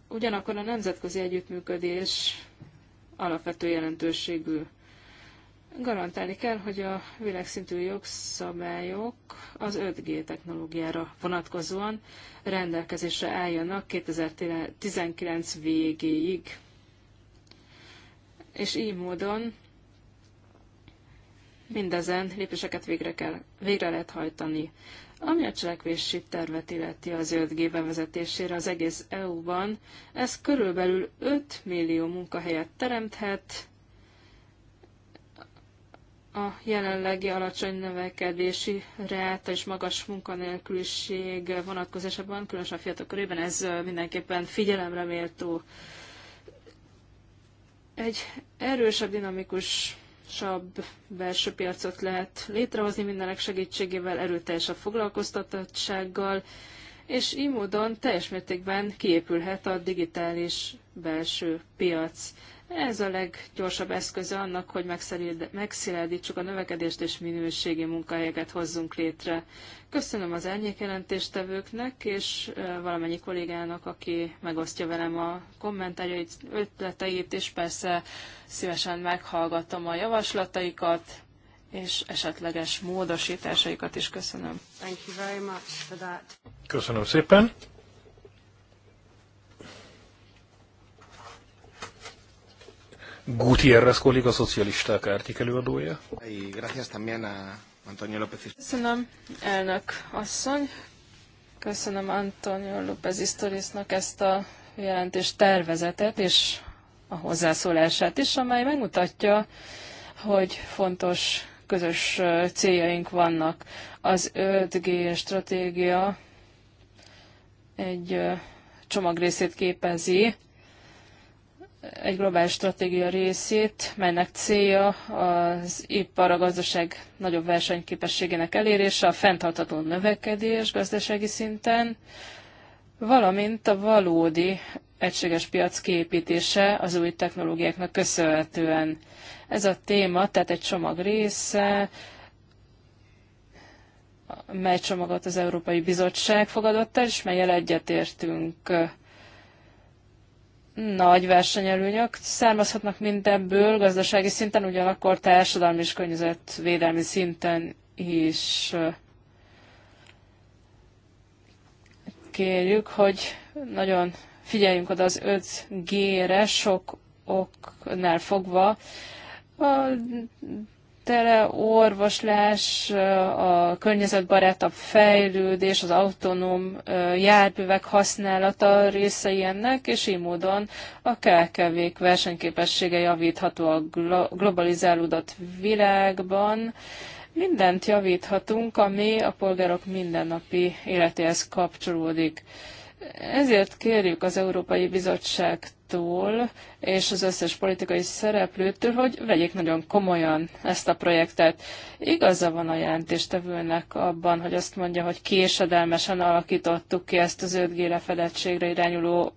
Ugyanakkor a nemzetközi együttműködés alapvető jelentőségű. Garantálni kell, hogy a világszintű jogszabályok az 5G technológiára vonatkozóan rendelkezésre álljanak 2019 végéig. És így módon mindezen lépéseket végre, kell, végre lehet hajtani. Ami a cselekvési tervet illeti az 5G bevezetésére az egész EU-ban, ez körülbelül 5 millió munkahelyet teremthet, a jelenlegi alacsony növekedési ráta és magas munkanélküliség vonatkozásában, különösen a fiatal körében ez mindenképpen figyelemre méltó. Egy erősebb, dinamikus dinamikusabb belső piacot lehet létrehozni mindenek segítségével, erőteljesebb foglalkoztatottsággal, és így módon teljes mértékben kiépülhet a digitális belső piac. Ez a leggyorsabb eszköze annak, hogy megszilárdítsuk a növekedést és minőségi munkahelyeket hozzunk létre. Köszönöm az elnyékjelentéstevőknek és valamennyi kollégának, aki megosztja velem a kommentárjait, ötleteit, és persze szívesen meghallgatom a javaslataikat és esetleges módosításaikat is köszönöm. Köszönöm szépen. Gutiérrez kolléga, a szocialisták árnyék előadója. Köszönöm, elnök asszony. Köszönöm Antonio López Istorisnak ezt a jelentés tervezetet és a hozzászólását is, amely megmutatja, hogy fontos közös céljaink vannak. Az 5G stratégia egy csomagrészét képezi egy globális stratégia részét, melynek célja az ipar a gazdaság nagyobb versenyképességének elérése, a fenntartható növekedés gazdasági szinten, valamint a valódi egységes piac kiépítése az új technológiáknak köszönhetően. Ez a téma, tehát egy csomag része, mely csomagot az Európai Bizottság fogadott el, és melyel egyetértünk nagy versenyelőnyök származhatnak mindebből gazdasági szinten, ugyanakkor társadalmi és környezetvédelmi szinten is kérjük, hogy nagyon figyeljünk oda az 5G-re sok oknál fogva. A orvoslás, a környezetbarátabb fejlődés, az autonóm járművek használata részei ennek, és így módon a KKV-k versenyképessége javítható a globalizálódott világban. Mindent javíthatunk, ami a polgárok mindennapi életéhez kapcsolódik. Ezért kérjük az Európai Bizottság kormánytól és az összes politikai szereplőtől, hogy vegyék nagyon komolyan ezt a projektet. Igaza van a jelentéstevőnek abban, hogy azt mondja, hogy késedelmesen alakítottuk ki ezt az 5G lefedettségre irányuló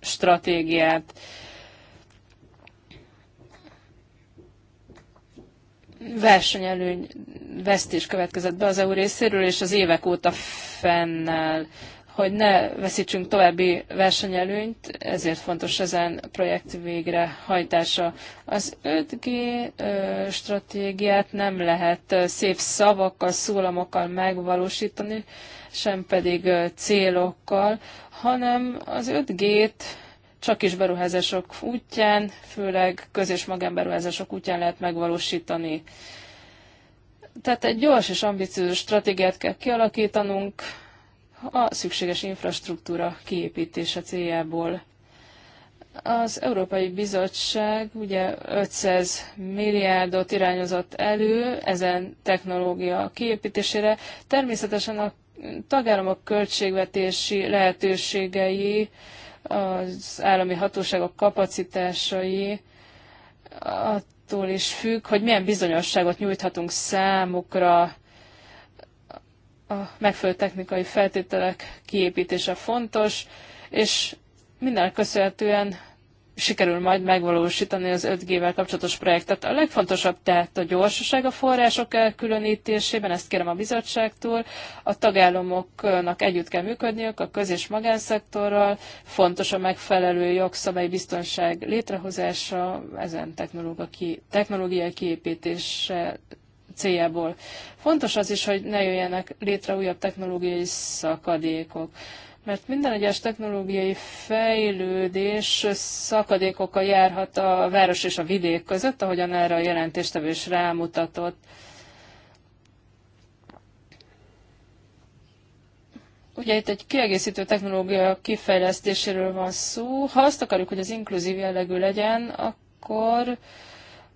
stratégiát. versenyelőny vesztés következett be az EU részéről, és az évek óta fennáll hogy ne veszítsünk további versenyelőnyt, ezért fontos ezen projekt végrehajtása. Az 5G stratégiát nem lehet szép szavakkal, szólamokkal megvalósítani, sem pedig célokkal, hanem az 5G-t csak is beruházások útján, főleg közös magánberuházások útján lehet megvalósítani. Tehát egy gyors és ambiciózus stratégiát kell kialakítanunk, a szükséges infrastruktúra kiépítése céljából. Az Európai Bizottság ugye 500 milliárdot irányozott elő ezen technológia kiépítésére. Természetesen a tagállamok költségvetési lehetőségei, az állami hatóságok kapacitásai attól is függ, hogy milyen bizonyosságot nyújthatunk számukra a megfelelő technikai feltételek kiépítése fontos, és minden köszönhetően sikerül majd megvalósítani az 5G-vel kapcsolatos projektet. A legfontosabb tehát a gyorsaság a források elkülönítésében, ezt kérem a bizottságtól. A tagállamoknak együtt kell működniük a köz- és magánszektorral, fontos a megfelelő jogszabály biztonság létrehozása, ezen technológiai kiépítése céljából. Fontos az is, hogy ne jöjjenek létre újabb technológiai szakadékok mert minden egyes technológiai fejlődés szakadékokkal járhat a város és a vidék között, ahogyan erre a jelentéstevő is rámutatott. Ugye itt egy kiegészítő technológia kifejlesztéséről van szó. Ha azt akarjuk, hogy az inkluzív jellegű legyen, akkor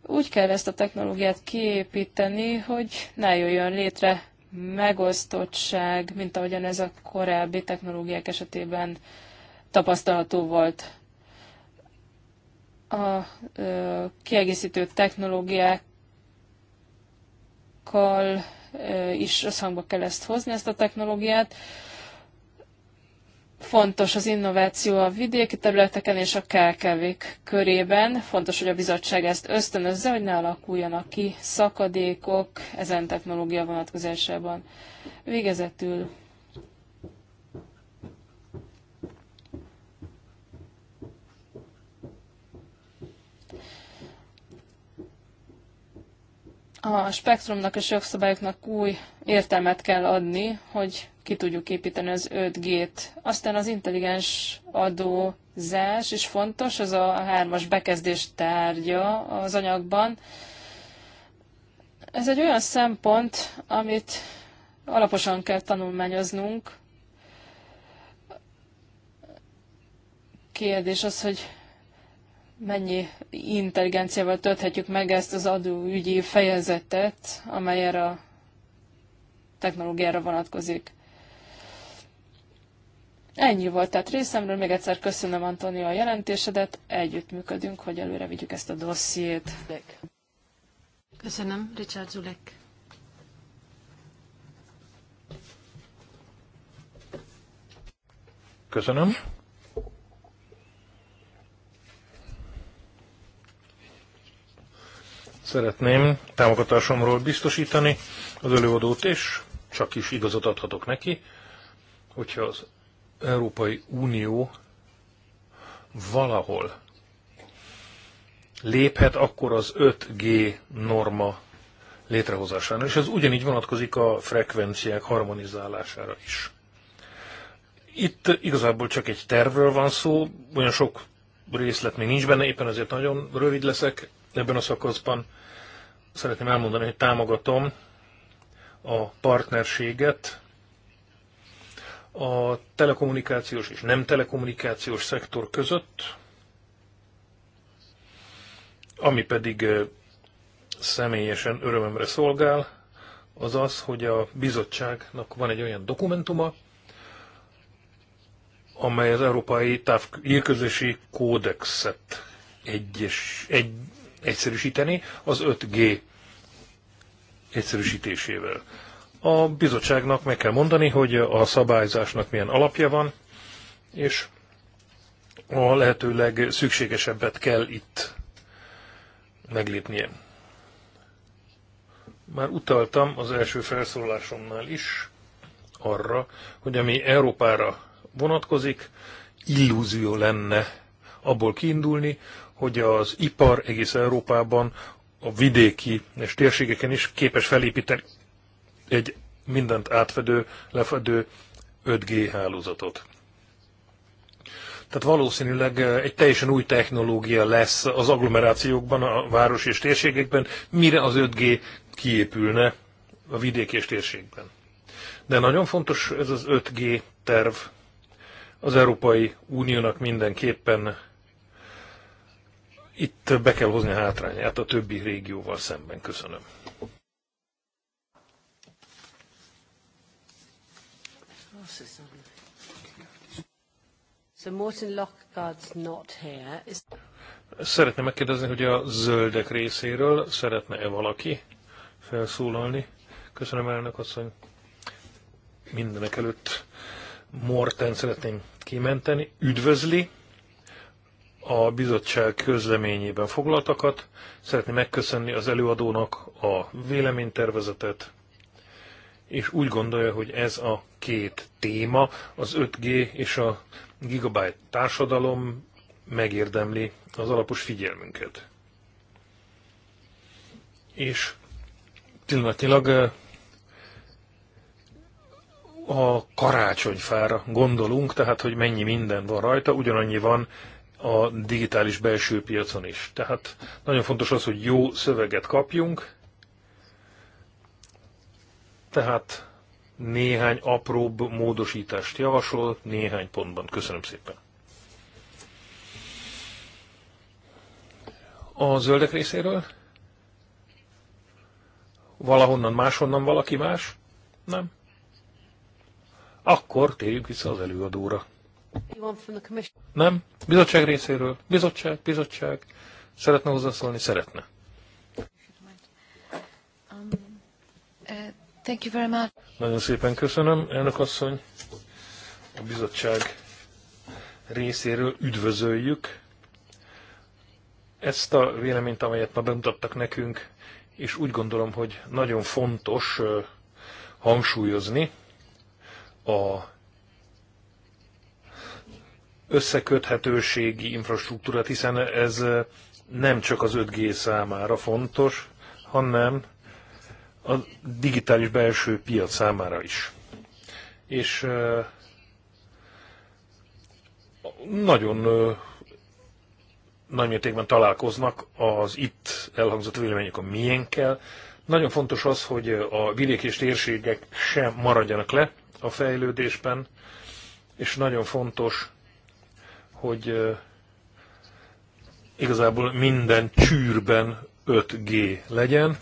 úgy kell ezt a technológiát kiépíteni, hogy ne jöjjön létre megosztottság, mint ahogyan ez a korábbi technológiák esetében tapasztalható volt. A ö, kiegészítő technológiákkal ö, is összhangba kell ezt hozni, ezt a technológiát. Fontos az innováció a vidéki területeken és a kkv körében. Fontos, hogy a bizottság ezt ösztönözze, hogy ne alakuljanak ki szakadékok ezen technológia vonatkozásában. Végezetül a spektrumnak és jogszabályoknak új értelmet kell adni, hogy ki tudjuk építeni az 5G-t. Aztán az intelligens adózás is fontos, ez a hármas bekezdés tárgya az anyagban. Ez egy olyan szempont, amit alaposan kell tanulmányoznunk. Kérdés az, hogy mennyi intelligenciával tölthetjük meg ezt az adóügyi fejezetet, amely erre a technológiára vonatkozik. Ennyi volt, tehát részemről még egyszer köszönöm Antonia a jelentésedet, együttműködünk, hogy előre vigyük ezt a dossziét. Köszönöm, Richard Zulek. Köszönöm. Szeretném támogatásomról biztosítani az előadót, és csak is igazat adhatok neki, hogyha az Európai Unió valahol léphet, akkor az 5G norma létrehozására. És ez ugyanígy vonatkozik a frekvenciák harmonizálására is. Itt igazából csak egy tervről van szó, olyan sok részlet még nincs benne, éppen ezért nagyon rövid leszek ebben a szakaszban szeretném elmondani, hogy támogatom a partnerséget a telekommunikációs és nem telekommunikációs szektor között, ami pedig személyesen örömömre szolgál, az az, hogy a bizottságnak van egy olyan dokumentuma, amely az Európai Távközlési Kódexet egyes, egy, egyszerűsíteni az 5G egyszerűsítésével. A bizottságnak meg kell mondani, hogy a szabályzásnak milyen alapja van, és a lehetőleg szükségesebbet kell itt meglépnie. Már utaltam az első felszólásomnál is arra, hogy ami Európára vonatkozik, illúzió lenne abból kiindulni, hogy az ipar egész Európában, a vidéki és térségeken is képes felépíteni egy mindent átfedő, lefedő 5G hálózatot. Tehát valószínűleg eh, egy teljesen új technológia lesz az agglomerációkban, a város és térségekben, mire az 5G kiépülne a vidék és térségben. De nagyon fontos ez az 5G terv. Az Európai Uniónak mindenképpen itt be kell hozni a hátrányát a többi régióval szemben. Köszönöm. So not here. Szeretném megkérdezni, hogy a zöldek részéről szeretne-e valaki felszólalni? Köszönöm elnök asszony. Mindenek előtt Morten szeretném kimenteni. Üdvözli a bizottság közleményében foglaltakat. Szeretném megköszönni az előadónak a véleménytervezetet, és úgy gondolja, hogy ez a két téma, az 5G és a gigabyte társadalom megérdemli az alapos figyelmünket. És pillanatilag eh, a karácsonyfára gondolunk, tehát hogy mennyi minden van rajta, ugyanannyi van a digitális belső piacon is. Tehát nagyon fontos az, hogy jó szöveget kapjunk, tehát néhány apróbb módosítást javasol néhány pontban. Köszönöm szépen. A zöldek részéről? Valahonnan máshonnan valaki más? Nem? Akkor térjünk vissza az előadóra. Nem? Bizottság részéről? Bizottság, bizottság. Szeretne hozzászólni? Szeretne. Thank you very much. Nagyon szépen köszönöm, elnök asszony. A bizottság részéről üdvözöljük ezt a véleményt, amelyet ma bemutattak nekünk, és úgy gondolom, hogy nagyon fontos hangsúlyozni a összeköthetőségi infrastruktúra, hiszen ez eh, nem csak az 5G számára fontos, hanem a digitális belső piac számára is. És eh, nagyon eh, nagy mértékben találkoznak az itt elhangzott vélemények a miénkkel. Nagyon fontos az, hogy a vidék és térségek sem maradjanak le a fejlődésben, és nagyon fontos hogy igazából minden csűrben 5G legyen.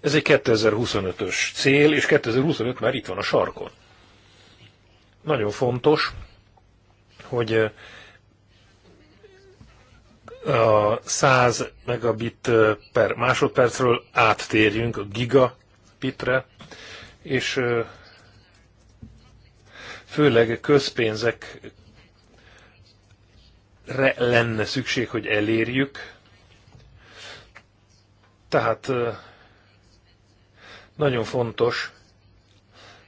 Ez egy 2025-ös cél, és 2025 már itt van a sarkon. Nagyon fontos, hogy a 100 megabit per másodpercről áttérjünk a gigabitre, és főleg közpénzekre lenne szükség, hogy elérjük. Tehát nagyon fontos,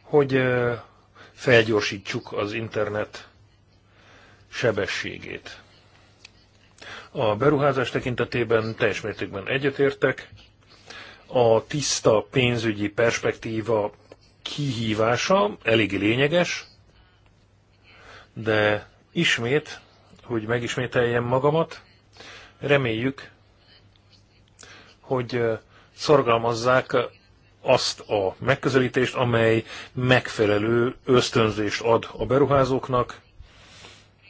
hogy felgyorsítsuk az internet sebességét. A beruházás tekintetében teljes mértékben egyetértek. A tiszta pénzügyi perspektíva kihívása eléggé lényeges, de ismét, hogy megismételjem magamat, reméljük, hogy szorgalmazzák azt a megközelítést, amely megfelelő ösztönzést ad a beruházóknak,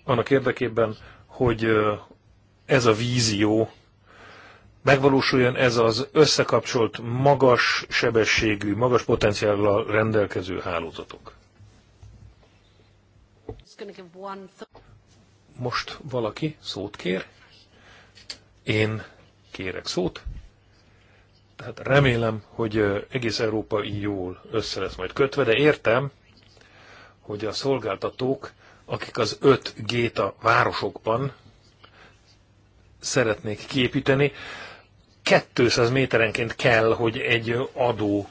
annak érdekében, hogy ez a vízió megvalósuljon, ez az összekapcsolt, magas sebességű, magas potenciállal rendelkező hálózatok. Most valaki szót kér. Én kérek szót. Tehát remélem, hogy egész Európa így jól össze lesz majd kötve, de értem, hogy a szolgáltatók, akik az 5 géta városokban szeretnék képíteni, 200 méterenként kell, hogy egy adó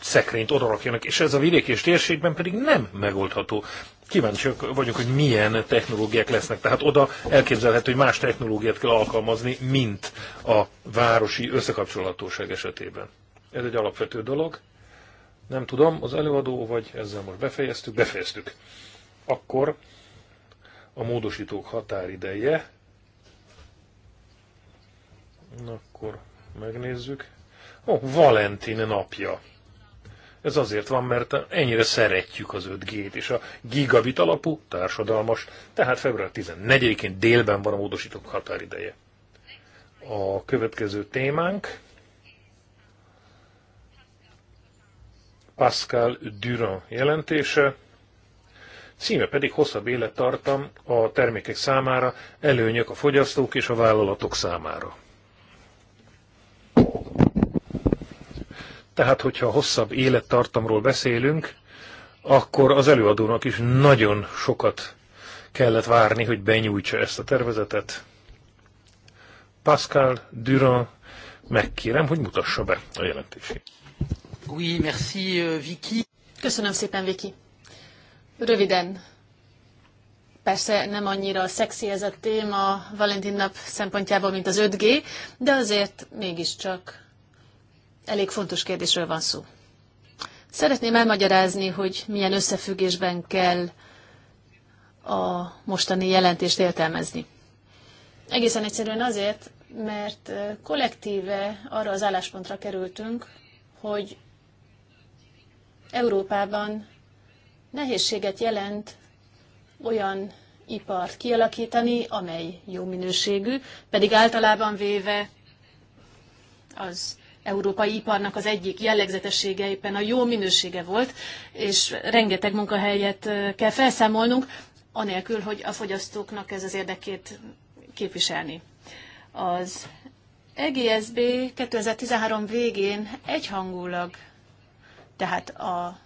szekrényt odarakjanak, és ez a vidék és térségben pedig nem megoldható kíváncsiak vagyok, hogy milyen technológiák lesznek. Tehát oda elképzelhető, hogy más technológiát kell alkalmazni, mint a városi összekapcsolhatóság esetében. Ez egy alapvető dolog. Nem tudom, az előadó, vagy ezzel most befejeztük? Befejeztük. Akkor a módosítók határideje. Akkor megnézzük. Ó, oh, Valentin napja. Ez azért van, mert ennyire szeretjük az 5G-t, és a gigabit alapú társadalmas, tehát február 14-én délben van a módosítók határideje. A következő témánk Pascal Durand jelentése, címe pedig hosszabb élettartam a termékek számára, előnyök a fogyasztók és a vállalatok számára. Tehát, hogyha hosszabb élettartamról beszélünk, akkor az előadónak is nagyon sokat kellett várni, hogy benyújtsa ezt a tervezetet. Pascal Durand, megkérem, hogy mutassa be a jelentését. Oui, merci, euh, Vicky. Köszönöm szépen, Viki. Röviden, persze nem annyira szexi ez a téma Valentin nap szempontjából, mint az 5G, de azért mégiscsak elég fontos kérdésről van szó. Szeretném elmagyarázni, hogy milyen összefüggésben kell a mostani jelentést értelmezni. Egészen egyszerűen azért, mert kollektíve arra az álláspontra kerültünk, hogy Európában nehézséget jelent olyan ipart kialakítani, amely jó minőségű, pedig általában véve az európai iparnak az egyik jellegzetessége éppen a jó minősége volt, és rengeteg munkahelyet kell felszámolnunk, anélkül, hogy a fogyasztóknak ez az érdekét képviselni. Az EGSB 2013 végén egyhangulag, tehát a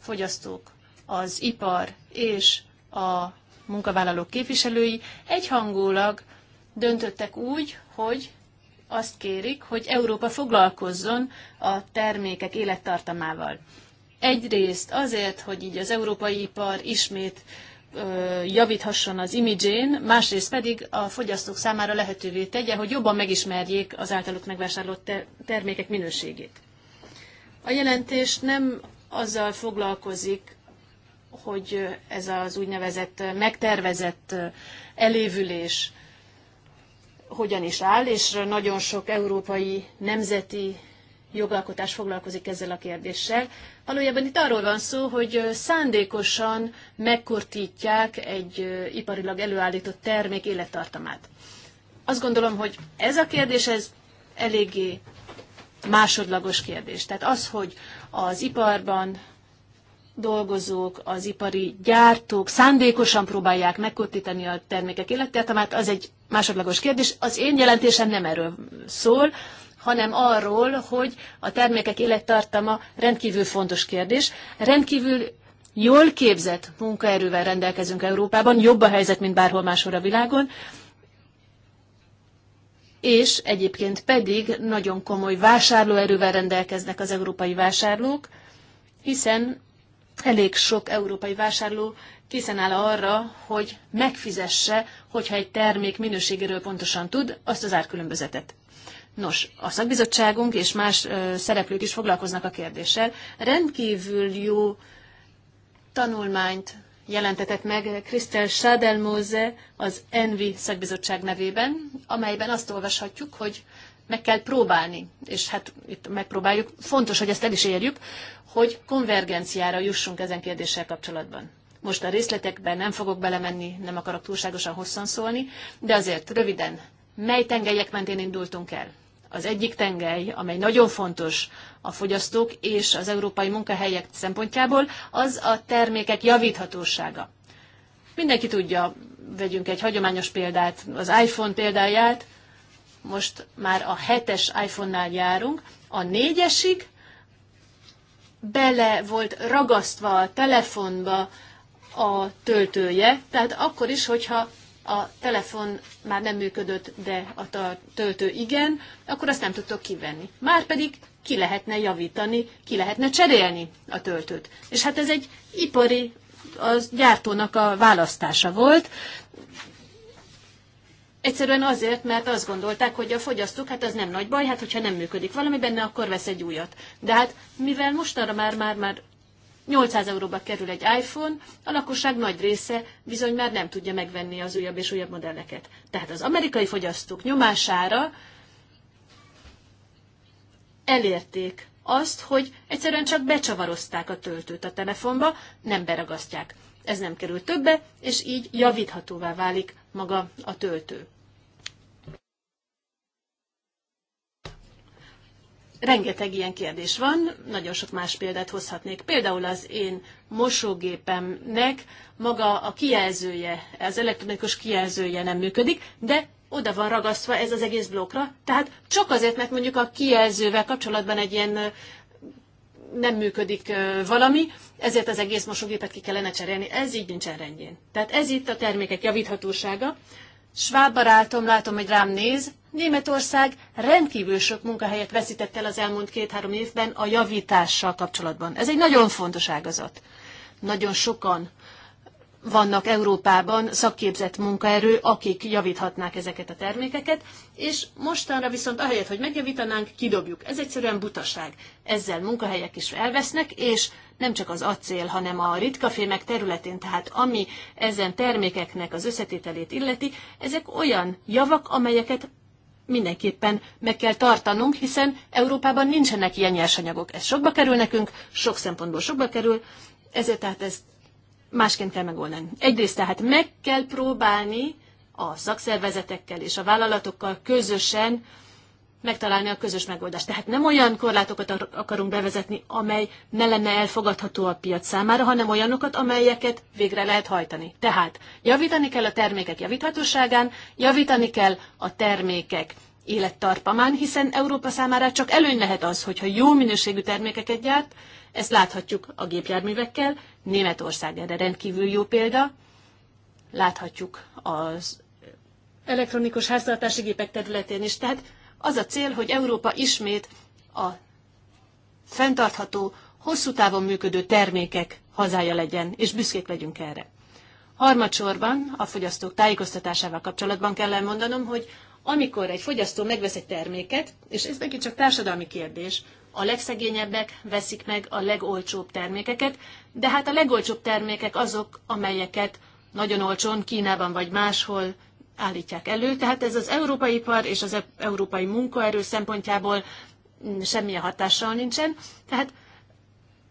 fogyasztók, az ipar és a munkavállalók képviselői egyhangulag döntöttek úgy, hogy azt kérik, hogy Európa foglalkozzon a termékek élettartamával. Egyrészt azért, hogy így az európai ipar ismét javíthasson az imidzsén, másrészt pedig a fogyasztók számára lehetővé tegye, hogy jobban megismerjék az általuk megvásárolt termékek minőségét. A jelentés nem azzal foglalkozik, hogy ez az úgynevezett megtervezett elévülés hogyan is áll, és nagyon sok európai nemzeti jogalkotás foglalkozik ezzel a kérdéssel. Valójában itt arról van szó, hogy szándékosan megkortítják egy iparilag előállított termék élettartamát. Azt gondolom, hogy ez a kérdés, ez eléggé másodlagos kérdés. Tehát az, hogy az iparban dolgozók, az ipari gyártók szándékosan próbálják megkottítani a termékek mert az egy másodlagos kérdés. Az én jelentésem nem erről szól, hanem arról, hogy a termékek élettartama rendkívül fontos kérdés. Rendkívül jól képzett munkaerővel rendelkezünk Európában, jobb a helyzet, mint bárhol máshol a világon, és egyébként pedig nagyon komoly vásárlóerővel rendelkeznek az európai vásárlók, hiszen elég sok európai vásárló készen áll arra, hogy megfizesse, hogyha egy termék minőségéről pontosan tud, azt az árkülönbözetet. Nos, a szakbizottságunk és más ö, szereplők is foglalkoznak a kérdéssel. Rendkívül jó tanulmányt jelentetett meg Krisztel Schadelmose az Envi szakbizottság nevében, amelyben azt olvashatjuk, hogy meg kell próbálni, és hát itt megpróbáljuk, fontos, hogy ezt el is érjük, hogy konvergenciára jussunk ezen kérdéssel kapcsolatban. Most a részletekben nem fogok belemenni, nem akarok túlságosan hosszan szólni, de azért röviden, mely tengelyek mentén indultunk el? Az egyik tengely, amely nagyon fontos a fogyasztók és az európai munkahelyek szempontjából, az a termékek javíthatósága. Mindenki tudja, vegyünk egy hagyományos példát, az iPhone példáját, most már a 7-es iPhone-nál járunk, a 4-esig bele volt ragasztva a telefonba a töltője, tehát akkor is, hogyha a telefon már nem működött, de a töltő igen, akkor azt nem tudtok kivenni. Márpedig ki lehetne javítani, ki lehetne cserélni a töltőt. És hát ez egy ipari, az gyártónak a választása volt. Egyszerűen azért, mert azt gondolták, hogy a fogyasztók, hát az nem nagy baj, hát hogyha nem működik valami benne, akkor vesz egy újat. De hát mivel mostanra már, már, már 800 euróba kerül egy iPhone, a lakosság nagy része bizony már nem tudja megvenni az újabb és újabb modelleket. Tehát az amerikai fogyasztók nyomására elérték azt, hogy egyszerűen csak becsavarozták a töltőt a telefonba, nem beragasztják ez nem kerül többe, és így javíthatóvá válik maga a töltő. Rengeteg ilyen kérdés van, nagyon sok más példát hozhatnék. Például az én mosógépemnek maga a kijelzője, az elektronikus kijelzője nem működik, de oda van ragasztva ez az egész blokkra, tehát csak azért, mert mondjuk a kijelzővel kapcsolatban egy ilyen nem működik valami, ezért az egész mosógépet ki kellene cserélni. Ez így nincsen rendjén. Tehát ez itt a termékek javíthatósága. Sváb barátom, látom, hogy rám néz. Németország rendkívül sok munkahelyet veszített el az elmúlt két-három évben a javítással kapcsolatban. Ez egy nagyon fontos ágazat. Nagyon sokan vannak Európában szakképzett munkaerő, akik javíthatnák ezeket a termékeket, és mostanra viszont ahelyett, hogy megjavítanánk, kidobjuk. Ez egyszerűen butaság. Ezzel munkahelyek is elvesznek, és nem csak az acél, hanem a ritkafémek területén, tehát ami ezen termékeknek az összetételét illeti, ezek olyan javak, amelyeket mindenképpen meg kell tartanunk, hiszen Európában nincsenek ilyen nyersanyagok. Ez sokba kerül nekünk, sok szempontból sokba kerül, ezért tehát ezt másként kell megoldani. Egyrészt tehát meg kell próbálni a szakszervezetekkel és a vállalatokkal közösen megtalálni a közös megoldást. Tehát nem olyan korlátokat akarunk bevezetni, amely ne lenne elfogadható a piac számára, hanem olyanokat, amelyeket végre lehet hajtani. Tehát javítani kell a termékek javíthatóságán, javítani kell a termékek élettartamán, hiszen Európa számára csak előny lehet az, hogyha jó minőségű termékeket gyárt, ezt láthatjuk a gépjárművekkel, Németország erre rendkívül jó példa, láthatjuk az elektronikus háztartási gépek területén is. Tehát az a cél, hogy Európa ismét a fenntartható, hosszú távon működő termékek hazája legyen, és büszkék legyünk erre. Harmadsorban a fogyasztók tájékoztatásával kapcsolatban kell elmondanom, hogy amikor egy fogyasztó megvesz egy terméket, és ez megint csak társadalmi kérdés, a legszegényebbek veszik meg a legolcsóbb termékeket, de hát a legolcsóbb termékek azok, amelyeket nagyon olcsón Kínában vagy máshol állítják elő. Tehát ez az európai ipar és az európai munkaerő szempontjából mm, semmilyen hatással nincsen. Tehát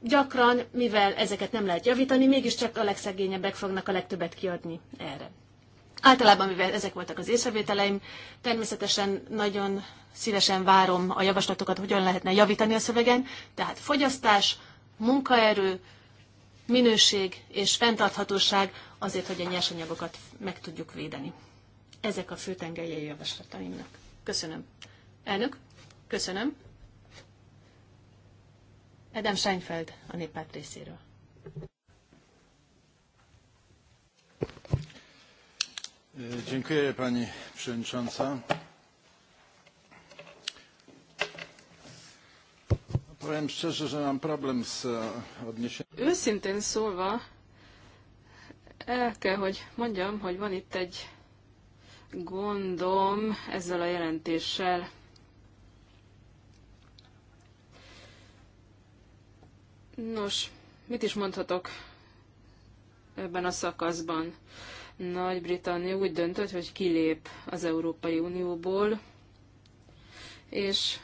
gyakran, mivel ezeket nem lehet javítani, mégiscsak a legszegényebbek fognak a legtöbbet kiadni erre. Általában, mivel ezek voltak az észrevételeim, természetesen nagyon szívesen várom a javaslatokat, hogyan lehetne javítani a szövegen. Tehát fogyasztás, munkaerő, minőség és fenntarthatóság azért, hogy a nyersanyagokat meg tudjuk védeni. Ezek a főtengelyei javaslataimnak. Köszönöm. Elnök, köszönöm. Edem Seinfeld a néppárt részéről. Dziękuję Pani Przewodnicząca. Powiem szczerze, że mam problem z e, odniesieniem. Őszintén szólva, el kell, hogy mondjam, hogy van itt egy gondom ezzel a jelentéssel. Nos, mit is mondhatok ebben a szakaszban? Nagy-Britannia úgy döntött, hogy kilép az Európai Unióból, és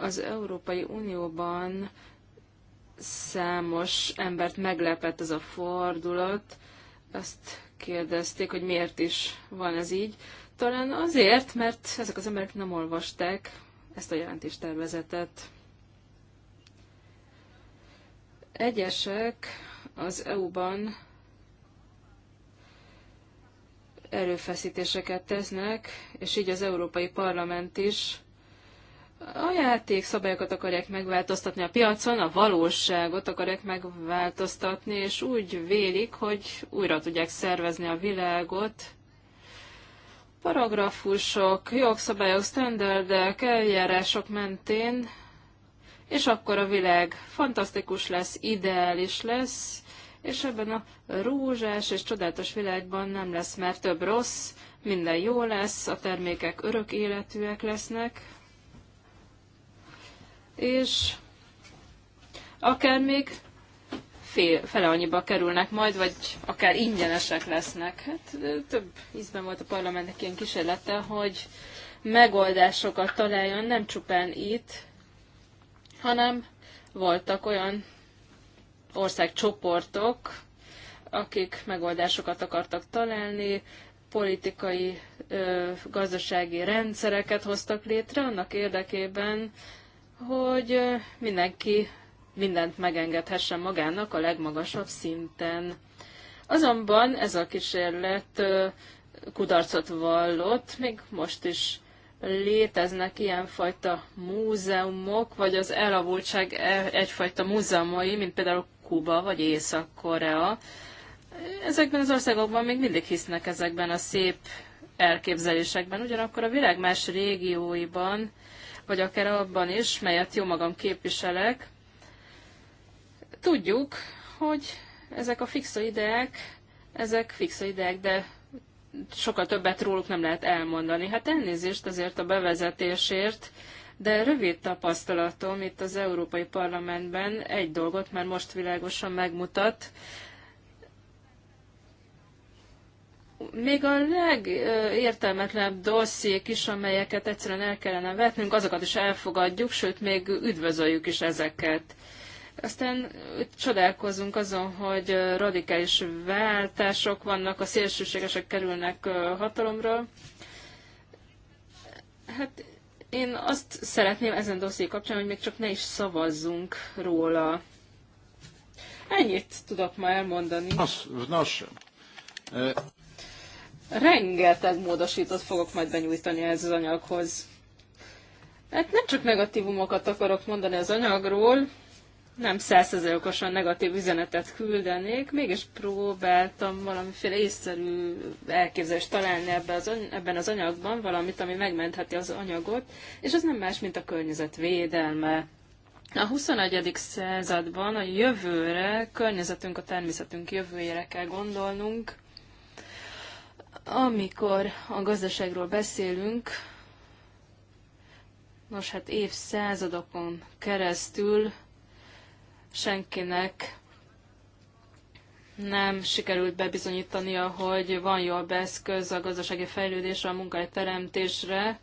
az Európai Unióban számos embert meglepett ez a fordulat. Azt kérdezték, hogy miért is van ez így. Talán azért, mert ezek az emberek nem olvasták ezt a jelentéstervezetet. Egyesek az EU-ban erőfeszítéseket tesznek, és így az Európai Parlament is a játékszabályokat akarják megváltoztatni a piacon, a valóságot akarják megváltoztatni, és úgy vélik, hogy újra tudják szervezni a világot. Paragrafusok, jogszabályok, standardek, eljárások mentén, és akkor a világ fantasztikus lesz, ideális lesz, és ebben a rózsás és csodálatos világban nem lesz már több rossz, minden jó lesz, a termékek örök életűek lesznek, és akár még fél, fele annyiba kerülnek majd, vagy akár ingyenesek lesznek. Hát több ízben volt a parlamentnek ilyen kísérlete, hogy megoldásokat találjon, nem csupán itt, hanem voltak olyan országcsoportok, akik megoldásokat akartak találni, politikai, ö, gazdasági rendszereket hoztak létre annak érdekében, hogy mindenki mindent megengedhessen magának a legmagasabb szinten. Azonban ez a kísérlet kudarcot vallott, még most is léteznek ilyenfajta múzeumok, vagy az elavultság e, egyfajta múzeumai, mint például Kuba vagy Észak-Korea. Ezekben az országokban még mindig hisznek ezekben a szép elképzelésekben, ugyanakkor a világ más régióiban vagy akár abban is, melyet jó magam képviselek, tudjuk, hogy ezek a ideák, ezek ideák, de sokkal többet róluk nem lehet elmondani. Hát elnézést azért a bevezetésért, de rövid tapasztalatom itt az Európai Parlamentben egy dolgot már most világosan megmutat, még a legértelmetlenebb dossziék is, amelyeket egyszerűen el kellene vetnünk, azokat is elfogadjuk, sőt, még üdvözöljük is ezeket. Aztán csodálkozunk azon, hogy radikális váltások vannak, a szélsőségesek kerülnek hatalomra. Hát én azt szeretném ezen dosszié kapcsán, hogy még csak ne is szavazzunk róla. Ennyit tudok ma elmondani. Nos, nos rengeteg módosítót fogok majd benyújtani ez az anyaghoz. Hát nem csak negatívumokat akarok mondani az anyagról, nem százszerzőkosan negatív üzenetet küldenék, mégis próbáltam valamiféle észszerű elképzelést találni ebbe az, ebben az anyagban, valamit, ami megmentheti az anyagot, és ez nem más, mint a környezet védelme. A 21. században a jövőre, környezetünk, a természetünk jövőjére kell gondolnunk, amikor a gazdaságról beszélünk, nos hát évszázadokon keresztül senkinek nem sikerült bebizonyítania, hogy van jobb eszköz a gazdasági fejlődésre, a teremtésre.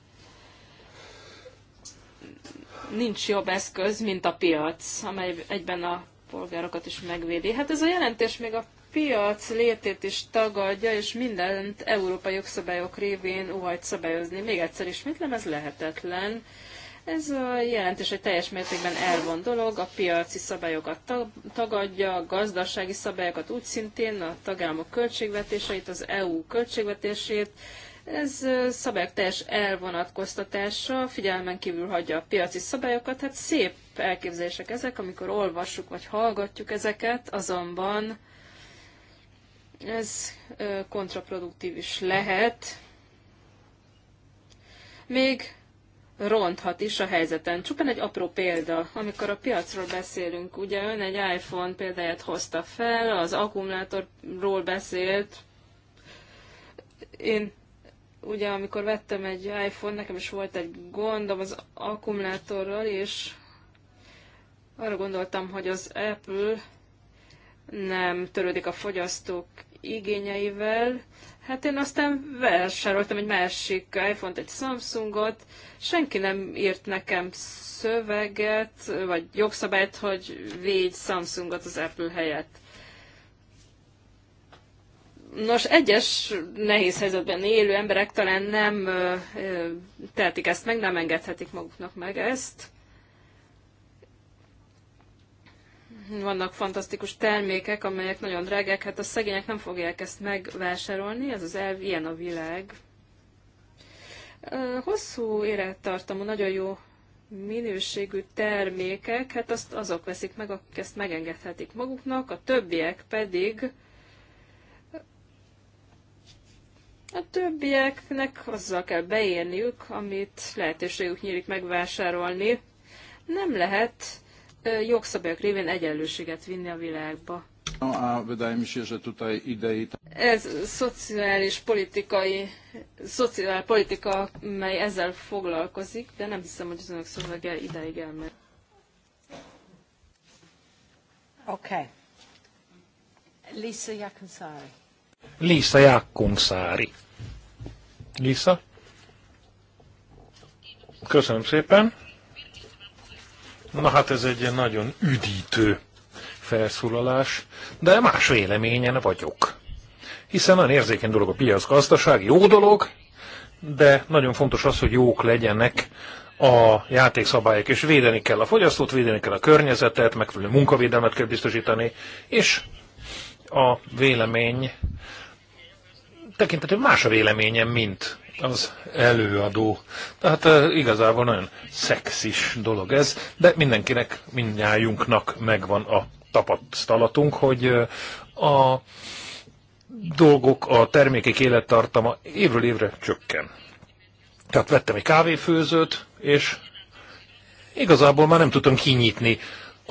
Nincs jobb eszköz, mint a piac, amely egyben a polgárokat is megvédi. Hát ez a jelentés még a piac létét is tagadja, és mindent európai jogszabályok révén óhajt szabályozni. Még egyszer is nem ez lehetetlen. Ez a jelentés, hogy teljes mértékben elvon dolog, a piaci szabályokat tagadja, a gazdasági szabályokat úgy szintén, a tagállamok költségvetéseit, az EU költségvetését, ez szabályok teljes elvonatkoztatása, figyelmen kívül hagyja a piaci szabályokat, hát szép elképzelések ezek, amikor olvassuk vagy hallgatjuk ezeket, azonban ez kontraproduktív is lehet, még ronthat is a helyzeten. Csupán egy apró példa, amikor a piacról beszélünk, ugye ön egy iPhone példáját hozta fel, az akkumulátorról beszélt. Én ugye amikor vettem egy iPhone, nekem is volt egy gondom az akkumulátorral, és arra gondoltam, hogy az Apple nem törődik a fogyasztók igényeivel. Hát én aztán vásároltam egy másik iPhone-t, egy Samsungot, senki nem írt nekem szöveget, vagy jogszabályt, hogy védj Samsungot az Apple helyett. Nos, egyes nehéz helyzetben élő emberek talán nem tehetik ezt meg, nem engedhetik maguknak meg ezt. vannak fantasztikus termékek, amelyek nagyon drágák, hát a szegények nem fogják ezt megvásárolni, ez az elv, ilyen a világ. Hosszú élettartamú, nagyon jó minőségű termékek, hát azt azok veszik meg, akik ezt megengedhetik maguknak, a többiek pedig a többieknek azzal kell beérniük, amit lehetőségük nyílik megvásárolni. Nem lehet jogszabályok révén egyenlőséget vinni a világba. Ez szociális politikai, szociál politika, mely ezzel foglalkozik, de nem hiszem, hogy az önök szövege ideig Oké. Okay. Lisa Jakonszári. Lisa Jakonszári. Lisa? Köszönöm szépen. Na hát ez egy nagyon üdítő felszólalás, de más véleményen vagyok. Hiszen nagyon érzékeny dolog a piacgazdaság, jó dolog, de nagyon fontos az, hogy jók legyenek a játékszabályok, és védeni kell a fogyasztót, védeni kell a környezetet, megfelelő munkavédelmet kell biztosítani, és a vélemény tekintető más a véleményem, mint az előadó. Tehát uh, igazából nagyon szexis dolog ez, de mindenkinek, mindnyájunknak megvan a tapasztalatunk, hogy uh, a dolgok, a termékek élettartama évről évre csökken. Tehát vettem egy kávéfőzőt, és igazából már nem tudtam kinyitni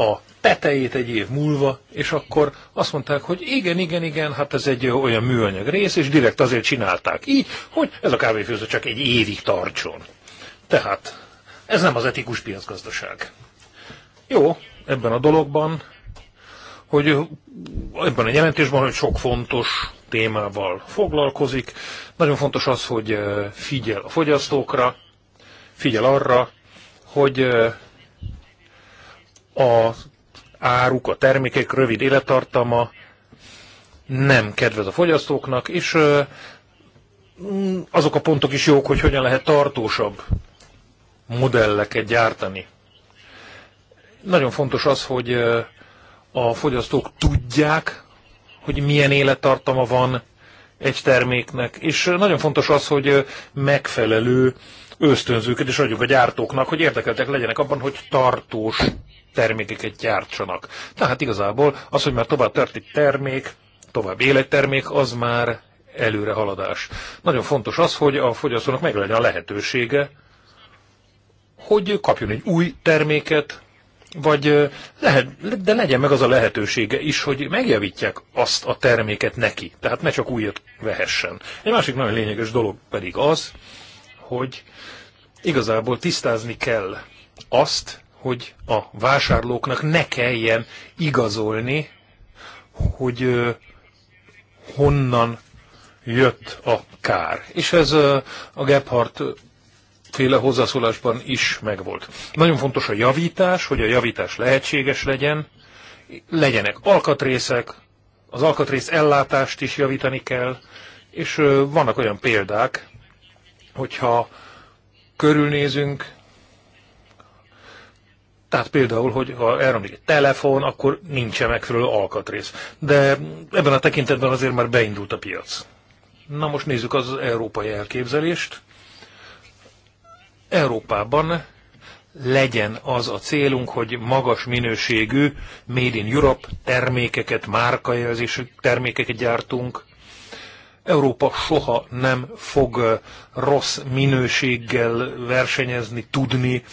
a tetejét egy év múlva, és akkor azt mondták, hogy igen, igen, igen, hát ez egy olyan műanyag rész, és direkt azért csinálták így, hogy ez a kávéfőző csak egy évig tartson. Tehát ez nem az etikus piacgazdaság. Jó, ebben a dologban, hogy ebben a jelentésben, hogy sok fontos témával foglalkozik. Nagyon fontos az, hogy figyel a fogyasztókra, figyel arra, hogy az áruk, a termékek rövid élettartama nem kedvez a fogyasztóknak, és mm, azok a pontok is jók, hogy hogyan lehet tartósabb modelleket gyártani. Nagyon fontos az, hogy a fogyasztók tudják, hogy milyen élettartama van egy terméknek, és nagyon fontos az, hogy megfelelő ösztönzőket is adjuk a gyártóknak, hogy érdekeltek legyenek abban, hogy tartós termékeket gyártsanak. Tehát igazából az, hogy már tovább tart egy termék, tovább élettermék, az már előre haladás. Nagyon fontos az, hogy a fogyasztónak legyen a lehetősége, hogy kapjon egy új terméket, vagy lehet, de legyen meg az a lehetősége is, hogy megjavítják azt a terméket neki, tehát ne csak újat vehessen. Egy másik nagyon lényeges dolog pedig az, hogy igazából tisztázni kell azt, hogy a vásárlóknak ne kelljen igazolni, hogy honnan jött a kár. És ez a Gebhardt féle hozzászólásban is megvolt. Nagyon fontos a javítás, hogy a javítás lehetséges legyen, legyenek alkatrészek, az alkatrész ellátást is javítani kell, és vannak olyan példák, hogyha körülnézünk, tehát például, hogy ha elromlik egy telefon, akkor nincsen megfelelő alkatrész. De ebben a tekintetben azért már beindult a piac. Na most nézzük az európai elképzelést. Európában legyen az a célunk, hogy magas minőségű Made in Europe termékeket, márkajelzésű termékeket gyártunk. Európa soha nem fog rossz minőséggel versenyezni, tudni,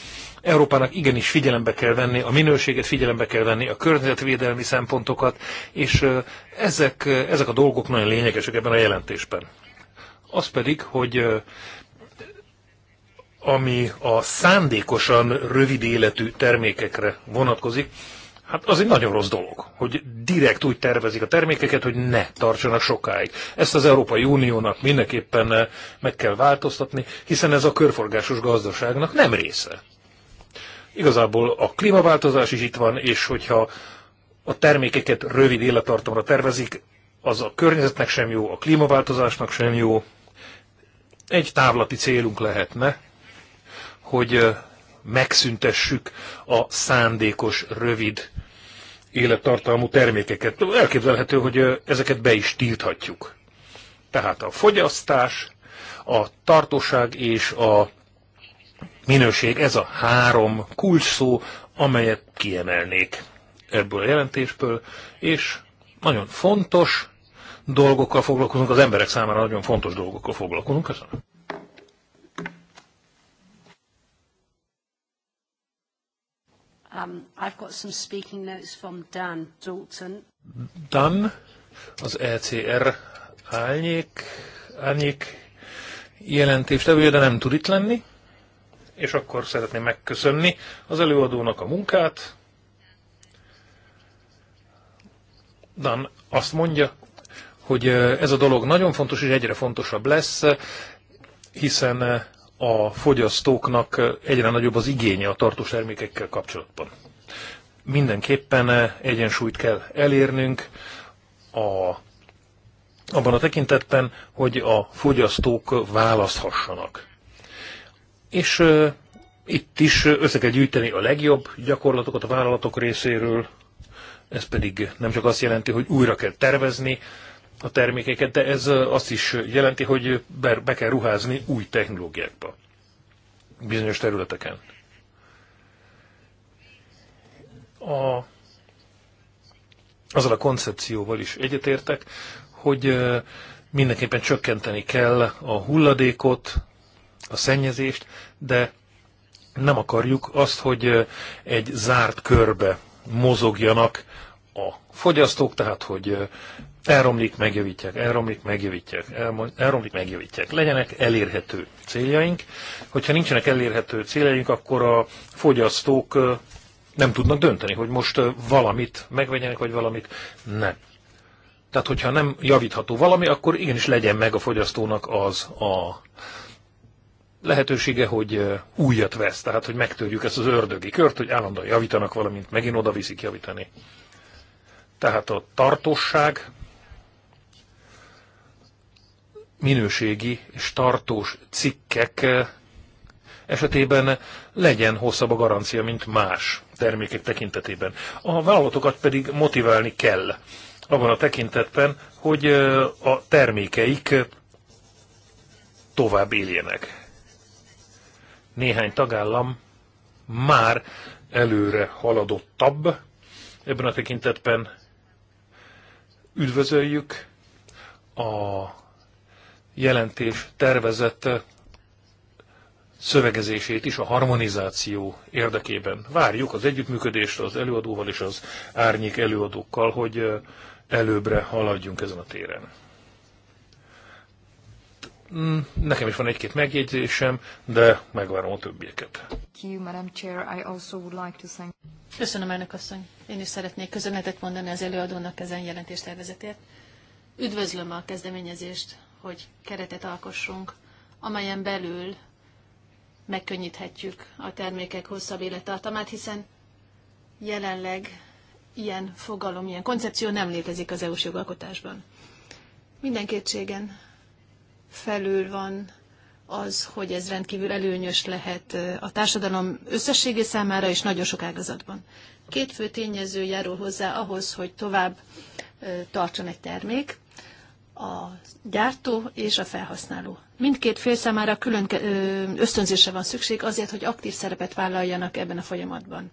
Európának igenis figyelembe kell venni a minőséget, figyelembe kell venni a környezetvédelmi szempontokat, és ezek, ezek a dolgok nagyon lényegesek ebben a jelentésben. Az pedig, hogy ami a szándékosan rövid életű termékekre vonatkozik, Hát az egy nagyon rossz dolog, hogy direkt úgy tervezik a termékeket, hogy ne tartsanak sokáig. Ezt az Európai Uniónak mindenképpen meg kell változtatni, hiszen ez a körforgásos gazdaságnak nem része. Igazából a klímaváltozás is itt van, és hogyha a termékeket rövid élettartamra tervezik, az a környezetnek sem jó, a klímaváltozásnak sem jó. Egy távlati célunk lehetne, hogy megszüntessük a szándékos, rövid élettartalmú termékeket. Elképzelhető, hogy ezeket be is tilthatjuk. Tehát a fogyasztás, a tartóság és a minőség, ez a három kulcs szó, amelyet kiemelnék ebből a jelentésből, és nagyon fontos dolgokkal foglalkozunk, az emberek számára nagyon fontos dolgokkal foglalkozunk. Köszönöm. Um, I've got some speaking notes from Dan Dalton. Dan, az ECR álnyék, álnyék jelentést, de nem tud itt lenni. És akkor szeretném megköszönni az előadónak a munkát. Dan azt mondja, hogy ez a dolog nagyon fontos, és egyre fontosabb lesz, hiszen a fogyasztóknak egyre nagyobb az igénye a tartós termékekkel kapcsolatban. Mindenképpen egyensúlyt kell elérnünk a, abban a tekintetben, hogy a fogyasztók választhassanak. És itt is össze kell gyűjteni a legjobb gyakorlatokat a vállalatok részéről, ez pedig nem csak azt jelenti, hogy újra kell tervezni a termékeket, de ez azt is jelenti, hogy be kell ruházni új technológiákba bizonyos területeken. A, azzal a koncepcióval is egyetértek, hogy mindenképpen csökkenteni kell a hulladékot, a szennyezést, de nem akarjuk azt, hogy egy zárt körbe mozogjanak a fogyasztók, tehát hogy elromlik, megjavítják, elromlik, megjavítják, elromlik, megjavítják. Legyenek elérhető céljaink. Hogyha nincsenek elérhető céljaink, akkor a fogyasztók nem tudnak dönteni, hogy most valamit megvegyenek, vagy valamit nem. Tehát, hogyha nem javítható valami, akkor igenis legyen meg a fogyasztónak az a lehetősége, hogy újat vesz, tehát hogy megtörjük ezt az ördögi kört, hogy állandóan javítanak valamint, megint oda viszik javítani. Tehát a tartóság minőségi és tartós cikkek esetében legyen hosszabb a garancia, mint más termékek tekintetében. A vállalatokat pedig motiválni kell abban a tekintetben, hogy a termékeik tovább éljenek néhány tagállam már előre haladottabb ebben a tekintetben. Üdvözöljük a jelentés tervezett szövegezését is a harmonizáció érdekében. Várjuk az együttműködést az előadóval és az árnyék előadókkal, hogy előbbre haladjunk ezen a téren. Mm, nekem is van egy-két megjegyzésem, de megvárom a többieket. Köszönöm, elnök asszony. Én is szeretnék köszönetet mondani az előadónak ezen tervezetért. Üdvözlöm a kezdeményezést, hogy keretet alkossunk, amelyen belül megkönnyíthetjük a termékek hosszabb élettartamát, hiszen jelenleg ilyen fogalom, ilyen koncepció nem létezik az EU-s jogalkotásban. Minden kétségen felül van az, hogy ez rendkívül előnyös lehet a társadalom összességé számára és nagyon sok ágazatban. Két fő tényező járul hozzá ahhoz, hogy tovább tartson egy termék, a gyártó és a felhasználó. Mindkét fél számára külön ösztönzésre van szükség azért, hogy aktív szerepet vállaljanak ebben a folyamatban.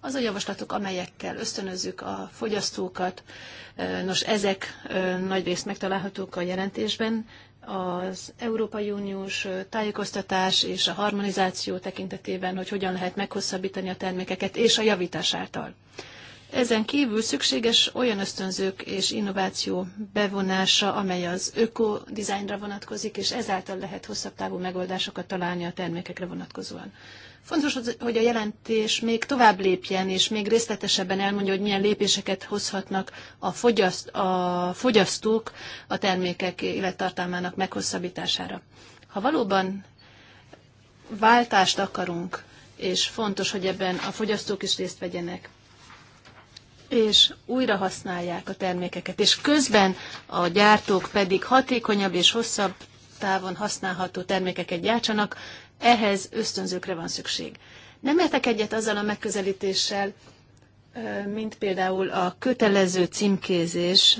Az a javaslatok, amelyekkel ösztönözzük a fogyasztókat, nos ezek nagy részt megtalálhatók a jelentésben, az Európai Uniós tájékoztatás és a harmonizáció tekintetében, hogy hogyan lehet meghosszabbítani a termékeket, és a javítás által. Ezen kívül szükséges olyan ösztönzők és innováció bevonása, amely az ökodizájnra vonatkozik, és ezáltal lehet hosszabb távú megoldásokat találni a termékekre vonatkozóan. Fontos, hogy a jelentés még tovább lépjen, és még részletesebben elmondja, hogy milyen lépéseket hozhatnak a, fogyaszt, a fogyasztók a termékek élettartalmának meghosszabbítására. Ha valóban váltást akarunk, és fontos, hogy ebben a fogyasztók is részt vegyenek, és újra használják a termékeket, és közben a gyártók pedig hatékonyabb és hosszabb távon használható termékeket gyártsanak, ehhez ösztönzőkre van szükség. Nem értek egyet azzal a megközelítéssel, mint például a kötelező címkézés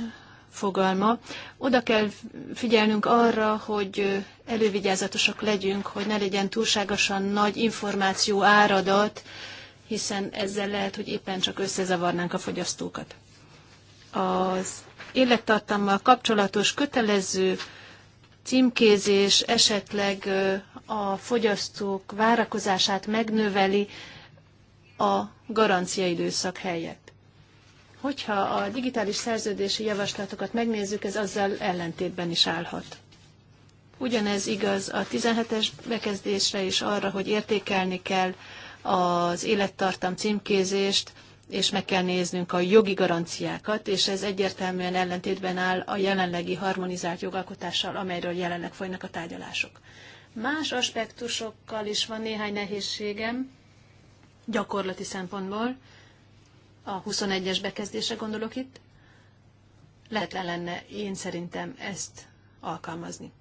fogalma. Oda kell figyelnünk arra, hogy elővigyázatosak legyünk, hogy ne legyen túlságosan nagy információ áradat, hiszen ezzel lehet, hogy éppen csak összezavarnánk a fogyasztókat. Az élettartammal kapcsolatos kötelező címkézés esetleg a fogyasztók várakozását megnöveli a garanciaidőszak helyett. Hogyha a digitális szerződési javaslatokat megnézzük, ez azzal ellentétben is állhat. Ugyanez igaz a 17-es bekezdésre is arra, hogy értékelni kell az élettartam címkézést, és meg kell néznünk a jogi garanciákat, és ez egyértelműen ellentétben áll a jelenlegi harmonizált jogalkotással, amelyről jelenleg folynak a tárgyalások. Más aspektusokkal is van néhány nehézségem, gyakorlati szempontból, a 21-es bekezdése gondolok itt, lehetlen lenne én szerintem ezt alkalmazni.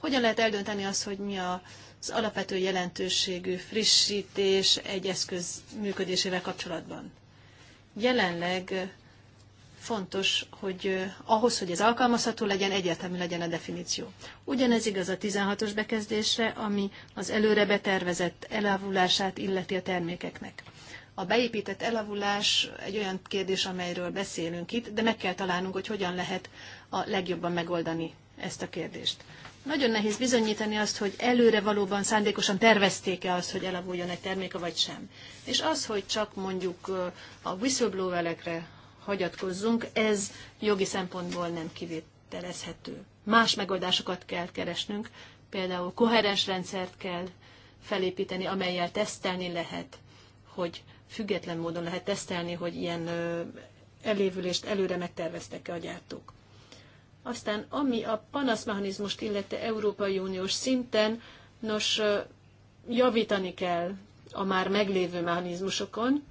Hogyan lehet eldönteni azt, hogy mi az alapvető jelentőségű frissítés egy eszköz működésével kapcsolatban? Jelenleg fontos, hogy ahhoz, hogy ez alkalmazható legyen, egyértelmű legyen a definíció. Ugyanez igaz a 16-os bekezdésre, ami az előre betervezett elavulását illeti a termékeknek. A beépített elavulás egy olyan kérdés, amelyről beszélünk itt, de meg kell találnunk, hogy hogyan lehet a legjobban megoldani ezt a kérdést. Nagyon nehéz bizonyítani azt, hogy előre valóban szándékosan tervezték-e azt, hogy elavuljon egy terméke vagy sem. És az, hogy csak mondjuk a whistleblowerekre hagyatkozzunk, ez jogi szempontból nem kivételezhető. Más megoldásokat kell keresnünk, például koherens rendszert kell felépíteni, amelyel tesztelni lehet, hogy független módon lehet tesztelni, hogy ilyen elévülést előre megterveztek-e a gyártók. Aztán ami a panaszmechanizmust illeti Európai Uniós szinten, nos, javítani kell a már meglévő mechanizmusokon,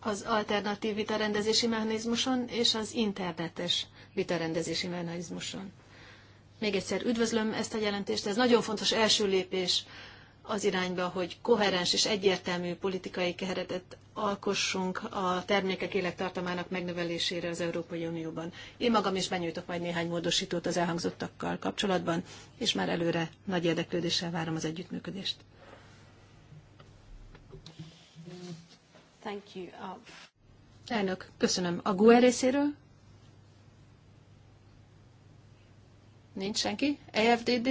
az alternatív vitarendezési mechanizmuson és az internetes vitarendezési mechanizmuson. Még egyszer üdvözlöm ezt a jelentést, ez nagyon fontos első lépés az irányba, hogy koherens és egyértelmű politikai keretet alkossunk a termékek élettartamának megnövelésére az Európai Unióban. Én magam is benyújtok majd néhány módosítót az elhangzottakkal kapcsolatban, és már előre nagy érdeklődéssel várom az együttműködést. Thank you. Uh, Elnök, köszönöm. A GUE részéről? Nincs senki? EFDD?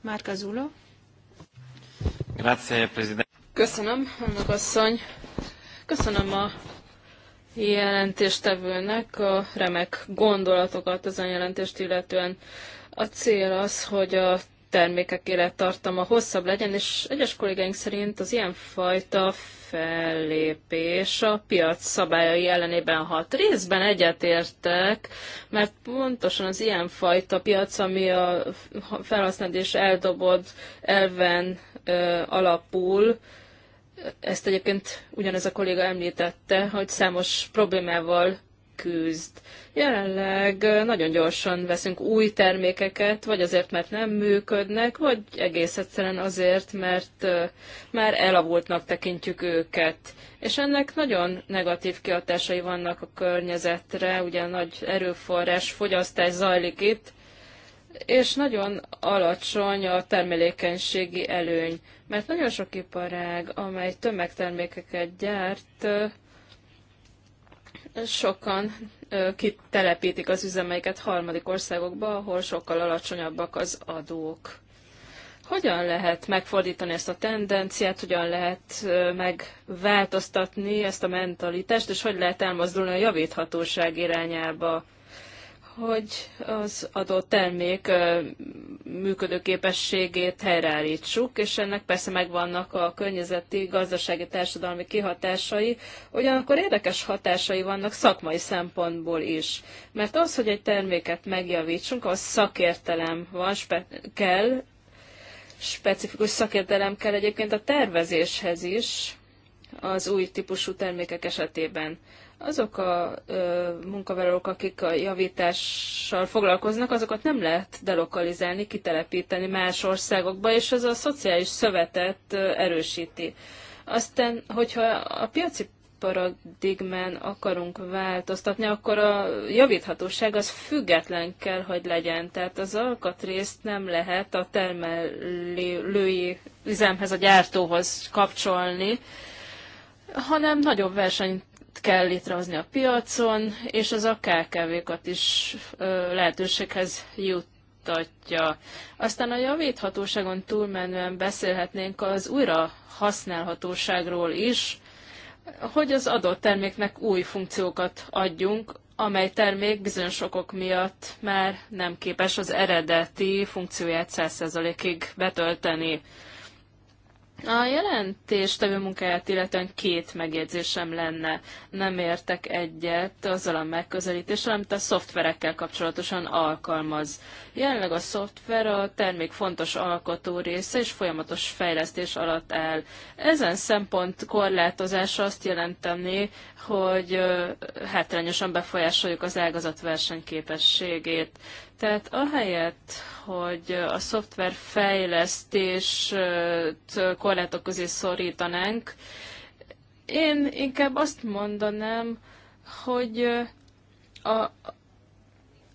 Márka Zulo? Köszönöm, elnök asszony. Köszönöm a jelentéstevőnek a remek gondolatokat az jelentést illetően. A cél az, hogy a termékek élettartama hosszabb legyen, és egyes kollégáink szerint az ilyenfajta fellépés a piac szabályai ellenében hat. Részben egyetértek, mert pontosan az ilyenfajta piac, ami a felhasználás eldobod elven alapul, ezt egyébként ugyanez a kolléga említette, hogy számos problémával küzd. Jelenleg nagyon gyorsan veszünk új termékeket, vagy azért, mert nem működnek, vagy egész egyszerűen azért, mert már elavultnak tekintjük őket. És ennek nagyon negatív kihatásai vannak a környezetre, ugye nagy erőforrás fogyasztás zajlik itt, és nagyon alacsony a termelékenységi előny, mert nagyon sok iparág, amely tömegtermékeket gyárt, sokan kitelepítik az üzemeiket harmadik országokba, ahol sokkal alacsonyabbak az adók. Hogyan lehet megfordítani ezt a tendenciát, hogyan lehet megváltoztatni ezt a mentalitást, és hogy lehet elmozdulni a javíthatóság irányába? hogy az adott termék működőképességét helyreállítsuk, és ennek persze megvannak a környezeti, gazdasági, társadalmi kihatásai, ugyanakkor érdekes hatásai vannak szakmai szempontból is. Mert az, hogy egy terméket megjavítsunk, az szakértelem van, spe- kell, specifikus szakértelem kell egyébként a tervezéshez is az új típusú termékek esetében azok a ö, munkavállalók, akik a javítással foglalkoznak, azokat nem lehet delokalizálni, kitelepíteni más országokba, és ez a szociális szövetet ö, erősíti. Aztán, hogyha a piaci paradigmán akarunk változtatni, akkor a javíthatóság az független kell, hogy legyen. Tehát az alkatrészt nem lehet a termelői üzemhez, a gyártóhoz kapcsolni, hanem nagyobb versenyt kell létrehozni a piacon, és az a KKV-kat is lehetőséghez juttatja. Aztán a javíthatóságon túlmenően beszélhetnénk az újra használhatóságról is, hogy az adott terméknek új funkciókat adjunk, amely termék bizonyos okok miatt már nem képes az eredeti funkcióját 100%-ig betölteni. A jelentéstevő munkáját illetően két megjegyzésem lenne. Nem értek egyet azzal a megközelítéssel, amit a szoftverekkel kapcsolatosan alkalmaz. Jelenleg a szoftver a termék fontos alkotó része és folyamatos fejlesztés alatt áll. Ezen szempont korlátozása azt jelenteni, hogy hátrányosan befolyásoljuk az ágazat versenyképességét. Tehát ahelyett, hogy a szoftverfejlesztést korlátok közé szorítanánk, én inkább azt mondanám, hogy a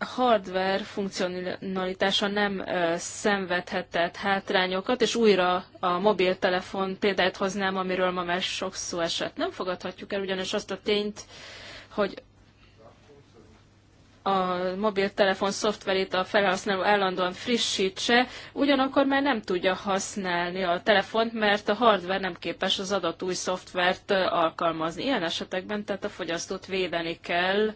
hardware funkcionalitása nem szenvedhetett hátrányokat, és újra a mobiltelefon példát hoznám, amiről ma már sok szó esett. Nem fogadhatjuk el ugyanis azt a tényt, hogy a mobiltelefon szoftverét a felhasználó állandóan frissítse, ugyanakkor már nem tudja használni a telefont, mert a hardware nem képes az adott új szoftvert alkalmazni. Ilyen esetekben tehát a fogyasztót védeni kell,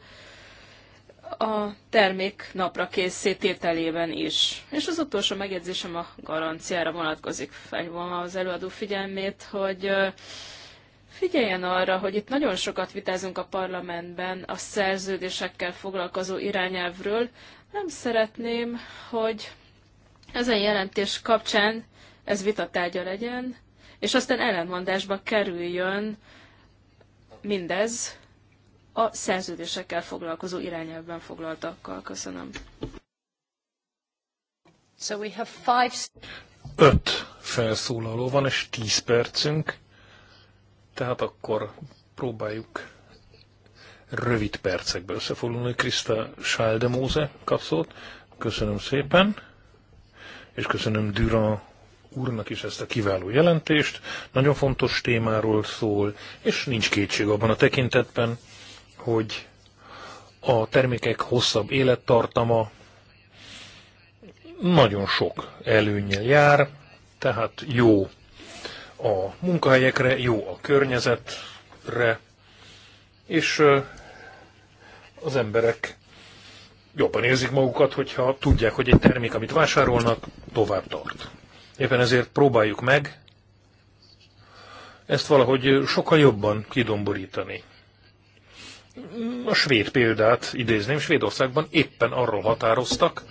a termék napra készítételében is. És az utolsó megjegyzésem a garanciára vonatkozik felhívom az előadó figyelmét, hogy figyeljen arra, hogy itt nagyon sokat vitázunk a parlamentben a szerződésekkel foglalkozó irányelvről. Nem szeretném, hogy ezen jelentés kapcsán ez vitatárgya legyen, és aztán ellenmondásba kerüljön mindez a szerződésekkel foglalkozó irányelvben foglaltakkal. Köszönöm. So we have five... Öt felszólaló van, és tíz percünk, tehát akkor próbáljuk rövid percekbe összefoglalni. Krista Schaldemose kapszót. Köszönöm szépen, és köszönöm Dura úrnak is ezt a kiváló jelentést. Nagyon fontos témáról szól, és nincs kétség abban a tekintetben, hogy a termékek hosszabb élettartama nagyon sok előnyel jár, tehát jó a munkahelyekre, jó a környezetre, és az emberek jobban érzik magukat, hogyha tudják, hogy egy termék, amit vásárolnak, tovább tart. Éppen ezért próbáljuk meg ezt valahogy sokkal jobban kidomborítani a svéd példát idézném, Svédországban éppen arról határoztak,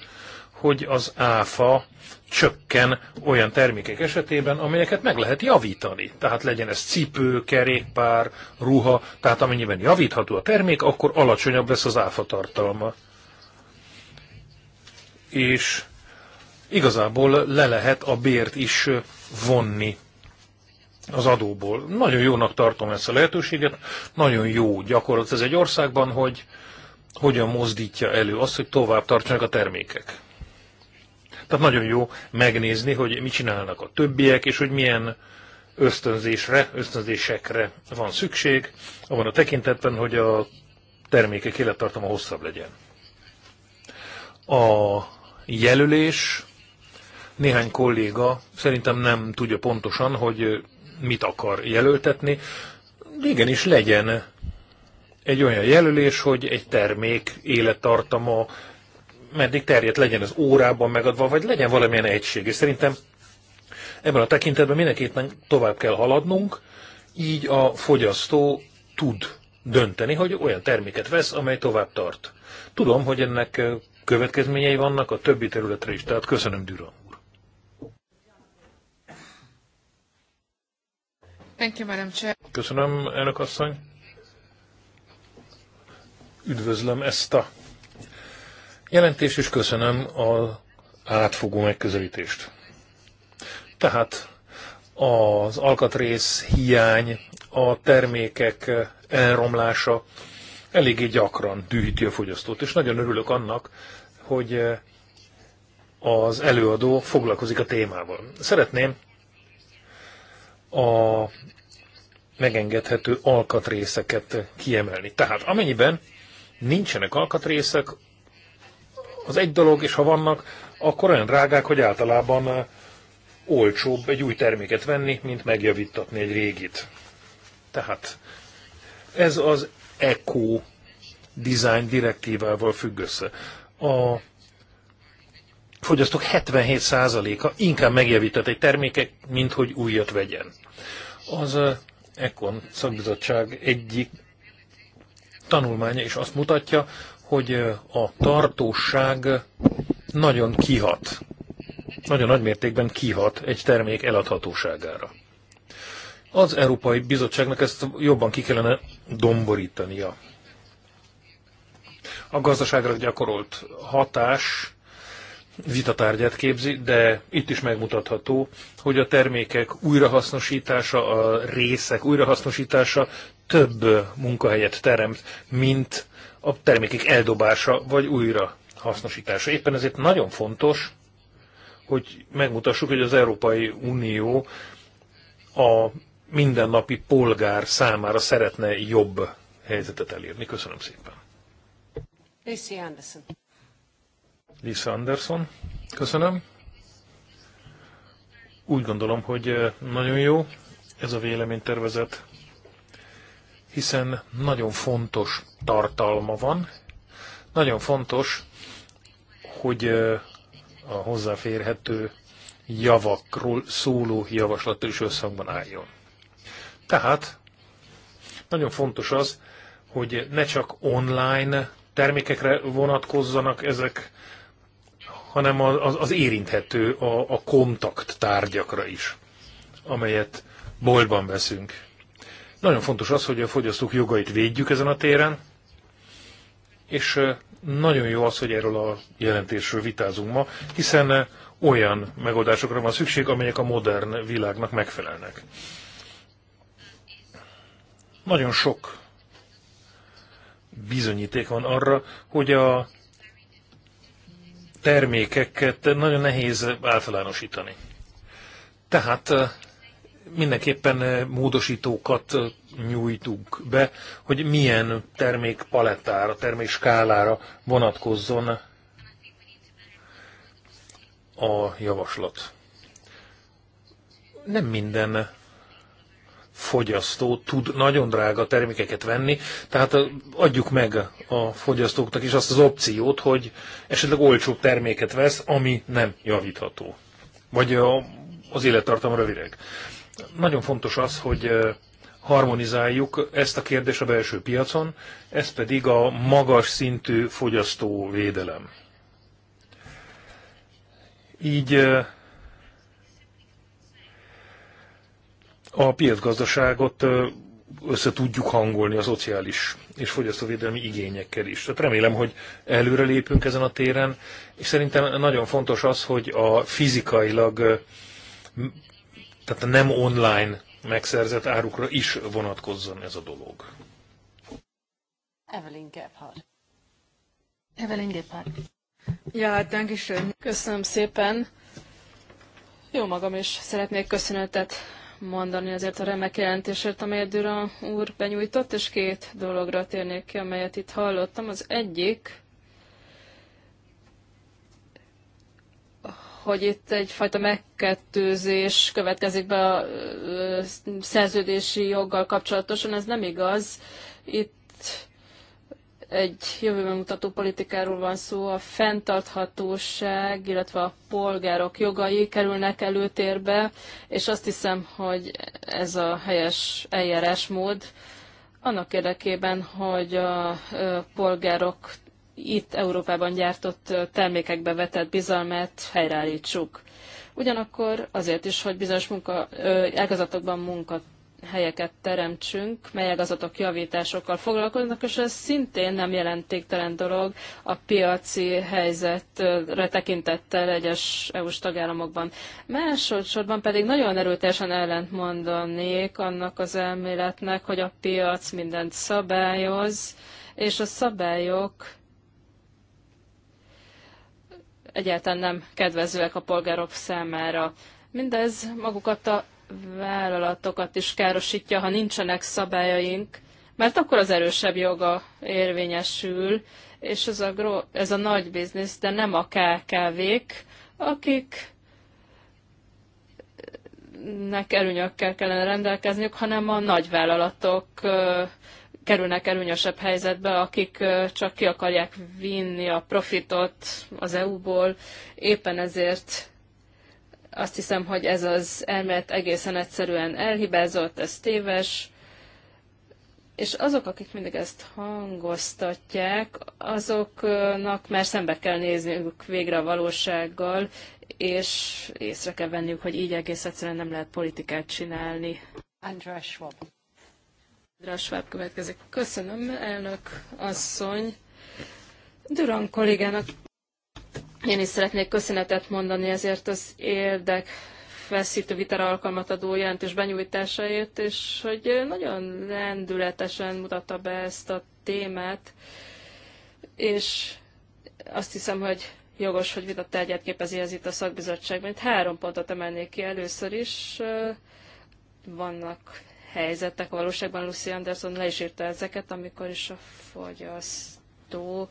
hogy az áfa csökken olyan termékek esetében, amelyeket meg lehet javítani. Tehát legyen ez cipő, kerékpár, ruha, tehát amennyiben javítható a termék, akkor alacsonyabb lesz az áfa tartalma. És igazából le lehet a bért is vonni az adóból. Nagyon jónak tartom ezt a lehetőséget, nagyon jó gyakorlat ez egy országban, hogy hogyan mozdítja elő azt, hogy tovább tartsanak a termékek. Tehát nagyon jó megnézni, hogy mit csinálnak a többiek, és hogy milyen ösztönzésre, ösztönzésekre van szükség, abban a tekintetben, hogy a termékek élettartama hosszabb legyen. A jelölés néhány kolléga szerintem nem tudja pontosan, hogy mit akar jelöltetni. Igenis legyen egy olyan jelölés, hogy egy termék élettartama meddig terjedt legyen az órában megadva, vagy legyen valamilyen egység. És szerintem ebben a tekintetben mindenképpen tovább kell haladnunk, így a fogyasztó tud dönteni, hogy olyan terméket vesz, amely tovább tart. Tudom, hogy ennek következményei vannak a többi területre is, tehát köszönöm, Düron. Thank you, Madam Chair. Köszönöm, elnök asszony. Üdvözlöm ezt a jelentést, és köszönöm az átfogó megközelítést. Tehát az alkatrész hiány, a termékek elromlása eléggé gyakran dühíti a fogyasztót, és nagyon örülök annak, hogy az előadó foglalkozik a témával. Szeretném a megengedhető alkatrészeket kiemelni. Tehát amennyiben nincsenek alkatrészek, az egy dolog, és ha vannak, akkor olyan drágák, hogy általában olcsóbb egy új terméket venni, mint megjavítatni egy régit. Tehát ez az eco design direktívával függ össze. A fogyasztók 77%-a inkább megjavított egy termékek, mint hogy újat vegyen. Az Ekon szakbizottság egyik tanulmánya is azt mutatja, hogy a tartóság nagyon kihat, nagyon nagy mértékben kihat egy termék eladhatóságára. Az Európai Bizottságnak ezt jobban ki kellene domborítania. A gazdaságra gyakorolt hatás vitatárgyát képzi, de itt is megmutatható, hogy a termékek újrahasznosítása, a részek újrahasznosítása több munkahelyet teremt, mint a termékek eldobása vagy újrahasznosítása. Éppen ezért nagyon fontos, hogy megmutassuk, hogy az Európai Unió a mindennapi polgár számára szeretne jobb helyzetet elérni. Köszönöm szépen. Lucy Anderson. Lisa Anderson. Köszönöm. Úgy gondolom, hogy eh, nagyon jó ez a véleménytervezet, hiszen nagyon fontos tartalma van. Nagyon fontos, hogy eh, a hozzáférhető javakról szóló javaslat is összhangban álljon. Tehát nagyon fontos az, hogy ne csak online termékekre vonatkozzanak ezek, hanem az, az érinthető a, a kontakt tárgyakra is, amelyet boltban veszünk. Nagyon fontos az, hogy a fogyasztók jogait védjük ezen a téren, és nagyon jó az, hogy erről a jelentésről vitázunk ma, hiszen olyan megoldásokra van szükség, amelyek a modern világnak megfelelnek. Nagyon sok bizonyíték van arra, hogy a termékeket nagyon nehéz általánosítani. Tehát eh, mindenképpen eh, módosítókat eh, nyújtunk be, hogy milyen termék termék skálára vonatkozzon a javaslat. Nem minden fogyasztó tud nagyon drága termékeket venni, tehát adjuk meg a fogyasztóknak is azt az opciót, hogy esetleg olcsóbb terméket vesz, ami nem javítható. Vagy az élettartam rövidek. Nagyon fontos az, hogy harmonizáljuk ezt a kérdést a belső piacon, ez pedig a magas szintű fogyasztóvédelem. Így a piacgazdaságot össze tudjuk hangolni a szociális és fogyasztóvédelmi igényekkel is. Tehát remélem, hogy előre lépünk ezen a téren, és szerintem nagyon fontos az, hogy a fizikailag, tehát a nem online megszerzett árukra is vonatkozzon ez a dolog. Evelyn Gebhardt. Evelyn Gebhardt. Ja, hát Köszönöm szépen. Jó magam is szeretnék köszönetet mondani azért a remek jelentésért, amelyet Dura úr benyújtott, és két dologra térnék ki, amelyet itt hallottam. Az egyik, hogy itt egyfajta megkettőzés következik be a szerződési joggal kapcsolatosan, ez nem igaz. Itt egy jövőben mutató politikáról van szó, a fenntarthatóság, illetve a polgárok jogai kerülnek előtérbe, és azt hiszem, hogy ez a helyes eljárásmód annak érdekében, hogy a polgárok itt Európában gyártott termékekbe vetett bizalmát helyreállítsuk. Ugyanakkor azért is, hogy bizonyos munka, ágazatokban munka helyeket teremtsünk, melyek azok javításokkal foglalkoznak, és ez szintén nem jelentéktelen dolog a piaci helyzetre tekintettel egyes EU-s tagállamokban. Másodszorban pedig nagyon erőteljesen ellentmondanék annak az elméletnek, hogy a piac mindent szabályoz, és a szabályok egyáltalán nem kedvezőek a polgárok számára. Mindez magukat a vállalatokat is károsítja, ha nincsenek szabályaink, mert akkor az erősebb joga érvényesül, és ez a, gro- ez a nagy biznisz, de nem a KKV-k, akik nek előnyökkel kellene rendelkezniük, hanem a nagyvállalatok kerülnek előnyösebb helyzetbe, akik csak ki akarják vinni a profitot az EU-ból. Éppen ezért azt hiszem, hogy ez az elmélet egészen egyszerűen elhibázott, ez téves, és azok, akik mindig ezt hangoztatják, azoknak már szembe kell nézniük végre a valósággal, és észre kell venniük, hogy így egész egyszerűen nem lehet politikát csinálni. András Schwab. András Schwab következik. Köszönöm, elnök asszony. Duran kollégának én is szeretnék köszönetet mondani ezért az érdek feszítő vitára alkalmat adó jelentés benyújtásáért, és hogy nagyon lendületesen mutatta be ezt a témát, és azt hiszem, hogy jogos, hogy vita tárgyát képezi ez itt a szakbizottság, mert három pontot emelnék ki először is. Vannak helyzetek, valóságban Lucy Anderson le is írta ezeket, amikor is a fogyasztó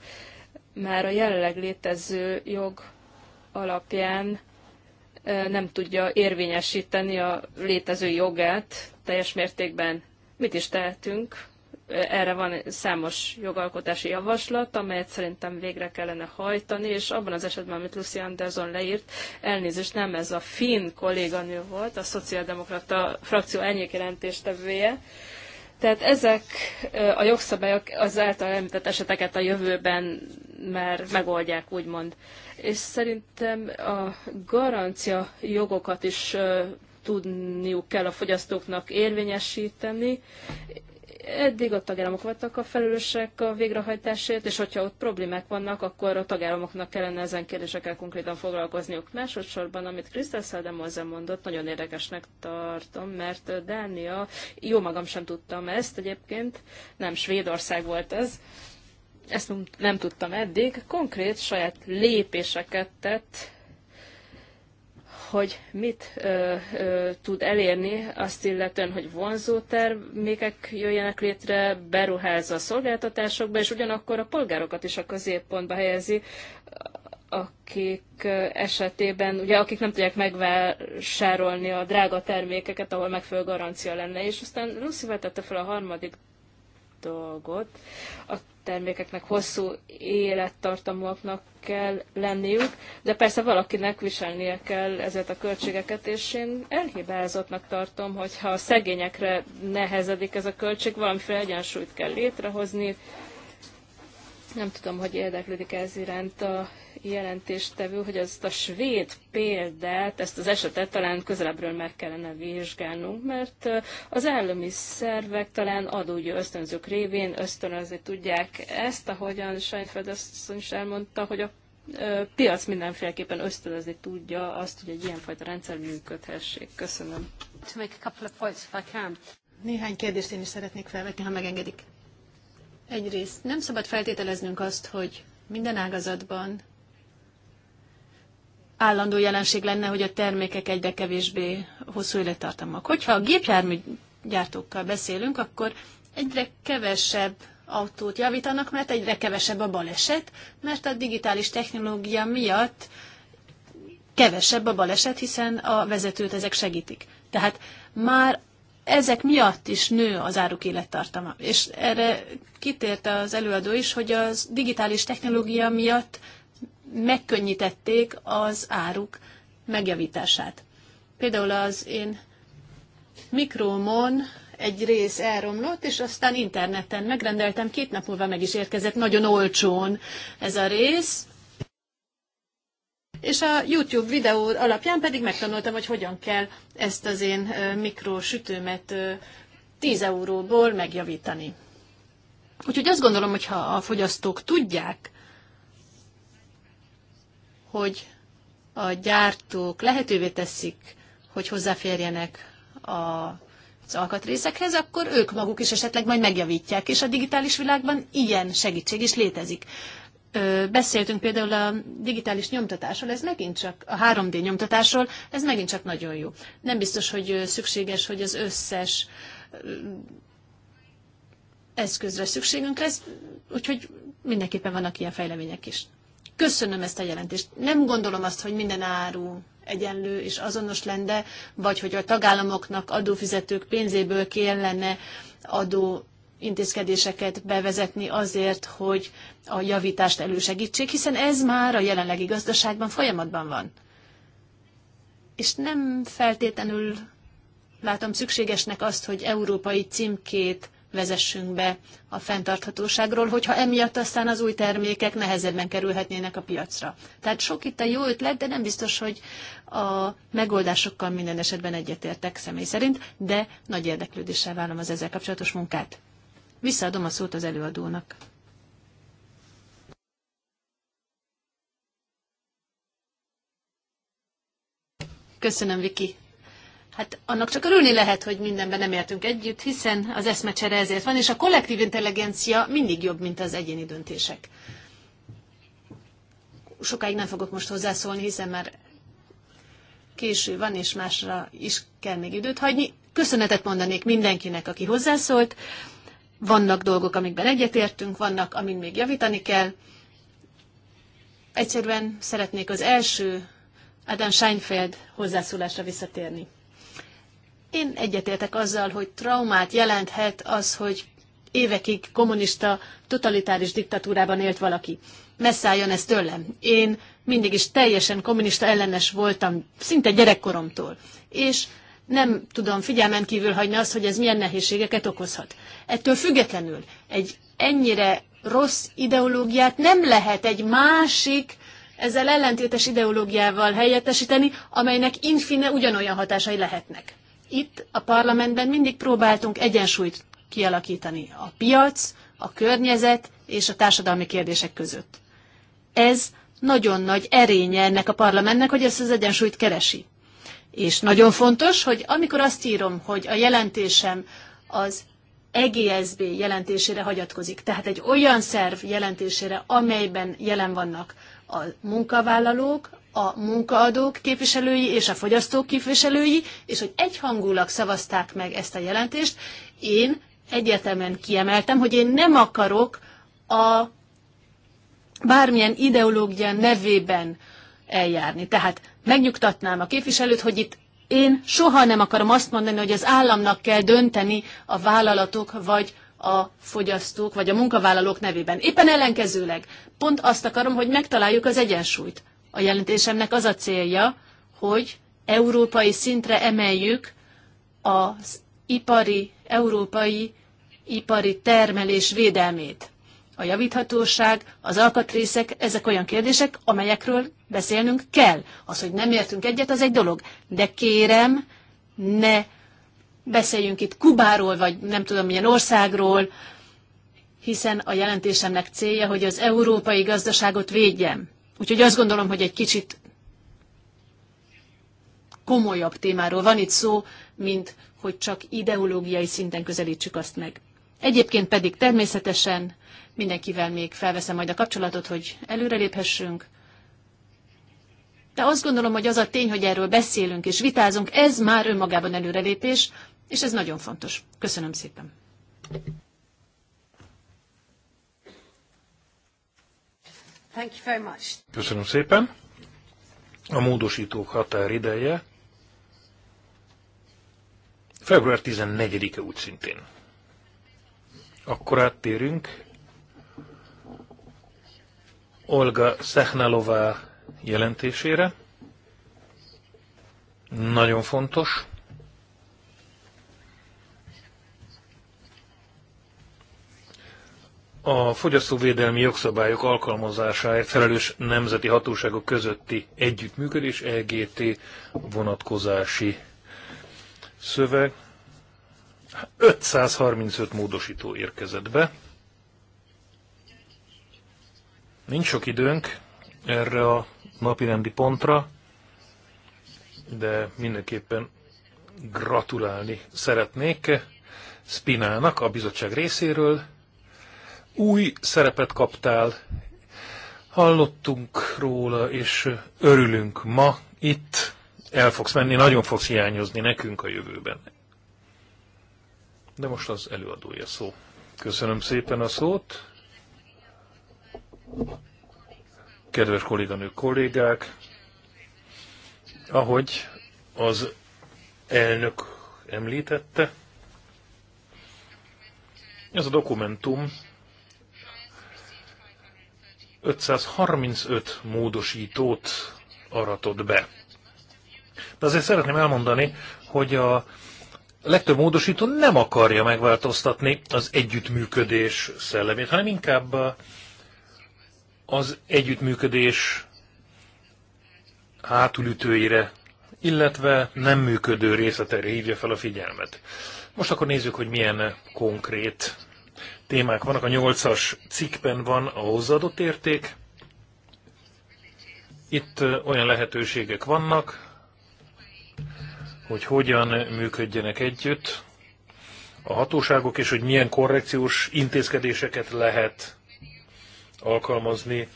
már a jelenleg létező jog alapján nem tudja érvényesíteni a létező jogát teljes mértékben. Mit is tehetünk? Erre van számos jogalkotási javaslat, amelyet szerintem végre kellene hajtani, és abban az esetben, amit Lucy Anderson leírt, elnézést nem ez a finn kolléganő volt, a szociáldemokrata frakció elnyék jelentéstevője, tehát ezek a jogszabályok az által említett eseteket a jövőben már megoldják, úgymond. És szerintem a garancia jogokat is tudniuk kell a fogyasztóknak érvényesíteni, Eddig a tagállamok voltak a felelősek a végrehajtásért, és hogyha ott problémák vannak, akkor a tagállamoknak kellene ezen kérdésekkel konkrétan foglalkozniuk. Másodszorban, amit Krisztel Szeldemoze mondott, nagyon érdekesnek tartom, mert Dánia, jó magam sem tudtam ezt egyébként, nem Svédország volt ez, ezt nem tudtam eddig, konkrét saját lépéseket tett hogy mit ö, ö, tud elérni, azt illetően, hogy vonzó termékek jöjjenek létre, beruház a szolgáltatásokba, és ugyanakkor a polgárokat is a középpontba helyezi, akik esetében, ugye akik nem tudják megvásárolni a drága termékeket, ahol megfelelő garancia lenne. És aztán Lucy vetette fel a harmadik dolgot, a termékeknek hosszú élettartamoknak kell lenniük, de persze valakinek viselnie kell ezeket a költségeket, és én elhibázottnak tartom, hogyha a szegényekre nehezedik ez a költség, valamiféle egyensúlyt kell létrehozni. Nem tudom, hogy érdeklődik ez iránt a jelentéstevő, hogy ezt a svéd példát, ezt az esetet talán közelebbről meg kellene vizsgálnunk, mert az állami szervek talán adógyi ösztönzők révén ösztönözni tudják ezt, ahogyan Seinfeld asszony is elmondta, hogy a piac mindenféleképpen ösztönözni tudja azt, hogy egy ilyenfajta rendszer működhessék. Köszönöm. Néhány kérdést én is szeretnék felvetni, ha megengedik. Egyrészt nem szabad feltételeznünk azt, hogy minden ágazatban állandó jelenség lenne, hogy a termékek egyre kevésbé hosszú élettartamak. Hogyha a gépjárműgyártókkal beszélünk, akkor egyre kevesebb autót javítanak, mert egyre kevesebb a baleset, mert a digitális technológia miatt kevesebb a baleset, hiszen a vezetőt ezek segítik. Tehát már ezek miatt is nő az áruk élettartama. És erre kitért az előadó is, hogy az digitális technológia miatt megkönnyítették az áruk megjavítását. Például az én mikromon egy rész elromlott, és aztán interneten megrendeltem, két nap múlva meg is érkezett, nagyon olcsón ez a rész. És a YouTube videó alapján pedig megtanultam, hogy hogyan kell ezt az én mikrosütőmet 10 euróból megjavítani. Úgyhogy azt gondolom, hogy ha a fogyasztók tudják, hogy a gyártók lehetővé teszik, hogy hozzáférjenek a az alkatrészekhez, akkor ők maguk is esetleg majd megjavítják, és a digitális világban ilyen segítség is létezik. Beszéltünk például a digitális nyomtatásról, ez megint csak a 3D nyomtatásról, ez megint csak nagyon jó. Nem biztos, hogy szükséges, hogy az összes eszközre szükségünk lesz, úgyhogy mindenképpen vannak ilyen fejlemények is. Köszönöm ezt a jelentést. Nem gondolom azt, hogy minden áru egyenlő és azonos lenne, vagy hogy a tagállamoknak adófizetők pénzéből kellene adó intézkedéseket bevezetni azért, hogy a javítást elősegítsék, hiszen ez már a jelenlegi gazdaságban folyamatban van. És nem feltétlenül látom szükségesnek azt, hogy európai címkét vezessünk be a fenntarthatóságról, hogyha emiatt aztán az új termékek nehezebben kerülhetnének a piacra. Tehát sok itt a jó ötlet, de nem biztos, hogy a megoldásokkal minden esetben egyetértek személy szerint, de nagy érdeklődéssel vállom az ezzel kapcsolatos munkát. Visszaadom a szót az előadónak. Köszönöm, Viki. Hát annak csak örülni lehet, hogy mindenben nem értünk együtt, hiszen az eszmecsere ezért van, és a kollektív intelligencia mindig jobb, mint az egyéni döntések. Sokáig nem fogok most hozzászólni, hiszen már késő van, és másra is kell még időt hagyni. Köszönetet mondanék mindenkinek, aki hozzászólt. Vannak dolgok, amikben egyetértünk, vannak, amin még javítani kell. Egyszerűen szeretnék az első Adam Scheinfeld hozzászólásra visszatérni. Én egyetértek azzal, hogy traumát jelenthet az, hogy évekig kommunista, totalitáris diktatúrában élt valaki. Messzálljon ez tőlem. Én mindig is teljesen kommunista ellenes voltam, szinte gyerekkoromtól. És nem tudom figyelmen kívül hagyni azt, hogy ez milyen nehézségeket okozhat. Ettől függetlenül egy ennyire rossz ideológiát nem lehet egy másik, ezzel ellentétes ideológiával helyettesíteni, amelynek infine ugyanolyan hatásai lehetnek itt a parlamentben mindig próbáltunk egyensúlyt kialakítani a piac, a környezet és a társadalmi kérdések között. Ez nagyon nagy erénye ennek a parlamentnek, hogy ezt az egyensúlyt keresi. És nagyon fontos, hogy amikor azt írom, hogy a jelentésem az EGSB jelentésére hagyatkozik, tehát egy olyan szerv jelentésére, amelyben jelen vannak a munkavállalók, a munkaadók képviselői és a fogyasztók képviselői, és hogy egyhangulag szavazták meg ezt a jelentést, én egyértelműen kiemeltem, hogy én nem akarok a bármilyen ideológia nevében eljárni. Tehát megnyugtatnám a képviselőt, hogy itt én soha nem akarom azt mondani, hogy az államnak kell dönteni a vállalatok vagy a fogyasztók vagy a munkavállalók nevében. Éppen ellenkezőleg. Pont azt akarom, hogy megtaláljuk az egyensúlyt. A jelentésemnek az a célja, hogy európai szintre emeljük az ipari, európai ipari termelés védelmét. A javíthatóság, az alkatrészek, ezek olyan kérdések, amelyekről beszélnünk kell. Az, hogy nem értünk egyet, az egy dolog. De kérem, ne beszéljünk itt Kubáról, vagy nem tudom milyen országról, hiszen a jelentésemnek célja, hogy az európai gazdaságot védjem. Úgyhogy azt gondolom, hogy egy kicsit komolyabb témáról van itt szó, mint hogy csak ideológiai szinten közelítsük azt meg. Egyébként pedig természetesen mindenkivel még felveszem majd a kapcsolatot, hogy előreléphessünk. De azt gondolom, hogy az a tény, hogy erről beszélünk és vitázunk, ez már önmagában előrelépés, és ez nagyon fontos. Köszönöm szépen. Thank you very much. Köszönöm szépen. A módosítók határideje február 14-e úgy szintén. Akkor áttérünk Olga Szechnalová jelentésére. Nagyon fontos. a fogyasztóvédelmi jogszabályok alkalmazásáért felelős nemzeti hatóságok közötti együttműködés EGT vonatkozási szöveg. 535 módosító érkezett be. Nincs sok időnk erre a napirendi pontra, de mindenképpen gratulálni szeretnék Spinának a bizottság részéről új szerepet kaptál, hallottunk róla, és örülünk ma itt, el fogsz menni, nagyon fogsz hiányozni nekünk a jövőben. De most az előadója szó. Köszönöm szépen a szót. Kedves kolléganők, kollégák, ahogy az elnök említette, ez a dokumentum 535 módosítót aratott be. De azért szeretném elmondani, hogy a legtöbb módosító nem akarja megváltoztatni az együttműködés szellemét, hanem inkább az együttműködés hátulütőire, illetve nem működő részletre hívja fel a figyelmet. Most akkor nézzük, hogy milyen konkrét témák vannak. A nyolcas cikkben van a hozzáadott érték. Itt olyan lehetőségek vannak, hogy hogyan működjenek együtt a hatóságok, és hogy milyen korrekciós intézkedéseket lehet alkalmazni.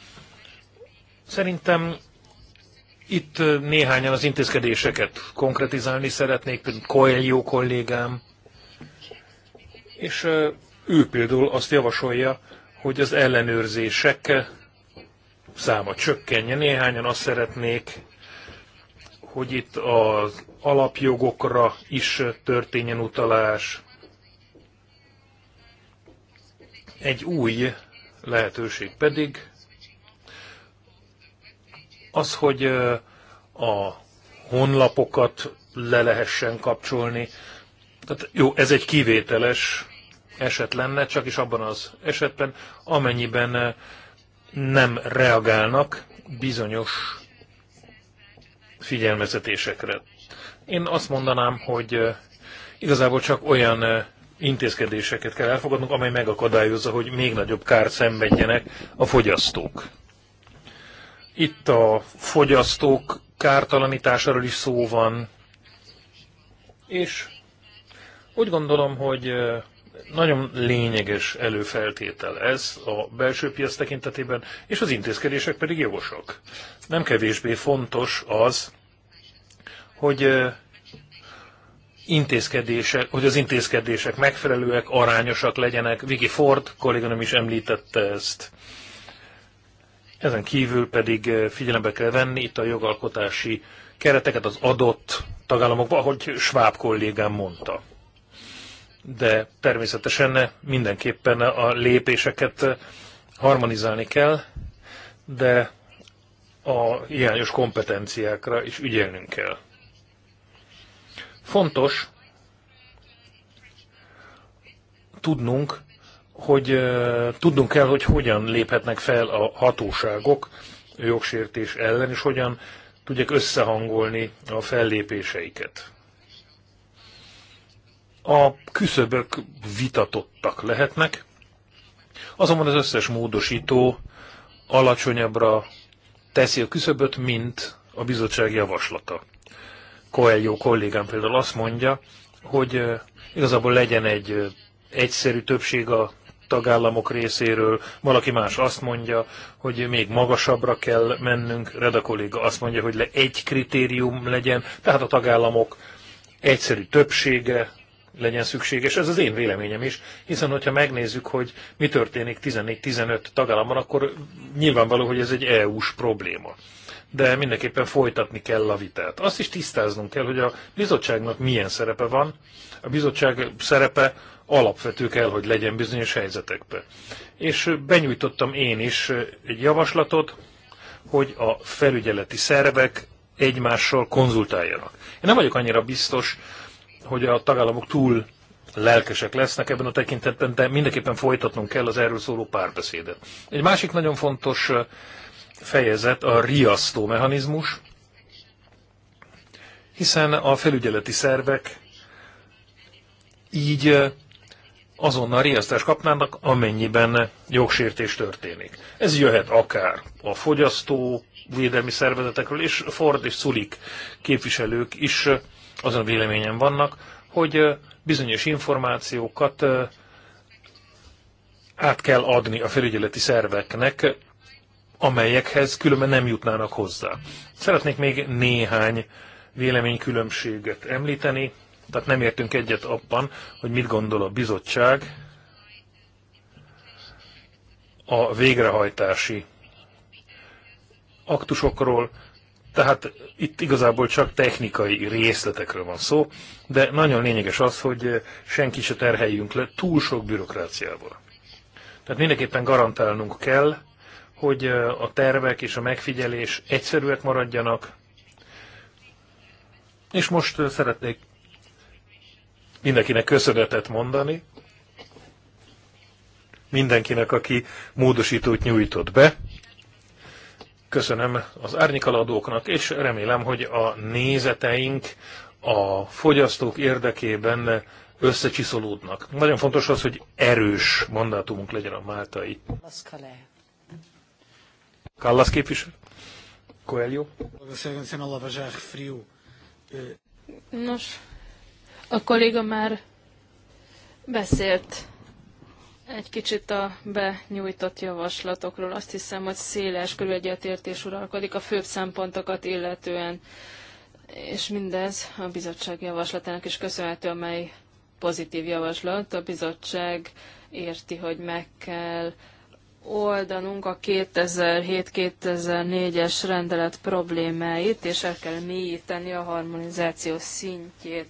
Szerintem itt néhányan az intézkedéseket konkretizálni szeretnék, például jó kollégám, és ő például azt javasolja, hogy az ellenőrzések száma csökkenjen. Néhányan azt szeretnék, hogy itt az alapjogokra is történjen utalás. Egy új lehetőség pedig az, hogy a honlapokat le lehessen kapcsolni. Tehát jó, ez egy kivételes eset lenne, csak is abban az esetben, amennyiben eh, nem reagálnak bizonyos figyelmeztetésekre. Én azt mondanám, hogy eh, igazából csak olyan eh, intézkedéseket kell elfogadnunk, amely megakadályozza, hogy még nagyobb kárt szenvedjenek a fogyasztók. Itt a fogyasztók kártalanításáról is szó van, és úgy gondolom, hogy nagyon lényeges előfeltétel ez a belső piac tekintetében, és az intézkedések pedig jogosak. Nem kevésbé fontos az, hogy intézkedések, hogy az intézkedések megfelelőek, arányosak legyenek. Vigi Ford kolléganom is említette ezt. Ezen kívül pedig figyelembe kell venni itt a jogalkotási kereteket az adott tagállamokban, ahogy Schwab kollégám mondta de természetesen mindenképpen a lépéseket harmonizálni kell, de a hiányos kompetenciákra is ügyelnünk kell. Fontos tudnunk, hogy tudnunk kell, hogy hogyan léphetnek fel a hatóságok jogsértés ellen, és hogyan tudják összehangolni a fellépéseiket. A küszöbök vitatottak lehetnek, azonban az összes módosító alacsonyabbra teszi a küszöböt, mint a bizottság javaslata. Coelho kollégám például azt mondja, hogy igazából legyen egy egyszerű többség a tagállamok részéről, valaki más azt mondja, hogy még magasabbra kell mennünk, Reda kolléga azt mondja, hogy le egy kritérium legyen, tehát a tagállamok egyszerű többsége legyen szükséges. Ez az én véleményem is, hiszen hogyha megnézzük, hogy mi történik 14-15 tagállamban, akkor nyilvánvaló, hogy ez egy EU-s probléma. De mindenképpen folytatni kell a vitát. Azt is tisztáznunk kell, hogy a bizottságnak milyen szerepe van. A bizottság szerepe alapvető kell, hogy legyen bizonyos helyzetekben. És benyújtottam én is egy javaslatot, hogy a felügyeleti szervek egymással konzultáljanak. Én nem vagyok annyira biztos, hogy a tagállamok túl lelkesek lesznek ebben a tekintetben, de mindenképpen folytatnunk kell az erről szóló párbeszédet. Egy másik nagyon fontos fejezet a riasztó mechanizmus, hiszen a felügyeleti szervek így azonnal riasztást kapnának, amennyiben jogsértés történik. Ez jöhet akár a fogyasztó védelmi szervezetekről, és Ford és Culik képviselők is azon a véleményen vannak, hogy bizonyos információkat át kell adni a felügyeleti szerveknek, amelyekhez különben nem jutnának hozzá. Szeretnék még néhány véleménykülönbséget említeni, tehát nem értünk egyet abban, hogy mit gondol a bizottság a végrehajtási aktusokról, tehát itt igazából csak technikai részletekről van szó, de nagyon lényeges az, hogy senki se terheljünk le túl sok bürokráciával. Tehát mindenképpen garantálnunk kell, hogy a tervek és a megfigyelés egyszerűek maradjanak. És most szeretnék mindenkinek köszönetet mondani, mindenkinek, aki módosítót nyújtott be, köszönöm az árnyikaladóknak, és remélem, hogy a nézeteink a fogyasztók érdekében összecsiszolódnak. Nagyon fontos az, hogy erős mandátumunk legyen a máltai. Kallasz képviselő. Coelho. Nos, a kolléga már beszélt egy kicsit a benyújtott javaslatokról. Azt hiszem, hogy széles körül egyetértés uralkodik a főbb szempontokat illetően, és mindez a bizottság javaslatának is köszönhető, amely pozitív javaslat. A bizottság érti, hogy meg kell oldanunk a 2007-2004-es rendelet problémáit, és el kell mélyíteni a harmonizáció szintjét.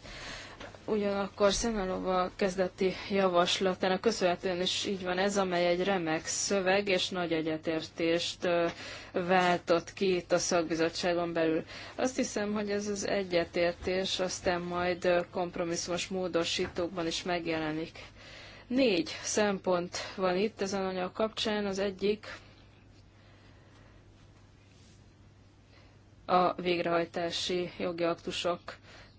Ugyanakkor Szenalova kezdeti javaslatának köszönhetően is így van ez, amely egy remek szöveg és nagy egyetértést váltott ki itt a szakbizottságon belül. Azt hiszem, hogy ez az egyetértés aztán majd kompromisszumos módosítókban is megjelenik. Négy szempont van itt ezen anyag kapcsán. Az egyik a végrehajtási jogi aktusok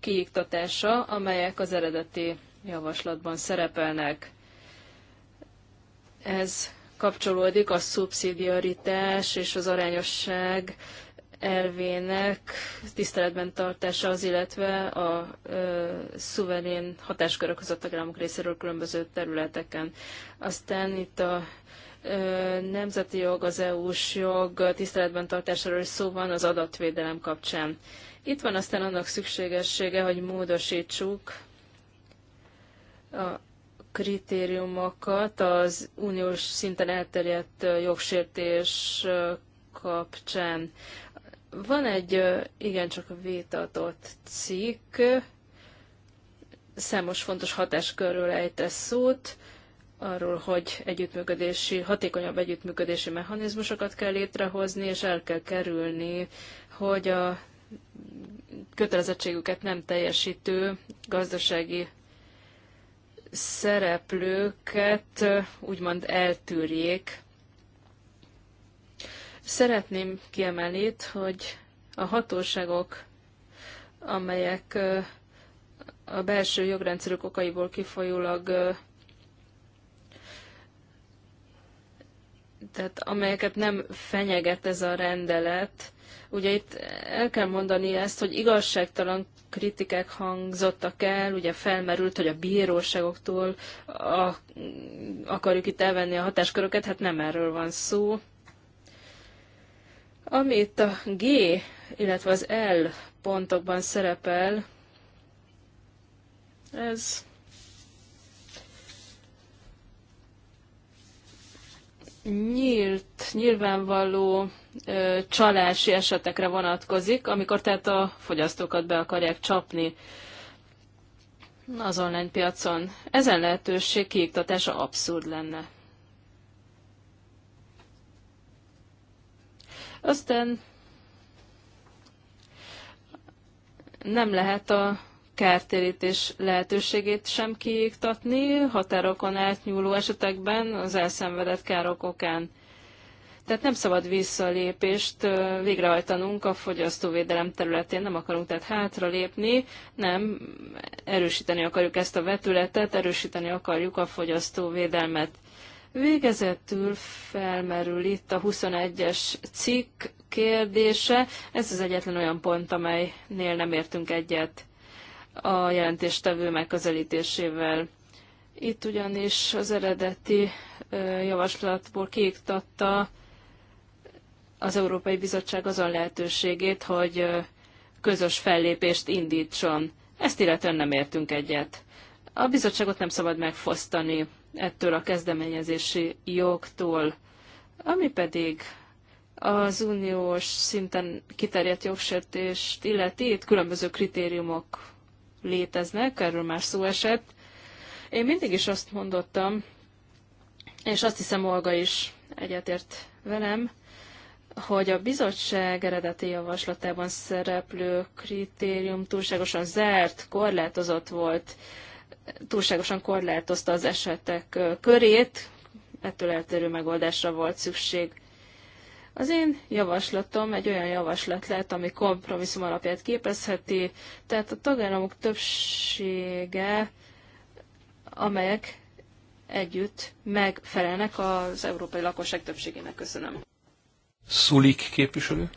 kiiktatása, amelyek az eredeti javaslatban szerepelnek. Ez kapcsolódik a szubszidiaritás és az arányosság elvének tiszteletben tartása az, illetve a ö, szuverén hatáskörök az a tagállamok részéről különböző területeken. Aztán itt a ö, nemzeti jog, az EU-s jog tiszteletben tartásáról is szó van az adatvédelem kapcsán. Ö, itt van aztán annak szükségessége, hogy módosítsuk a kritériumokat az uniós szinten elterjedt jogsértés kapcsán. Van egy igencsak vétatott cikk, számos fontos hatáskörről ejtesz szót, arról, hogy együttműködési, hatékonyabb együttműködési mechanizmusokat kell létrehozni, és el kell kerülni, hogy a kötelezettségüket nem teljesítő gazdasági szereplőket úgymond eltűrjék. Szeretném kiemelni itt, hogy a hatóságok, amelyek a belső jogrendszerük okaiból kifolyólag tehát amelyeket nem fenyeget ez a rendelet, Ugye itt el kell mondani ezt, hogy igazságtalan kritikák hangzottak el, ugye felmerült, hogy a bíróságoktól a, akarjuk itt elvenni a hatásköröket, hát nem erről van szó. Ami itt a G, illetve az L pontokban szerepel, ez nyílt, nyilvánvaló ö, csalási esetekre vonatkozik, amikor tehát a fogyasztókat be akarják csapni az online piacon. Ezen lehetőség kiiktatása abszurd lenne. Aztán nem lehet a kártérítés lehetőségét sem kiiktatni, határokon átnyúló esetekben az elszenvedett károk okán. Tehát nem szabad visszalépést végrehajtanunk a fogyasztóvédelem területén, nem akarunk tehát hátralépni, nem erősíteni akarjuk ezt a vetületet, erősíteni akarjuk a fogyasztóvédelmet. Végezetül felmerül itt a 21-es cikk kérdése. Ez az egyetlen olyan pont, amelynél nem értünk egyet a jelentéstevő megközelítésével. Itt ugyanis az eredeti javaslatból kiiktatta az Európai Bizottság azon lehetőségét, hogy közös fellépést indítson. Ezt illetően nem értünk egyet. A bizottságot nem szabad megfosztani ettől a kezdeményezési jogtól, ami pedig az uniós szinten kiterjedt jogsértést illeti, itt különböző kritériumok léteznek, erről már szó esett. Én mindig is azt mondottam, és azt hiszem Olga is egyetért velem, hogy a bizottság eredeti javaslatában szereplő kritérium túlságosan zárt, korlátozott volt, túlságosan korlátozta az esetek körét, ettől eltérő megoldásra volt szükség. Az én javaslatom egy olyan javaslat lehet, ami kompromisszum alapját képezheti, tehát a tagállamok többsége, amelyek együtt megfelelnek az európai lakosság többségének. Köszönöm. Szulik képviselő.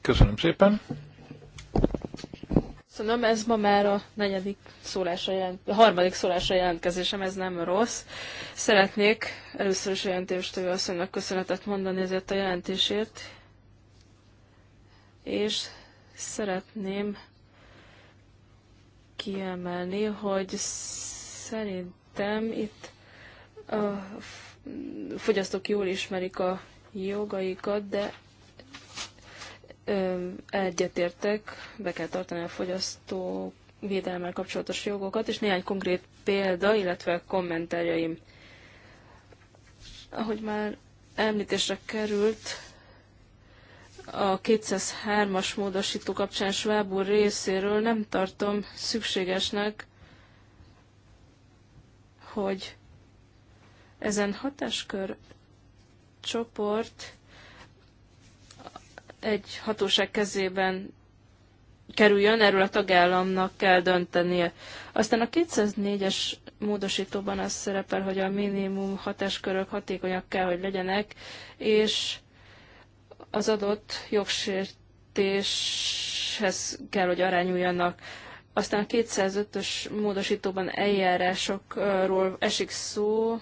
Köszönöm szépen. Szerintem ez ma már a negyedik szólásra jelent, a harmadik szólásra jelentkezésem, ez nem rossz. Szeretnék először is a jelentéstől asszonynak köszönetet mondani ezért a jelentésért, és szeretném kiemelni, hogy szerintem itt a fogyasztók jól ismerik a jogaikat, de egyetértek, be kell tartani a fogyasztó védelemmel kapcsolatos jogokat, és néhány konkrét példa, illetve kommentárjaim. Ahogy már említésre került, a 203-as módosító kapcsán Schwab úr részéről nem tartom szükségesnek, hogy ezen hatáskör csoport egy hatóság kezében kerüljön, erről a tagállamnak kell döntenie. Aztán a 204-es módosítóban az szerepel, hogy a minimum hatáskörök hatékonyak kell, hogy legyenek, és az adott jogsértéshez kell, hogy arányuljanak. Aztán a 205-ös módosítóban eljárásokról esik szó,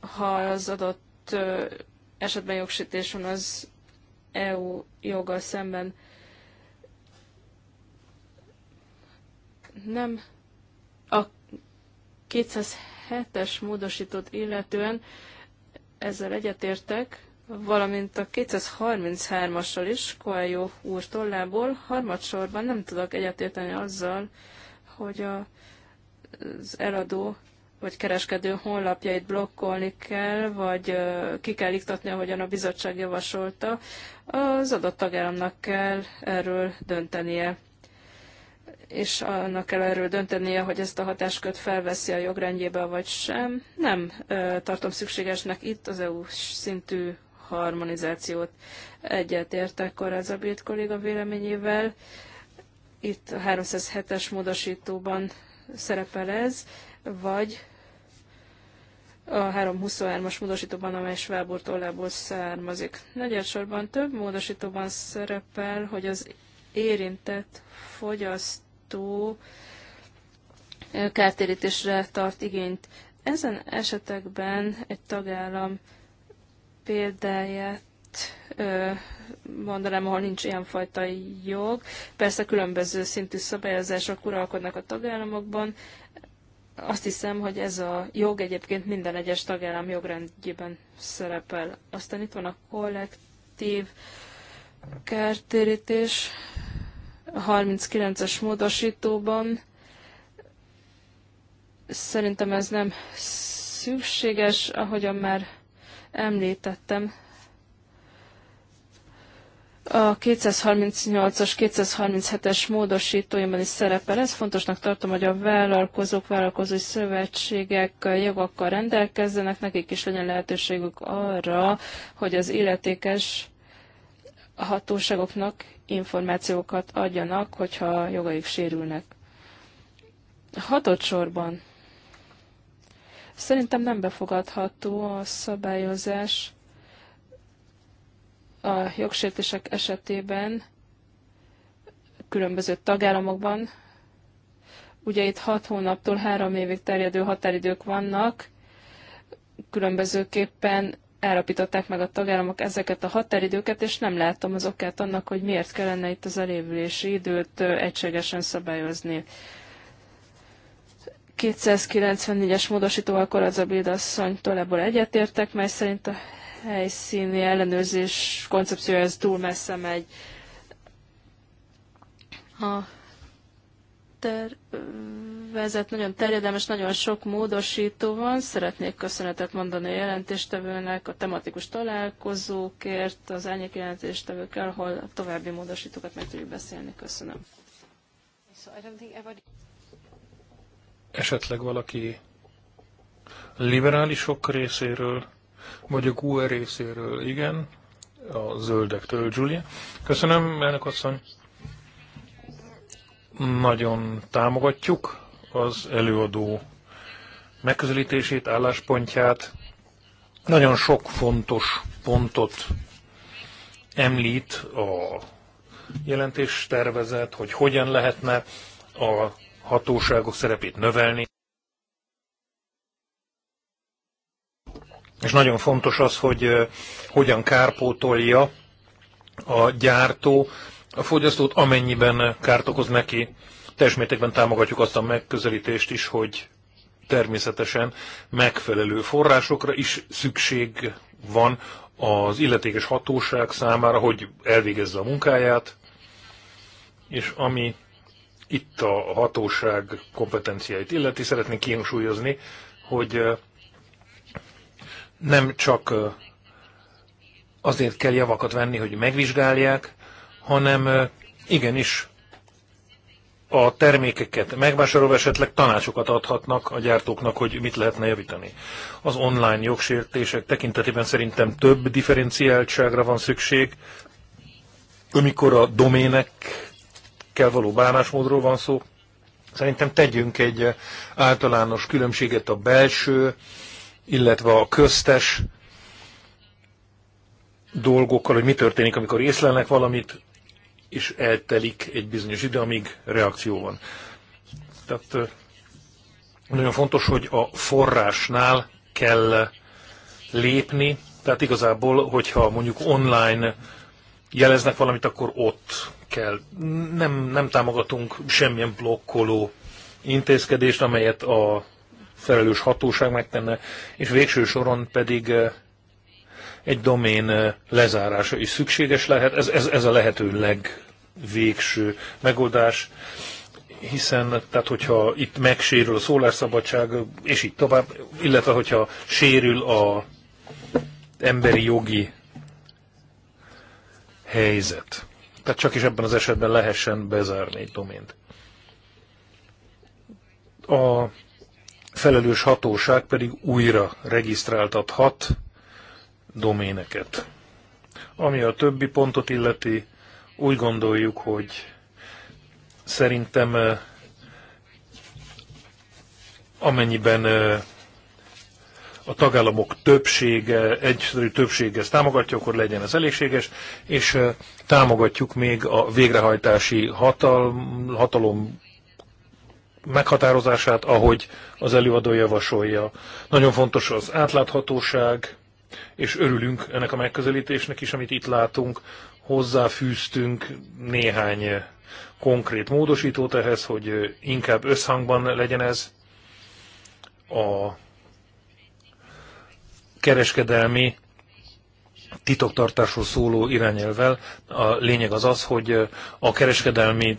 ha az adott esetben jogsítés van, az EU joggal szemben. Nem a 207-es módosítót illetően ezzel egyetértek, valamint a 233-assal is, Koeljó úr tollából, harmadsorban nem tudok egyetérteni azzal, hogy a, az eladó vagy kereskedő honlapjait blokkolni kell, vagy ki kell iktatni, ahogyan a bizottság javasolta, az adott tagállamnak kell erről döntenie és annak kell erről döntenie, hogy ezt a hatáskört felveszi a jogrendjébe, vagy sem. Nem tartom szükségesnek itt az EU szintű harmonizációt. Egyetértek Korázabét kolléga véleményével. Itt a 307-es módosítóban szerepel ez, vagy a 323-as módosítóban, amely Schwab tollából származik. Negyedsorban több módosítóban szerepel, hogy az érintett fogyasztó eh, kártérítésre tart igényt. Ezen esetekben egy tagállam példáját eh, mondanám, ahol nincs ilyen fajta jog. Persze különböző szintű szabályozások uralkodnak a tagállamokban, azt hiszem, hogy ez a jog egyébként minden egyes tagállam jogrendjében szerepel. Aztán itt van a kollektív kártérítés a 39-es módosítóban. Szerintem ez nem szükséges, ahogyan már említettem, a 238-as, 237-es módosítójában is szerepel. Ez fontosnak tartom, hogy a vállalkozók, vállalkozói szövetségek jogokkal rendelkezzenek, nekik is legyen lehetőségük arra, hogy az illetékes hatóságoknak információkat adjanak, hogyha jogaik sérülnek. Hatott sorban. Szerintem nem befogadható a szabályozás, a jogsértések esetében különböző tagállamokban, ugye itt 6 hónaptól 3 évig terjedő határidők vannak, különbözőképpen elrapították meg a tagállamok ezeket a határidőket, és nem látom az okát annak, hogy miért kellene itt az elévülési időt egységesen szabályozni. 294-es módosítóval Korazabéd asszonytól ebből egyetértek, mely szerint a helyszíni ellenőrzés koncepciója ez túl messze megy. A tervezet nagyon terjedelmes, nagyon sok módosító van. Szeretnék köszönetet mondani a jelentéstevőnek, a tematikus találkozókért, az elnyék jelentéstevőkkel, ahol további módosítókat meg tudjuk beszélni. Köszönöm. Esetleg valaki liberálisok részéről vagy a GUE részéről, igen, a zöldektől, Julia. Köszönöm, elnök asszony. Nagyon támogatjuk az előadó megközelítését, álláspontját. Nagyon sok fontos pontot említ a jelentéstervezet, hogy hogyan lehetne a hatóságok szerepét növelni. És nagyon fontos az, hogy hogyan kárpótolja a gyártó a fogyasztót, amennyiben kárt okoz neki. Teljes mértékben támogatjuk azt a megközelítést is, hogy természetesen megfelelő forrásokra is szükség van az illetékes hatóság számára, hogy elvégezze a munkáját, és ami itt a hatóság kompetenciáit illeti, szeretnék kihangsúlyozni, hogy nem csak azért kell javakat venni, hogy megvizsgálják, hanem igenis a termékeket megvásárolva esetleg tanácsokat adhatnak a gyártóknak, hogy mit lehetne javítani. Az online jogsértések tekintetében szerintem több differenciáltságra van szükség, amikor a doménekkel való bánásmódról van szó. Szerintem tegyünk egy általános különbséget a belső illetve a köztes dolgokkal, hogy mi történik, amikor észlelnek valamit, és eltelik egy bizonyos idő, amíg reakció van. Tehát nagyon fontos, hogy a forrásnál kell lépni, tehát igazából, hogyha mondjuk online jeleznek valamit, akkor ott kell. Nem, nem támogatunk semmilyen blokkoló intézkedést, amelyet a felelős hatóság megtenne, és végső soron pedig eh, egy domén eh, lezárása is szükséges lehet. Ez, ez, ez a lehető legvégső megoldás, hiszen tehát hogyha itt megsérül a szólásszabadság, és így tovább, illetve hogyha sérül a emberi jogi helyzet. Tehát csak is ebben az esetben lehessen bezárni egy domént. A felelős hatóság pedig újra regisztráltathat doméneket. Ami a többi pontot illeti, úgy gondoljuk, hogy szerintem eh, amennyiben eh, a tagállamok többsége, egyszerű többsége ezt támogatja, akkor legyen ez elégséges, és eh, támogatjuk még a végrehajtási hatalom, hatalom meghatározását, ahogy az előadó javasolja. Nagyon fontos az átláthatóság, és örülünk ennek a megközelítésnek is, amit itt látunk. Hozzáfűztünk néhány konkrét módosítót ehhez, hogy inkább összhangban legyen ez a kereskedelmi titoktartásról szóló irányelvel. A lényeg az az, hogy a kereskedelmi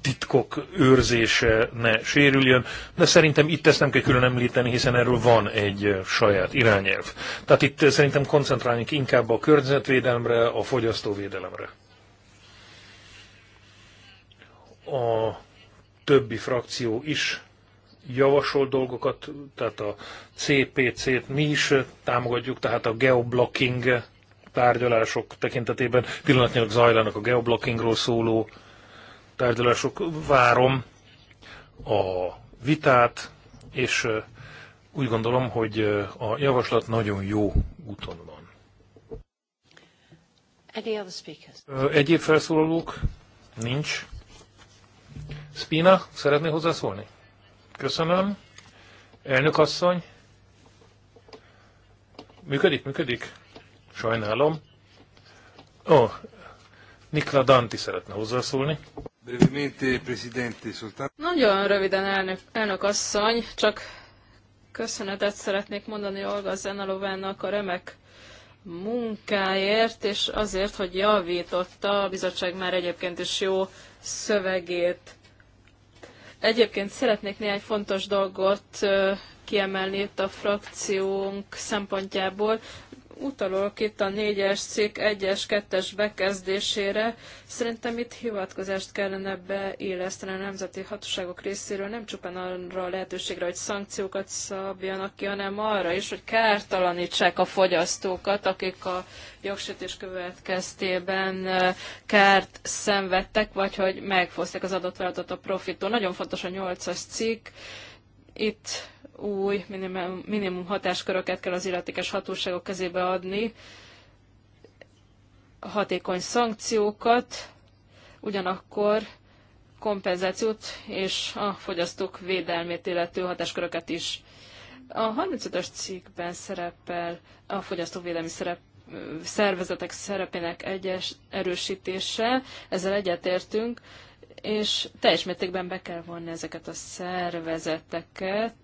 titkok őrzése ne sérüljön, de szerintem itt ezt nem kell külön említeni, hiszen erről van egy saját irányelv. Tehát itt szerintem koncentráljunk inkább a környezetvédelemre, a fogyasztóvédelemre. A többi frakció is javasol dolgokat, tehát a CPC-t mi is támogatjuk, tehát a geoblocking tárgyalások tekintetében pillanatnyilag zajlanak a geoblockingról szóló tárgyalások. Várom a vitát, és úgy gondolom, hogy a javaslat nagyon jó úton van. Egyéb felszólalók? Nincs. Spina, szeretné hozzászólni? Köszönöm. Elnök asszony? Működik, működik? Sajnálom. Ó, oh, Nikla Danti szeretne hozzászólni. Nagyon röviden, elnök, elnök asszony, csak köszönetet szeretnék mondani Olga Zenalovának a remek munkáért, és azért, hogy javította a bizottság már egyébként is jó szövegét. Egyébként szeretnék néhány fontos dolgot kiemelni itt a frakciónk szempontjából utalok itt a négyes cikk 1-es, 2-es bekezdésére. Szerintem itt hivatkozást kellene beéleszteni a nemzeti hatóságok részéről, nem csupán arra a lehetőségre, hogy szankciókat szabjanak ki, hanem arra is, hogy kártalanítsák a fogyasztókat, akik a jogsütés következtében kárt szenvedtek, vagy hogy megfosztják az adott a profitól. Nagyon fontos a 8-as cikk. Itt új minimum, minimum hatásköröket kell az illetékes hatóságok kezébe adni, hatékony szankciókat, ugyanakkor kompenzációt és a fogyasztók védelmét illető hatásköröket is. A 35-ös cikkben szerepel a fogyasztóvédelmi szerep, szervezetek szerepének egyes erősítése, ezzel egyetértünk, és teljes mértékben be kell vonni ezeket a szervezeteket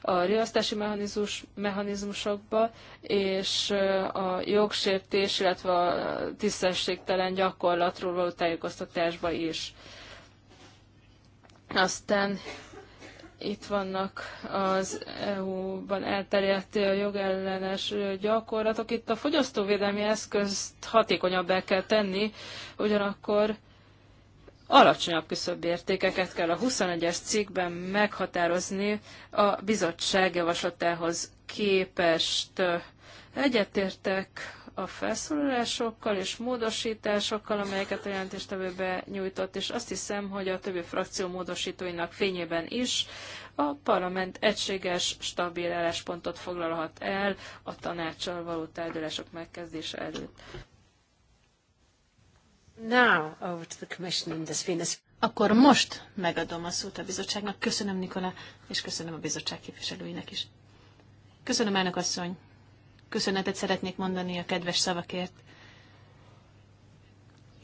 a riasztási mechanizmus, mechanizmusokba, és a jogsértés, illetve a tisztességtelen gyakorlatról való tájékoztatásba is. Aztán itt vannak az EU-ban elterjedt jogellenes gyakorlatok. Itt a fogyasztóvédelmi eszközt hatékonyabbá kell tenni, ugyanakkor Alacsonyabb küszöbértékeket kell a 21-es cikkben meghatározni a bizottság javaslatához képest. Egyetértek a felszólalásokkal és módosításokkal, amelyeket a jelentéstevőbe nyújtott, és azt hiszem, hogy a többi frakció módosítóinak fényében is a parlament egységes, stabil álláspontot foglalhat el a tanácssal való tárgyalások megkezdése előtt. Akkor most megadom a szót a bizottságnak. Köszönöm, Nikola, és köszönöm a bizottság képviselőinek is. Köszönöm, elnök asszony. Köszönetet szeretnék mondani a kedves szavakért.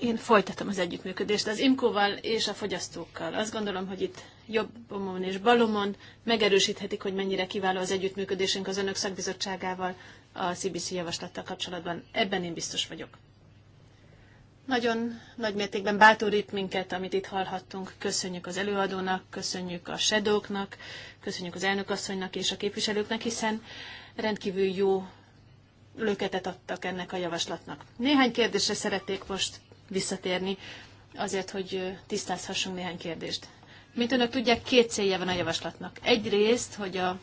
Én folytatom az együttműködést az Imkóval val és a fogyasztókkal. Azt gondolom, hogy itt jobbomon és balomon megerősíthetik, hogy mennyire kiváló az együttműködésünk az önök szakbizottságával a CBC javaslattal kapcsolatban. Ebben én biztos vagyok. Nagyon nagy mértékben bátorít minket, amit itt hallhattunk. Köszönjük az előadónak, köszönjük a sedóknak, köszönjük az elnökasszonynak és a képviselőknek, hiszen rendkívül jó löketet adtak ennek a javaslatnak. Néhány kérdésre szeretnék most visszatérni, azért, hogy tisztázhassunk néhány kérdést. Mint önök tudják, két célja van a javaslatnak. Egyrészt, hogy a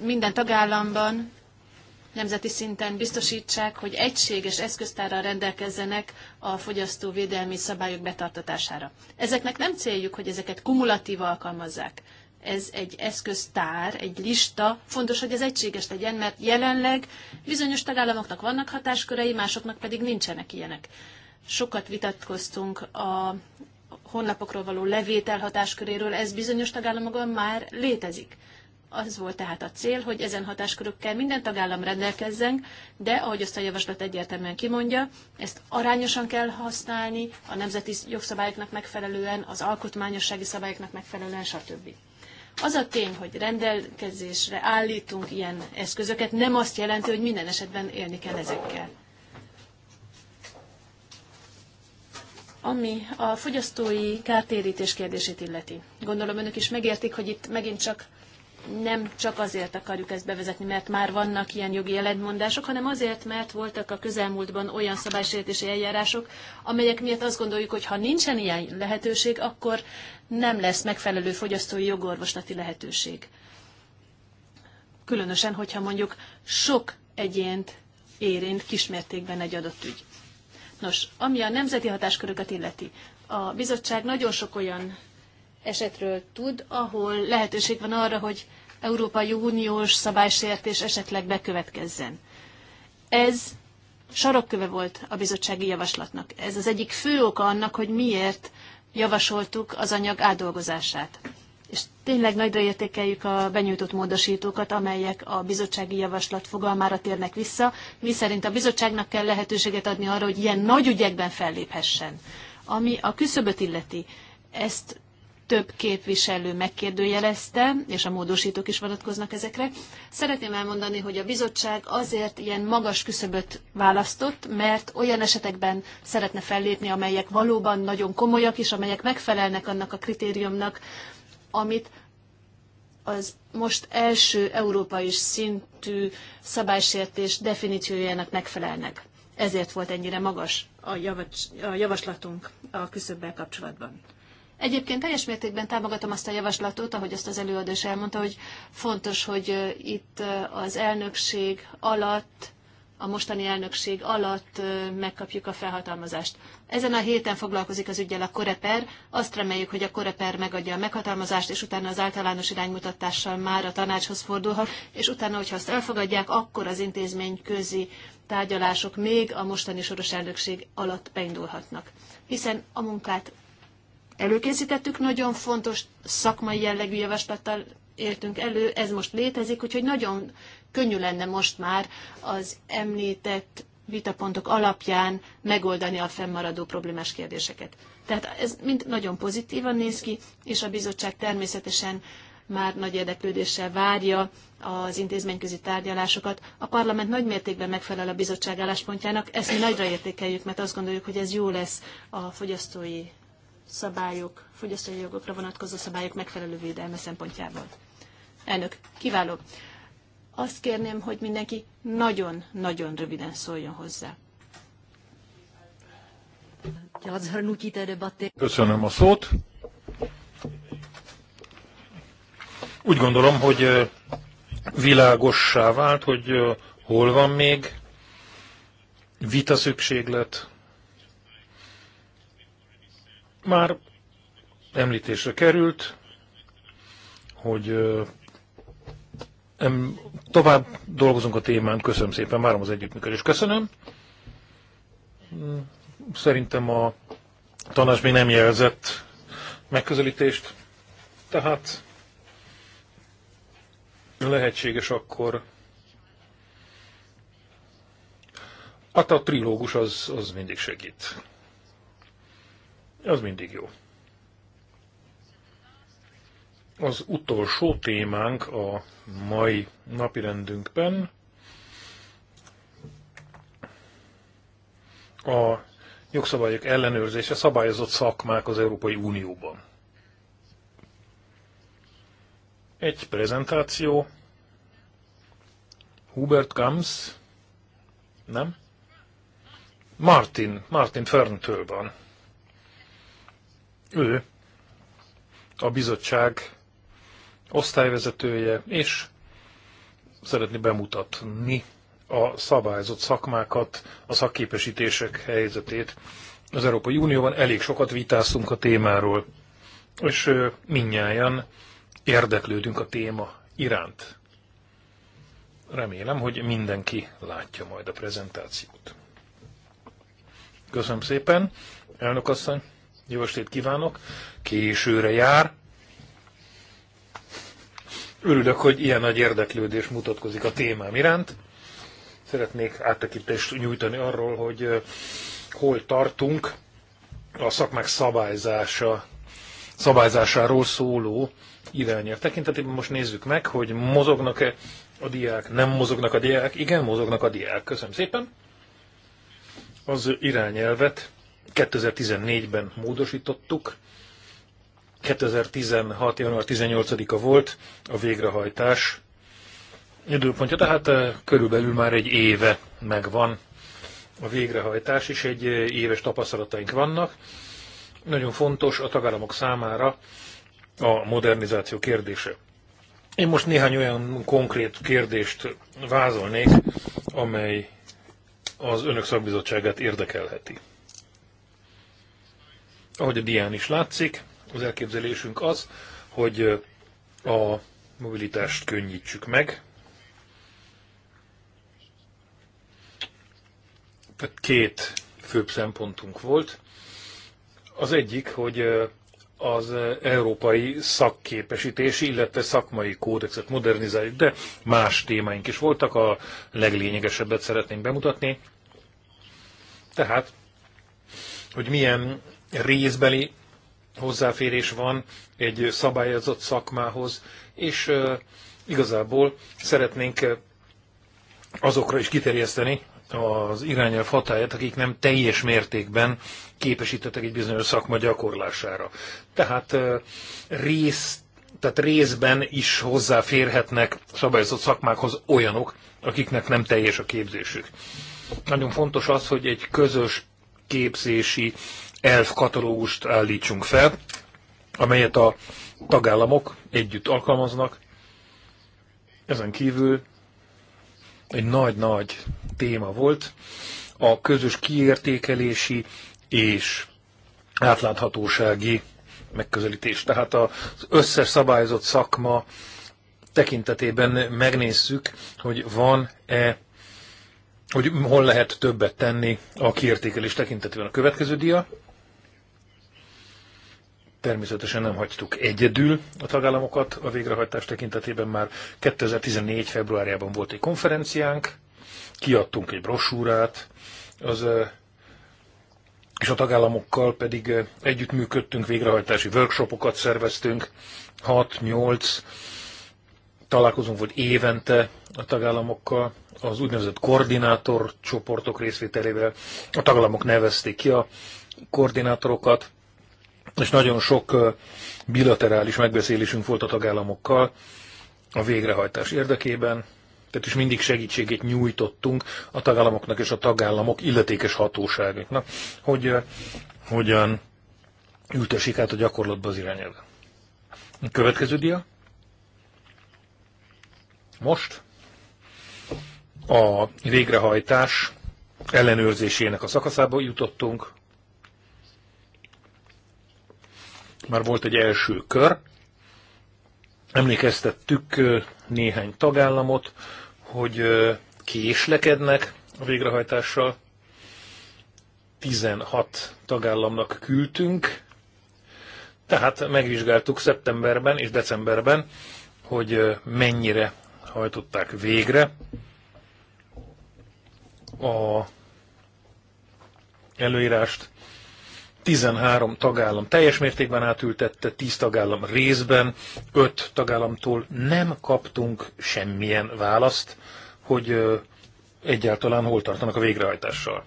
minden tagállamban nemzeti szinten biztosítsák, hogy egységes eszköztárral rendelkezzenek a fogyasztóvédelmi szabályok betartatására. Ezeknek nem céljuk, hogy ezeket kumulatív alkalmazzák. Ez egy eszköztár, egy lista, fontos, hogy ez egységes legyen, mert jelenleg bizonyos tagállamoknak vannak hatáskörei, másoknak pedig nincsenek ilyenek. Sokat vitatkoztunk a honlapokról való levétel hatásköréről, ez bizonyos tagállamokban már létezik az volt tehát a cél, hogy ezen hatáskörökkel minden tagállam rendelkezzen, de ahogy azt a javaslat egyértelműen kimondja, ezt arányosan kell használni a nemzeti jogszabályoknak megfelelően, az alkotmányossági szabályoknak megfelelően, stb. Az a tény, hogy rendelkezésre állítunk ilyen eszközöket, nem azt jelenti, hogy minden esetben élni kell ezekkel. Ami a fogyasztói kártérítés kérdését illeti. Gondolom önök is megértik, hogy itt megint csak nem csak azért akarjuk ezt bevezetni, mert már vannak ilyen jogi ellentmondások, hanem azért, mert voltak a közelmúltban olyan szabálysértési eljárások, amelyek miatt azt gondoljuk, hogy ha nincsen ilyen lehetőség, akkor nem lesz megfelelő fogyasztói jogorvoslati lehetőség. Különösen, hogyha mondjuk sok egyént érint kismértékben egy adott ügy. Nos, ami a nemzeti hatásköröket illeti, a bizottság nagyon sok olyan esetről tud, ahol lehetőség van arra, hogy Európai Uniós szabálysértés esetleg bekövetkezzen. Ez sarokköve volt a bizottsági javaslatnak. Ez az egyik fő oka annak, hogy miért javasoltuk az anyag átdolgozását. És tényleg nagyra értékeljük a benyújtott módosítókat, amelyek a bizottsági javaslat fogalmára térnek vissza, mi szerint a bizottságnak kell lehetőséget adni arra, hogy ilyen nagy ügyekben felléphessen. Ami a küszöböt illeti, ezt több képviselő megkérdőjelezte, és a módosítók is vonatkoznak ezekre. Szeretném elmondani, hogy a bizottság azért ilyen magas küszöböt választott, mert olyan esetekben szeretne fellépni, amelyek valóban nagyon komolyak, és amelyek megfelelnek annak a kritériumnak, amit az most első európai szintű szabálysértés definíciójának megfelelnek. Ezért volt ennyire magas a, javaslatunk a küszöbbel kapcsolatban. Egyébként teljes mértékben támogatom azt a javaslatot, ahogy azt az előadó is elmondta, hogy fontos, hogy itt az elnökség alatt, a mostani elnökség alatt megkapjuk a felhatalmazást. Ezen a héten foglalkozik az ügyel a Koreper. Azt reméljük, hogy a Koreper megadja a meghatalmazást, és utána az általános iránymutatással már a tanácshoz fordulhat, és utána, hogyha azt elfogadják, akkor az intézmény közi tárgyalások még a mostani soros elnökség alatt beindulhatnak. Hiszen a munkát előkészítettük, nagyon fontos szakmai jellegű javaslattal értünk elő, ez most létezik, úgyhogy nagyon könnyű lenne most már az említett vitapontok alapján megoldani a fennmaradó problémás kérdéseket. Tehát ez mind nagyon pozitívan néz ki, és a bizottság természetesen már nagy érdeklődéssel várja az intézményközi tárgyalásokat. A parlament nagy mértékben megfelel a bizottság álláspontjának, ezt mi nagyra értékeljük, mert azt gondoljuk, hogy ez jó lesz a fogyasztói szabályok, fogyasztói jogokra vonatkozó szabályok megfelelő védelme szempontjából. Elnök, kiváló. Azt kérném, hogy mindenki nagyon-nagyon röviden szóljon hozzá. Köszönöm a szót. Úgy gondolom, hogy világossá vált, hogy hol van még vita szükséglet, már említésre került, hogy tovább dolgozunk a témán. Köszönöm szépen, várom az együttműködést. Köszönöm. Szerintem a tanács még nem jelzett megközelítést, tehát lehetséges akkor Hát a trilógus az, az mindig segít. Az mindig jó. Az utolsó témánk a mai napirendünkben a jogszabályok ellenőrzése szabályozott szakmák az Európai Unióban. Egy prezentáció. Hubert Gams, nem? Martin, Martin Ferntől van. Ő a bizottság osztályvezetője, és szeretné bemutatni a szabályzott szakmákat, a szakképesítések helyzetét. Az Európai Unióban elég sokat vitáztunk a témáról, és minnyáján érdeklődünk a téma iránt. Remélem, hogy mindenki látja majd a prezentációt. Köszönöm szépen, elnök asszony! Jó estét kívánok! Későre jár. Örülök, hogy ilyen nagy érdeklődés mutatkozik a témám iránt. Szeretnék áttekintést nyújtani arról, hogy hol tartunk a szakmák szabályzása, szabályzásáról szóló irányelv tekintetében. Most nézzük meg, hogy mozognak-e a diák, nem mozognak a diák, igen, mozognak a diák. Köszönöm szépen. Az irányelvet 2014-ben módosítottuk, 2016. január 18-a volt a végrehajtás időpontja, tehát eh, körülbelül már egy éve megvan a végrehajtás, és egy eh, éves tapasztalataink vannak. Nagyon fontos a tagállamok számára a modernizáció kérdése. Én most néhány olyan konkrét kérdést vázolnék, amely az önök szakbizottságát érdekelheti. Ahogy a dián is látszik, az elképzelésünk az, hogy a mobilitást könnyítsük meg. Tehát két főbb szempontunk volt. Az egyik, hogy az európai szakképesítési, illetve szakmai kódexet modernizáljuk, de más témáink is voltak, a leglényegesebbet szeretném bemutatni. Tehát, hogy milyen részbeli hozzáférés van egy szabályozott szakmához, és igazából szeretnénk azokra is kiterjeszteni az irányelv hatáját, akik nem teljes mértékben képesítettek egy bizonyos szakma gyakorlására. Tehát rész, tehát részben is hozzáférhetnek szabályozott szakmákhoz olyanok, akiknek nem teljes a képzésük. Nagyon fontos az, hogy egy közös képzési elf katalógust állítsunk fel, amelyet a tagállamok együtt alkalmaznak. Ezen kívül egy nagy-nagy téma volt a közös kiértékelési és átláthatósági megközelítés. Tehát az összes szabályozott szakma tekintetében megnézzük, hogy van-e, hogy hol lehet többet tenni a kiértékelés tekintetében. A következő dia. Természetesen nem hagytuk egyedül a tagállamokat a végrehajtás tekintetében. Már 2014. februárjában volt egy konferenciánk, kiadtunk egy brosúrát, az, és a tagállamokkal pedig együttműködtünk, végrehajtási workshopokat szerveztünk, 6-8 találkozunk volt évente a tagállamokkal, az úgynevezett koordinátor csoportok részvételével. A tagállamok nevezték ki a koordinátorokat, és nagyon sok bilaterális megbeszélésünk volt a tagállamokkal a végrehajtás érdekében, tehát is mindig segítségét nyújtottunk a tagállamoknak és a tagállamok illetékes hatóságoknak, hogy hogyan ültessék át a gyakorlatba az irányelve. Következő dia. Most a végrehajtás ellenőrzésének a szakaszába jutottunk. már volt egy első kör. Emlékeztettük néhány tagállamot, hogy késlekednek a végrehajtással. 16 tagállamnak küldtünk, tehát megvizsgáltuk szeptemberben és decemberben, hogy mennyire hajtották végre a előírást, 13 tagállam teljes mértékben átültette, 10 tagállam részben, 5 tagállamtól nem kaptunk semmilyen választ, hogy egyáltalán hol tartanak a végrehajtással.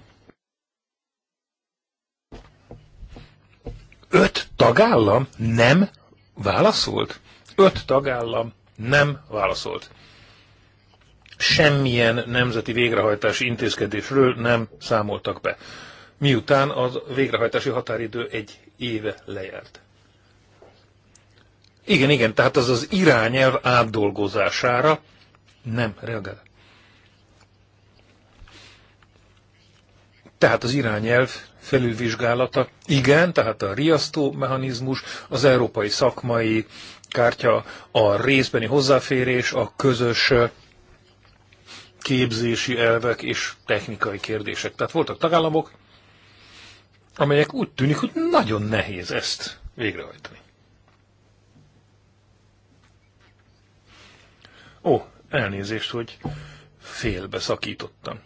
5 tagállam nem válaszolt? 5 tagállam nem válaszolt. Semmilyen nemzeti végrehajtási intézkedésről nem számoltak be miután az végrehajtási határidő egy éve lejárt. Igen, igen, tehát az az irányelv átdolgozására nem reagál. Tehát az irányelv felülvizsgálata, igen, tehát a riasztó mechanizmus, az európai szakmai kártya, a részbeni hozzáférés, a közös képzési elvek és technikai kérdések. Tehát voltak tagállamok, amelyek úgy tűnik, hogy nagyon nehéz ezt végrehajtani. Ó, elnézést, hogy félbe szakítottam.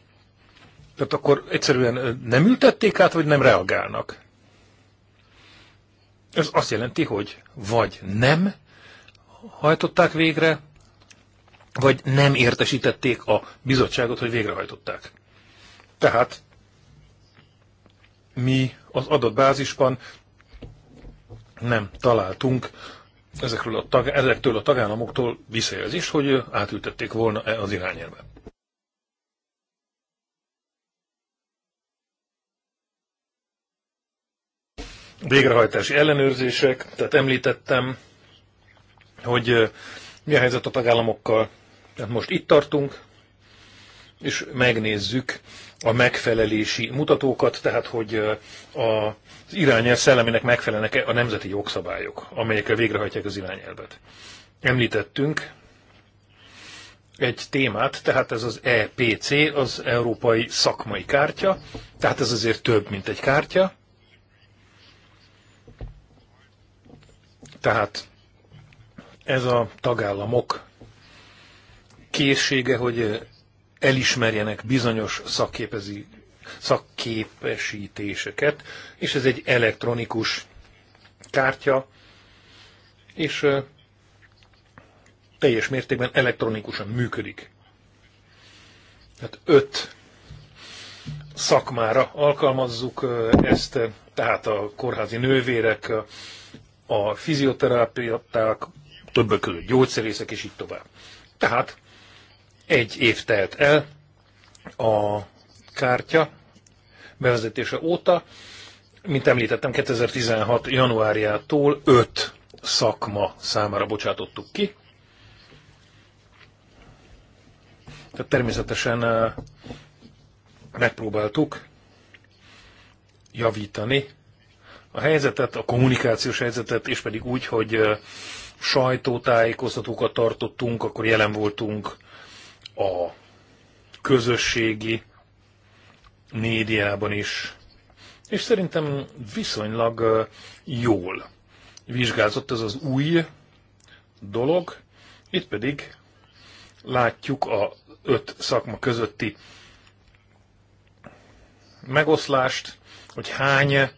Tehát akkor egyszerűen nem ültették át, vagy nem reagálnak? Ez azt jelenti, hogy vagy nem hajtották végre, vagy nem értesítették a bizottságot, hogy végrehajtották. Tehát mi az adott bázisban nem találtunk ezekről a tag, ezektől a tagállamoktól visszajelzést, hogy átültették volna -e az irányelvet. Végrehajtási ellenőrzések, tehát említettem, hogy mi a helyzet a tagállamokkal. Tehát most itt tartunk, és megnézzük, a megfelelési mutatókat, tehát hogy az irányelv szellemének megfelelnek -e a nemzeti jogszabályok, amelyekkel végrehajtják az irányelvet. Említettünk egy témát, tehát ez az EPC, az Európai Szakmai Kártya, tehát ez azért több, mint egy kártya. Tehát ez a tagállamok készsége, hogy elismerjenek bizonyos szakképezi, szakképesítéseket, és ez egy elektronikus kártya, és teljes mértékben elektronikusan működik. Tehát öt szakmára alkalmazzuk ezt, tehát a kórházi nővérek, a fizioterápiaták, többek között gyógyszerészek, és így tovább. Tehát egy év telt el a kártya bevezetése óta, mint említettem, 2016. januárjától öt szakma számára bocsátottuk ki. Tehát természetesen eh, megpróbáltuk javítani a helyzetet, a kommunikációs helyzetet, és pedig úgy, hogy eh, sajtótájékoztatókat tartottunk, akkor jelen voltunk a közösségi médiában is, és szerintem viszonylag jól vizsgázott ez az új dolog, itt pedig látjuk a öt szakma közötti megoszlást, hogy hány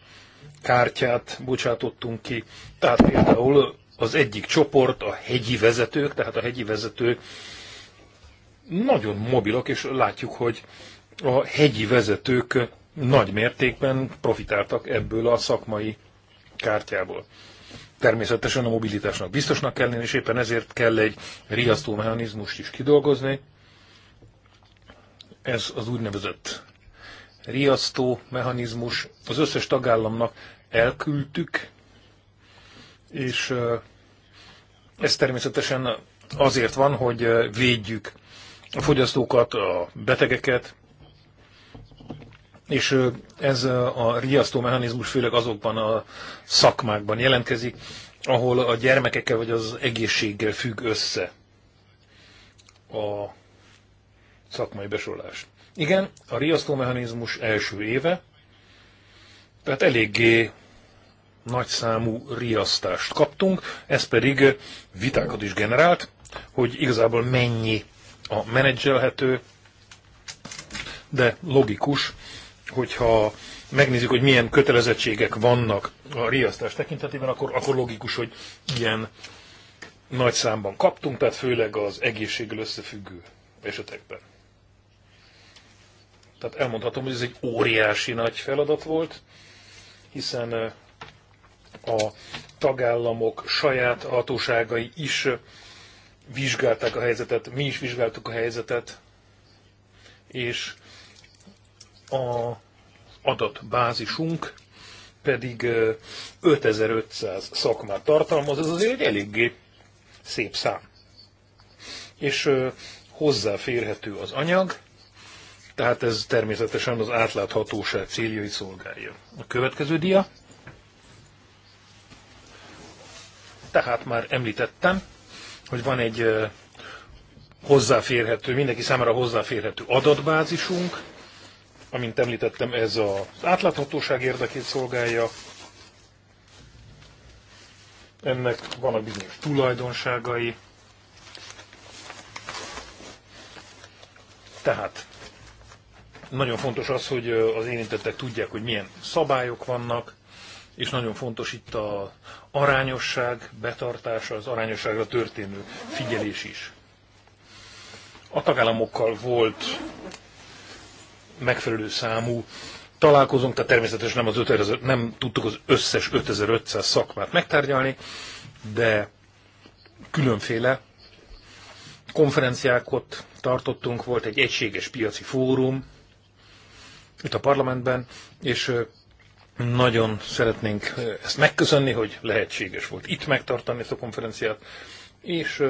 kártyát bocsátottunk ki. Tehát például az egyik csoport a hegyi vezetők, tehát a hegyi vezetők nagyon mobilok és látjuk, hogy a hegyi vezetők nagy mértékben profitáltak ebből a szakmai kártyából. Természetesen a mobilitásnak biztosnak kell lenni, és éppen ezért kell egy riasztó mechanizmust is kidolgozni. Ez az úgynevezett riasztó mechanizmus. Az összes tagállamnak elküldtük, és ez természetesen azért van, hogy védjük a fogyasztókat, a betegeket, és ez a riasztó mechanizmus főleg azokban a szakmákban jelentkezik, ahol a gyermekekkel vagy az egészséggel függ össze a szakmai besorolás. Igen, a mechanizmus első éve, tehát eléggé nagyszámú riasztást kaptunk, ez pedig vitákat is generált, hogy igazából mennyi a menedzselhető, de logikus, hogyha megnézzük, hogy milyen kötelezettségek vannak a riasztás tekintetében, akkor, akkor logikus, hogy ilyen nagy számban kaptunk, tehát főleg az egészséggel összefüggő esetekben. Tehát elmondhatom, hogy ez egy óriási nagy feladat volt, hiszen eh, a tagállamok saját hatóságai is vizsgálták a helyzetet, mi is vizsgáltuk a helyzetet, és a adatbázisunk pedig 5500 szakmát tartalmaz, ez azért egy eléggé szép szám. És hozzáférhető az anyag, tehát ez természetesen az átláthatóság céljait szolgálja. A következő dia. Tehát már említettem, hogy van egy hozzáférhető, mindenki számára hozzáférhető adatbázisunk, amint említettem, ez az átláthatóság érdekét szolgálja. Ennek van a bizonyos tulajdonságai. Tehát nagyon fontos az, hogy az érintettek tudják, hogy milyen szabályok vannak, és nagyon fontos itt a arányosság betartása, az arányosságra történő figyelés is. A tagállamokkal volt megfelelő számú találkozunk, tehát természetesen nem, az 5000, nem tudtuk az összes 5500 szakmát megtárgyalni, de különféle konferenciákat tartottunk, volt egy egységes piaci fórum itt a parlamentben, és nagyon szeretnénk ezt megköszönni, hogy lehetséges volt itt megtartani ezt a konferenciát, és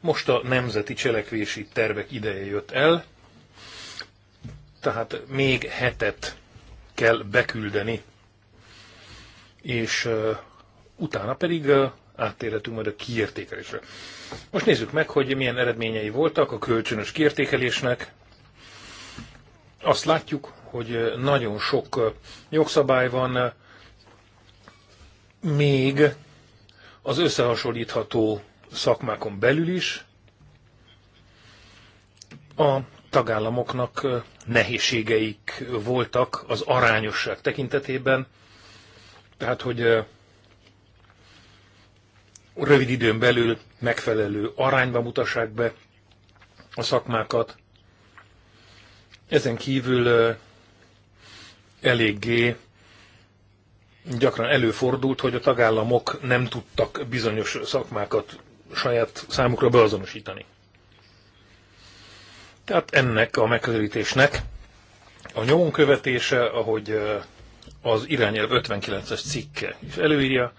most a nemzeti cselekvési tervek ideje jött el, tehát még hetet kell beküldeni, és utána pedig áttérhetünk majd a kiértékelésre. Most nézzük meg, hogy milyen eredményei voltak a kölcsönös kiértékelésnek, azt látjuk, hogy nagyon sok jogszabály van, még az összehasonlítható szakmákon belül is a tagállamoknak nehézségeik voltak az arányosság tekintetében, tehát hogy rövid időn belül megfelelő arányba mutassák be a szakmákat, ezen kívül eléggé gyakran előfordult, hogy a tagállamok nem tudtak bizonyos szakmákat saját számukra beazonosítani. Tehát ennek a megközelítésnek a nyomon követése, ahogy az irányelv 59-es cikke is előírja,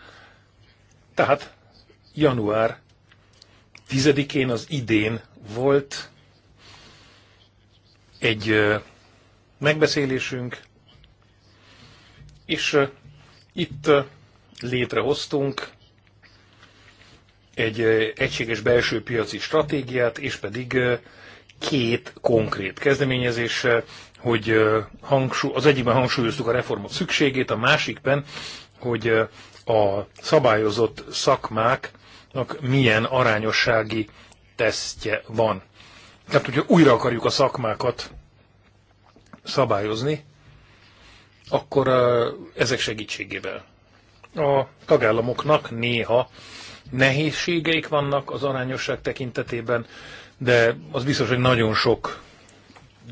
tehát január 10-én az idén volt egy megbeszélésünk, és itt létrehoztunk egy egységes belső piaci stratégiát, és pedig két konkrét kezdeményezés, hogy az egyikben hangsúlyoztuk a reformok szükségét, a másikben, hogy a szabályozott szakmáknak milyen arányossági tesztje van. Tehát, hogyha újra akarjuk a szakmákat szabályozni, akkor ezek segítségével. A tagállamoknak néha nehézségeik vannak az arányosság tekintetében, de az biztos, hogy nagyon sok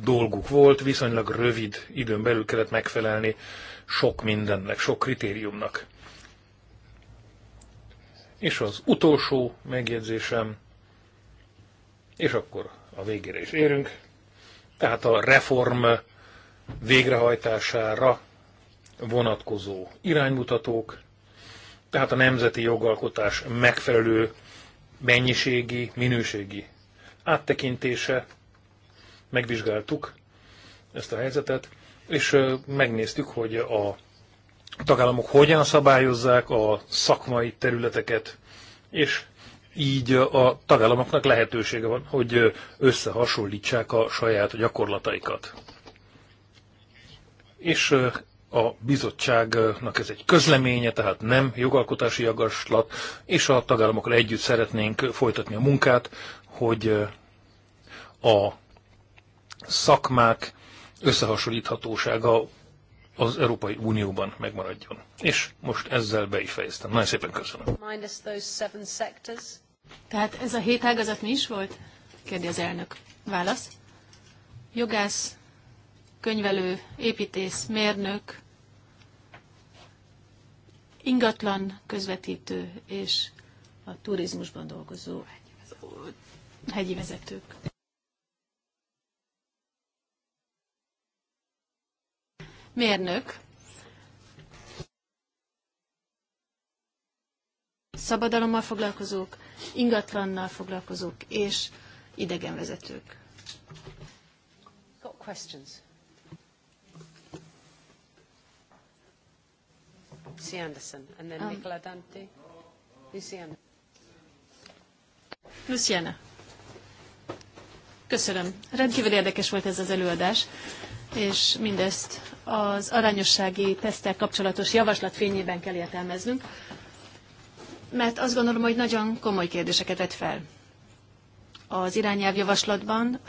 dolguk volt, viszonylag rövid időn belül kellett megfelelni sok mindennek, sok kritériumnak. És az utolsó megjegyzésem, és akkor a végére is érünk. Tehát a reform végrehajtására vonatkozó iránymutatók, tehát a nemzeti jogalkotás megfelelő mennyiségi, minőségi áttekintése, megvizsgáltuk ezt a helyzetet, és megnéztük, hogy a tagállamok hogyan szabályozzák a szakmai területeket, és így a tagállamoknak lehetősége van, hogy összehasonlítsák a saját gyakorlataikat. És a bizottságnak ez egy közleménye, tehát nem jogalkotási javaslat, és a tagállamokkal együtt szeretnénk folytatni a munkát, hogy a szakmák összehasonlíthatósága az Európai Unióban megmaradjon. És most ezzel be is fejeztem. Nagyon szépen köszönöm. Tehát ez a hét ágazat mi is volt? Kérdi az elnök. Válasz. Jogász, könyvelő, építész, mérnök, ingatlan közvetítő és a turizmusban dolgozó hegyi vezetők. mérnök, szabadalommal foglalkozók, ingatlannal foglalkozók és idegenvezetők. Got questions? Lucy Anderson, and then um, Nicola Dante. Luciana. Luciana. Köszönöm. Rendkívül érdekes volt ez az előadás és mindezt az arányossági tesztel kapcsolatos javaslat fényében kell értelmeznünk, mert azt gondolom, hogy nagyon komoly kérdéseket vett fel. Az irányelvjavaslatban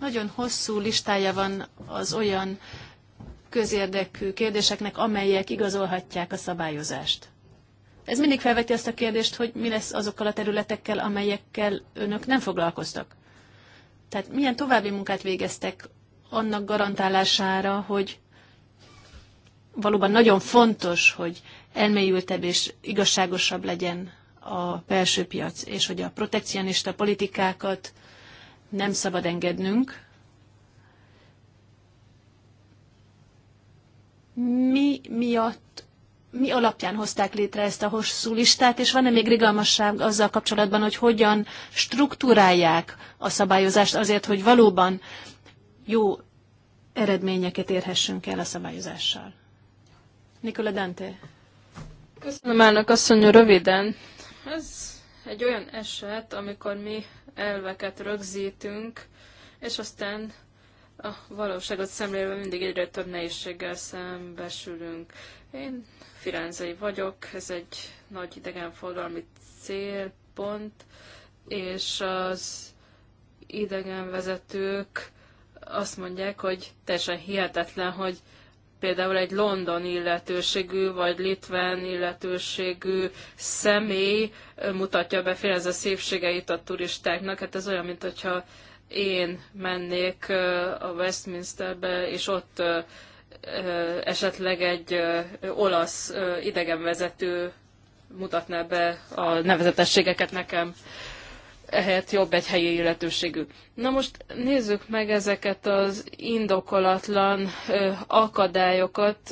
nagyon hosszú listája van az olyan közérdekű kérdéseknek, amelyek igazolhatják a szabályozást. Ez mindig felveti azt a kérdést, hogy mi lesz azokkal a területekkel, amelyekkel önök nem foglalkoztak. Tehát milyen további munkát végeztek annak garantálására, hogy valóban nagyon fontos, hogy elmélyültebb és igazságosabb legyen a belső piac, és hogy a protekcionista politikákat nem szabad engednünk. Mi miatt mi alapján hozták létre ezt a hosszú listát, és van-e még rigalmasság azzal kapcsolatban, hogy hogyan struktúrálják a szabályozást azért, hogy valóban jó eredményeket érhessünk el a szabályozással? Nikola Dante. Köszönöm elnök asszony, röviden. Ez egy olyan eset, amikor mi elveket rögzítünk, és aztán a valóságot szemlélve mindig egyre több nehézséggel szembesülünk. Én Firenzei vagyok, ez egy nagy idegenforgalmi célpont, és az idegenvezetők azt mondják, hogy teljesen hihetetlen, hogy például egy London illetőségű vagy Litván illetőségű személy mutatja be Firenze szépségeit a turistáknak. Hát ez olyan, mintha én mennék a Westminsterbe, és ott esetleg egy olasz idegenvezető mutatná be a nevezetességeket nekem, Ehhez jobb egy helyi illetőségű. Na most nézzük meg ezeket az indokolatlan akadályokat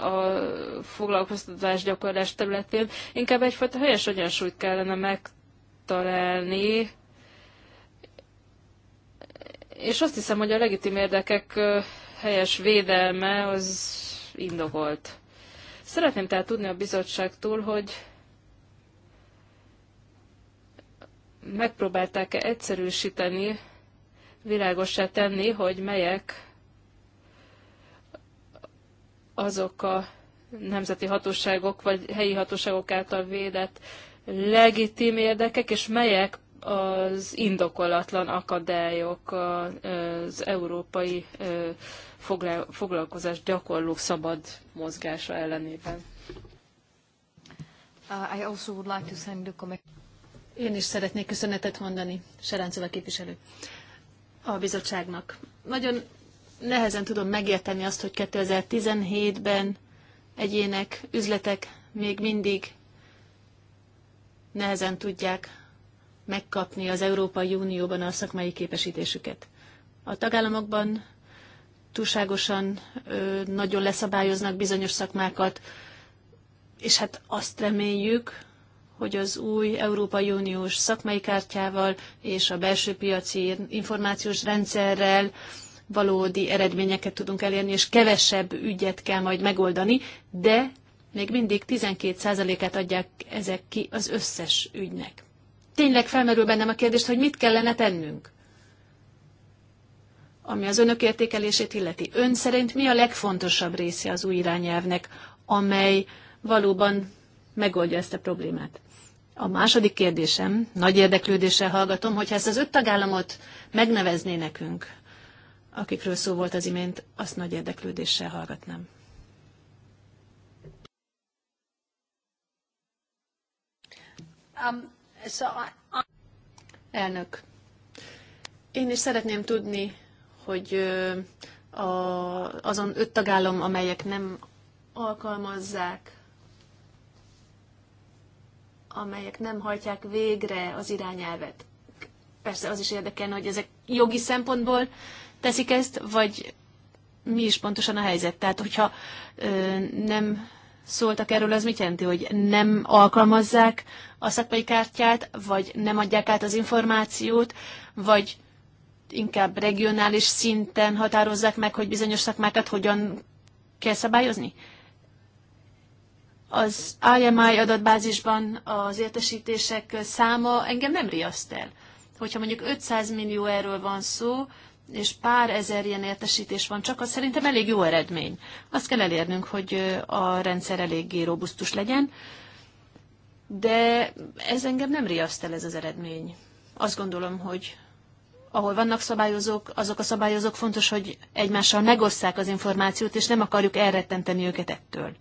a foglalkoztatás gyakorlás területén. Inkább egyfajta helyes egyensúlyt kellene megtalálni, és azt hiszem, hogy a legitim érdekek helyes védelme az indokolt. Szeretném tehát tudni a bizottságtól, hogy megpróbálták-e egyszerűsíteni, világosá tenni, hogy melyek azok a nemzeti hatóságok vagy helyi hatóságok által védett legitim érdekek, és melyek az indokolatlan akadályok az európai foglalkozás gyakorlók szabad mozgása ellenében. Uh, I also would like to send the Én is szeretnék köszönetet mondani, Seráncova képviselő, a bizottságnak. Nagyon nehezen tudom megérteni azt, hogy 2017-ben egyének, üzletek még mindig nehezen tudják megkapni az Európai Unióban a szakmai képesítésüket. A tagállamokban túlságosan nagyon leszabályoznak bizonyos szakmákat, és hát azt reméljük, hogy az új Európai Uniós szakmai kártyával és a belső piaci információs rendszerrel valódi eredményeket tudunk elérni, és kevesebb ügyet kell majd megoldani, de még mindig 12%-át adják ezek ki az összes ügynek. Tényleg felmerül bennem a kérdés, hogy mit kellene tennünk ami az önök értékelését illeti. Ön szerint mi a legfontosabb része az új irányelvnek, amely valóban megoldja ezt a problémát? A második kérdésem, nagy érdeklődéssel hallgatom, hogyha ezt az öt tagállamot megnevezné nekünk, akikről szó volt az imént, azt nagy érdeklődéssel hallgatnám. Um, so I, I... Elnök, én is szeretném tudni hogy a, azon öt tagállam, amelyek nem alkalmazzák, amelyek nem hajtják végre az irányelvet. Persze az is érdekelne, hogy ezek jogi szempontból teszik ezt, vagy mi is pontosan a helyzet. Tehát, hogyha ö, nem szóltak erről, az mit jelenti, hogy nem alkalmazzák a szakmai kártyát, vagy nem adják át az információt, vagy inkább regionális szinten határozzák meg, hogy bizonyos szakmákat hogyan kell szabályozni? Az IMI adatbázisban az értesítések száma engem nem riaszt el. Hogyha mondjuk 500 millió erről van szó, és pár ezer ilyen értesítés van, csak az szerintem elég jó eredmény. Azt kell elérnünk, hogy a rendszer eléggé robusztus legyen, de ez engem nem riaszt el ez az eredmény. Azt gondolom, hogy ahol vannak szabályozók, azok a szabályozók fontos, hogy egymással megosszák az információt, és nem akarjuk elrettenteni őket ettől.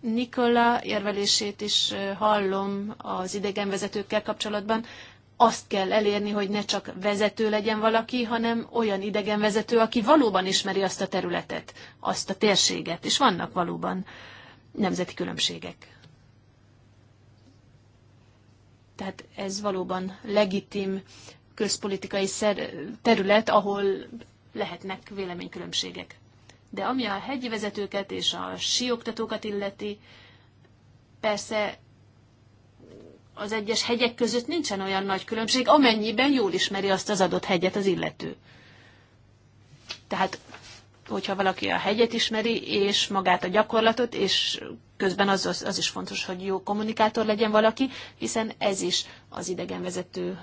Nikola érvelését is hallom az idegenvezetőkkel kapcsolatban. Azt kell elérni, hogy ne csak vezető legyen valaki, hanem olyan idegenvezető, aki valóban ismeri azt a területet, azt a térséget, és vannak valóban nemzeti különbségek. Tehát ez valóban legitim közpolitikai terület, ahol lehetnek véleménykülönbségek. De ami a hegyi vezetőket és a sioktatókat illeti, persze az egyes hegyek között nincsen olyan nagy különbség, amennyiben jól ismeri azt az adott hegyet az illető. Tehát, hogyha valaki a hegyet ismeri, és magát a gyakorlatot, és közben az, az, az is fontos, hogy jó kommunikátor legyen valaki, hiszen ez is az idegenvezető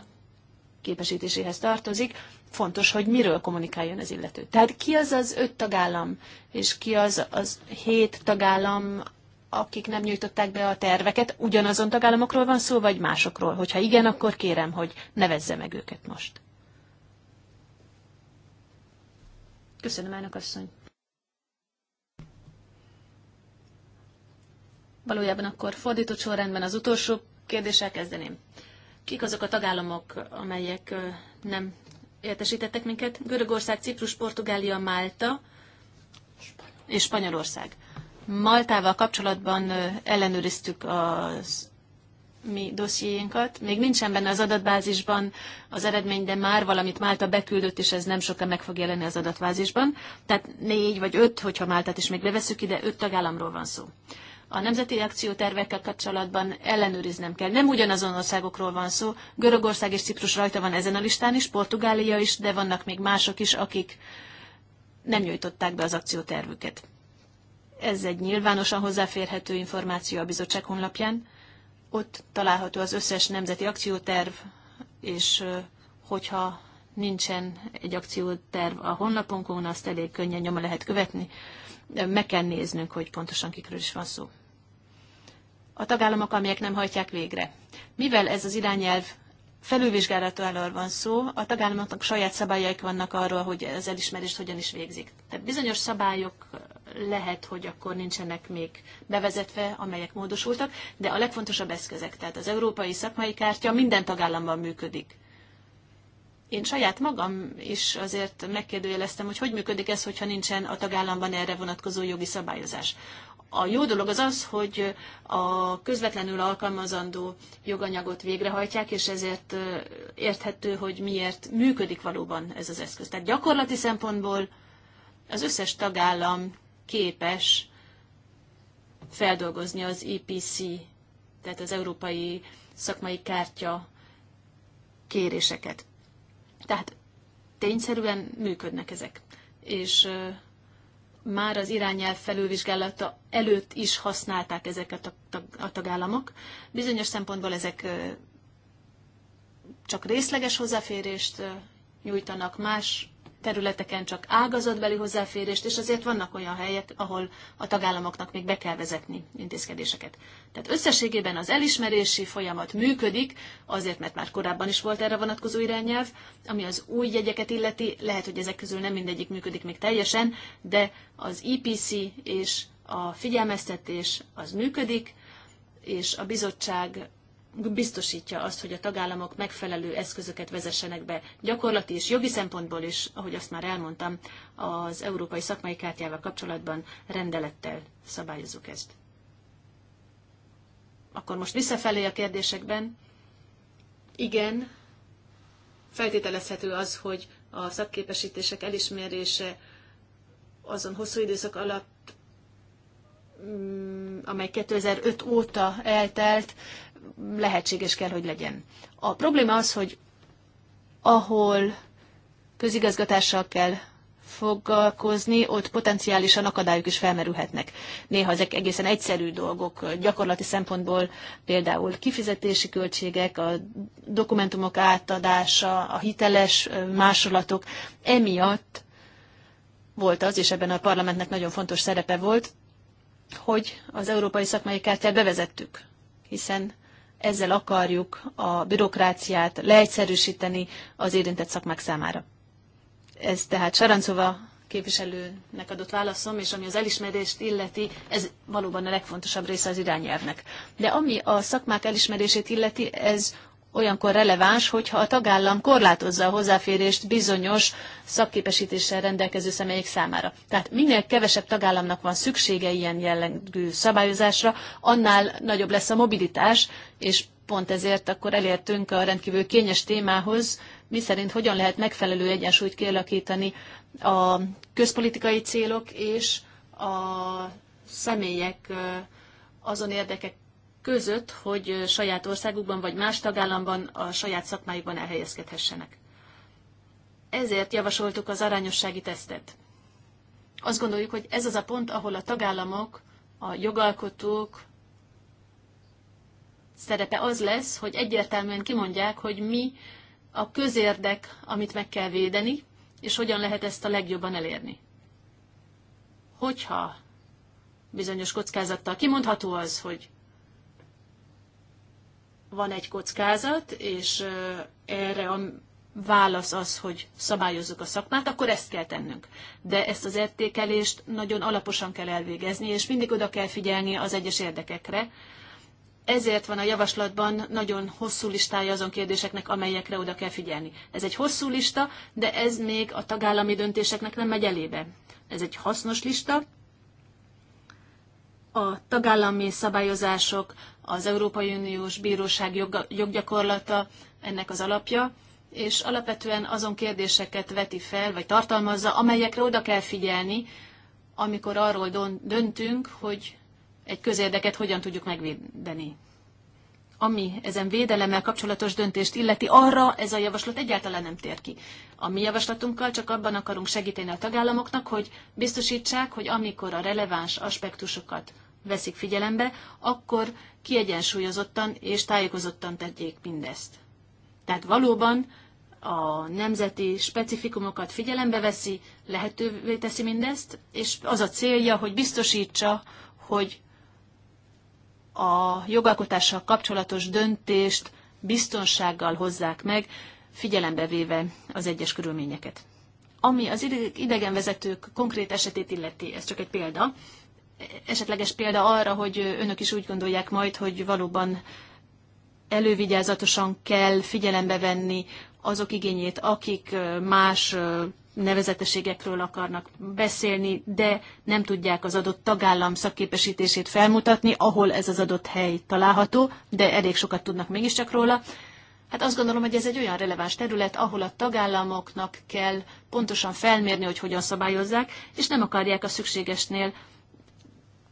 képesítéséhez tartozik, fontos, hogy miről kommunikáljon az illető. Tehát ki az az öt tagállam, és ki az az hét tagállam, akik nem nyújtották be a terveket, ugyanazon tagállamokról van szó, vagy másokról? Hogyha igen, akkor kérem, hogy nevezze meg őket most. Köszönöm, elnök asszony. Valójában akkor fordított sorrendben az utolsó kérdéssel kezdeném kik azok a tagállamok, amelyek nem értesítettek minket. Görögország, Ciprus, Portugália, Málta és Spanyolország. Maltával kapcsolatban ellenőriztük az mi dossziénkat. Még nincsen benne az adatbázisban az eredmény, de már valamit Málta beküldött, és ez nem sokan meg fog jelenni az adatbázisban. Tehát négy vagy öt, hogyha Máltát is még leveszük ide, öt tagállamról van szó a nemzeti akciótervekkel kapcsolatban ellenőriznem kell. Nem ugyanazon országokról van szó, Görögország és Ciprus rajta van ezen a listán is, Portugália is, de vannak még mások is, akik nem nyújtották be az akciótervüket. Ez egy nyilvánosan hozzáférhető információ a bizottság honlapján. Ott található az összes nemzeti akcióterv, és hogyha nincsen egy akcióterv a honlapunkon, azt elég könnyen nyoma lehet követni meg kell néznünk, hogy pontosan kikről is van szó. A tagállamok, amelyek nem hajtják végre. Mivel ez az irányelv felülvizsgálatáról van szó, a tagállamoknak saját szabályaik vannak arról, hogy az elismerést hogyan is végzik. Tehát bizonyos szabályok lehet, hogy akkor nincsenek még bevezetve, amelyek módosultak, de a legfontosabb eszközek, tehát az európai szakmai kártya minden tagállamban működik én saját magam is azért megkérdőjeleztem, hogy hogy működik ez, hogyha nincsen a tagállamban erre vonatkozó jogi szabályozás. A jó dolog az az, hogy a közvetlenül alkalmazandó joganyagot végrehajtják, és ezért érthető, hogy miért működik valóban ez az eszköz. Tehát gyakorlati szempontból az összes tagállam képes feldolgozni az EPC, tehát az Európai Szakmai Kártya kéréseket. Tehát tényszerűen működnek ezek. És már az irányelv felülvizsgálata előtt is használták ezeket a tagállamok. Bizonyos szempontból ezek csak részleges hozzáférést nyújtanak, más területeken csak ágazatbeli hozzáférést, és azért vannak olyan helyek, ahol a tagállamoknak még be kell vezetni intézkedéseket. Tehát összességében az elismerési folyamat működik, azért, mert már korábban is volt erre vonatkozó irányelv, ami az új jegyeket illeti, lehet, hogy ezek közül nem mindegyik működik még teljesen, de az EPC és a figyelmeztetés az működik, és a bizottság biztosítja azt, hogy a tagállamok megfelelő eszközöket vezessenek be gyakorlati és jogi szempontból is, ahogy azt már elmondtam, az Európai Szakmai Kártyával kapcsolatban rendelettel szabályozunk ezt. Akkor most visszafelé a kérdésekben. Igen, feltételezhető az, hogy a szakképesítések elismerése azon hosszú időszak alatt mm, amely 2005 óta eltelt, lehetséges kell, hogy legyen. A probléma az, hogy ahol közigazgatással kell foglalkozni, ott potenciálisan akadályok is felmerülhetnek. Néha ezek egészen egyszerű dolgok, gyakorlati szempontból például kifizetési költségek, a dokumentumok átadása, a hiteles másolatok. Emiatt volt az, és ebben a parlamentnek nagyon fontos szerepe volt, hogy az európai szakmai kártyát bevezettük, hiszen ezzel akarjuk a bürokráciát leegyszerűsíteni az érintett szakmák számára. Ez tehát Sarancova képviselőnek adott válaszom, és ami az elismerést illeti, ez valóban a legfontosabb része az irányelvnek. De ami a szakmák elismerését illeti, ez olyankor releváns, hogyha a tagállam korlátozza a hozzáférést bizonyos szakképesítéssel rendelkező személyek számára. Tehát minél kevesebb tagállamnak van szüksége ilyen jellegű szabályozásra, annál nagyobb lesz a mobilitás, és pont ezért akkor elértünk a rendkívül kényes témához, mi szerint hogyan lehet megfelelő egyensúlyt kialakítani a közpolitikai célok és a személyek azon érdekek között, hogy saját országukban vagy más tagállamban a saját szakmájukban elhelyezkedhessenek. Ezért javasoltuk az arányossági tesztet. Azt gondoljuk, hogy ez az a pont, ahol a tagállamok, a jogalkotók szerepe az lesz, hogy egyértelműen kimondják, hogy mi a közérdek, amit meg kell védeni, és hogyan lehet ezt a legjobban elérni. Hogyha bizonyos kockázattal kimondható az, hogy van egy kockázat, és erre a válasz az, hogy szabályozzuk a szakmát, akkor ezt kell tennünk. De ezt az értékelést nagyon alaposan kell elvégezni, és mindig oda kell figyelni az egyes érdekekre. Ezért van a javaslatban nagyon hosszú listája azon kérdéseknek, amelyekre oda kell figyelni. Ez egy hosszú lista, de ez még a tagállami döntéseknek nem megy elébe. Ez egy hasznos lista. A tagállami szabályozások az Európai Uniós Bíróság joggyakorlata ennek az alapja, és alapvetően azon kérdéseket veti fel, vagy tartalmazza, amelyekre oda kell figyelni, amikor arról döntünk, hogy egy közérdeket hogyan tudjuk megvédeni. Ami ezen védelemmel kapcsolatos döntést illeti, arra ez a javaslat egyáltalán nem tér ki. A mi javaslatunkkal csak abban akarunk segíteni a tagállamoknak, hogy biztosítsák, hogy amikor a releváns aspektusokat veszik figyelembe, akkor kiegyensúlyozottan és tájékozottan tegyék mindezt. Tehát valóban a nemzeti specifikumokat figyelembe veszi, lehetővé teszi mindezt, és az a célja, hogy biztosítsa, hogy a jogalkotással kapcsolatos döntést biztonsággal hozzák meg, figyelembe véve az egyes körülményeket. Ami az idegenvezetők konkrét esetét illeti, ez csak egy példa, esetleges példa arra, hogy önök is úgy gondolják majd, hogy valóban elővigyázatosan kell figyelembe venni azok igényét, akik más nevezetességekről akarnak beszélni, de nem tudják az adott tagállam szakképesítését felmutatni, ahol ez az adott hely található, de elég sokat tudnak mégiscsak róla. Hát azt gondolom, hogy ez egy olyan releváns terület, ahol a tagállamoknak kell pontosan felmérni, hogy hogyan szabályozzák, és nem akarják a szükségesnél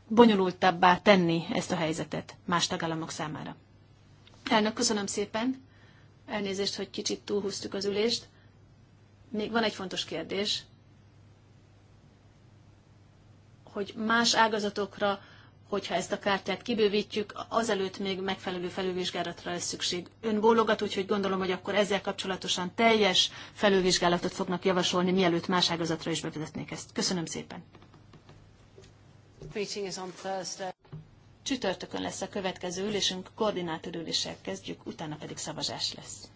bonyolultabbá tenni ezt a helyzetet más tagállamok számára. Elnök, köszönöm szépen. Elnézést, hogy kicsit túlhúztuk az ülést. Még van egy fontos kérdés, hogy más ágazatokra, hogyha ezt a kártyát kibővítjük, azelőtt még megfelelő felülvizsgálatra lesz szükség. Ön bólogat, úgyhogy gondolom, hogy akkor ezzel kapcsolatosan teljes felülvizsgálatot fognak javasolni, mielőtt más ágazatra is bevezetnék ezt. Köszönöm szépen. Csütörtökön lesz a következő ülésünk, koordinátor ülések kezdjük, utána pedig szavazás lesz.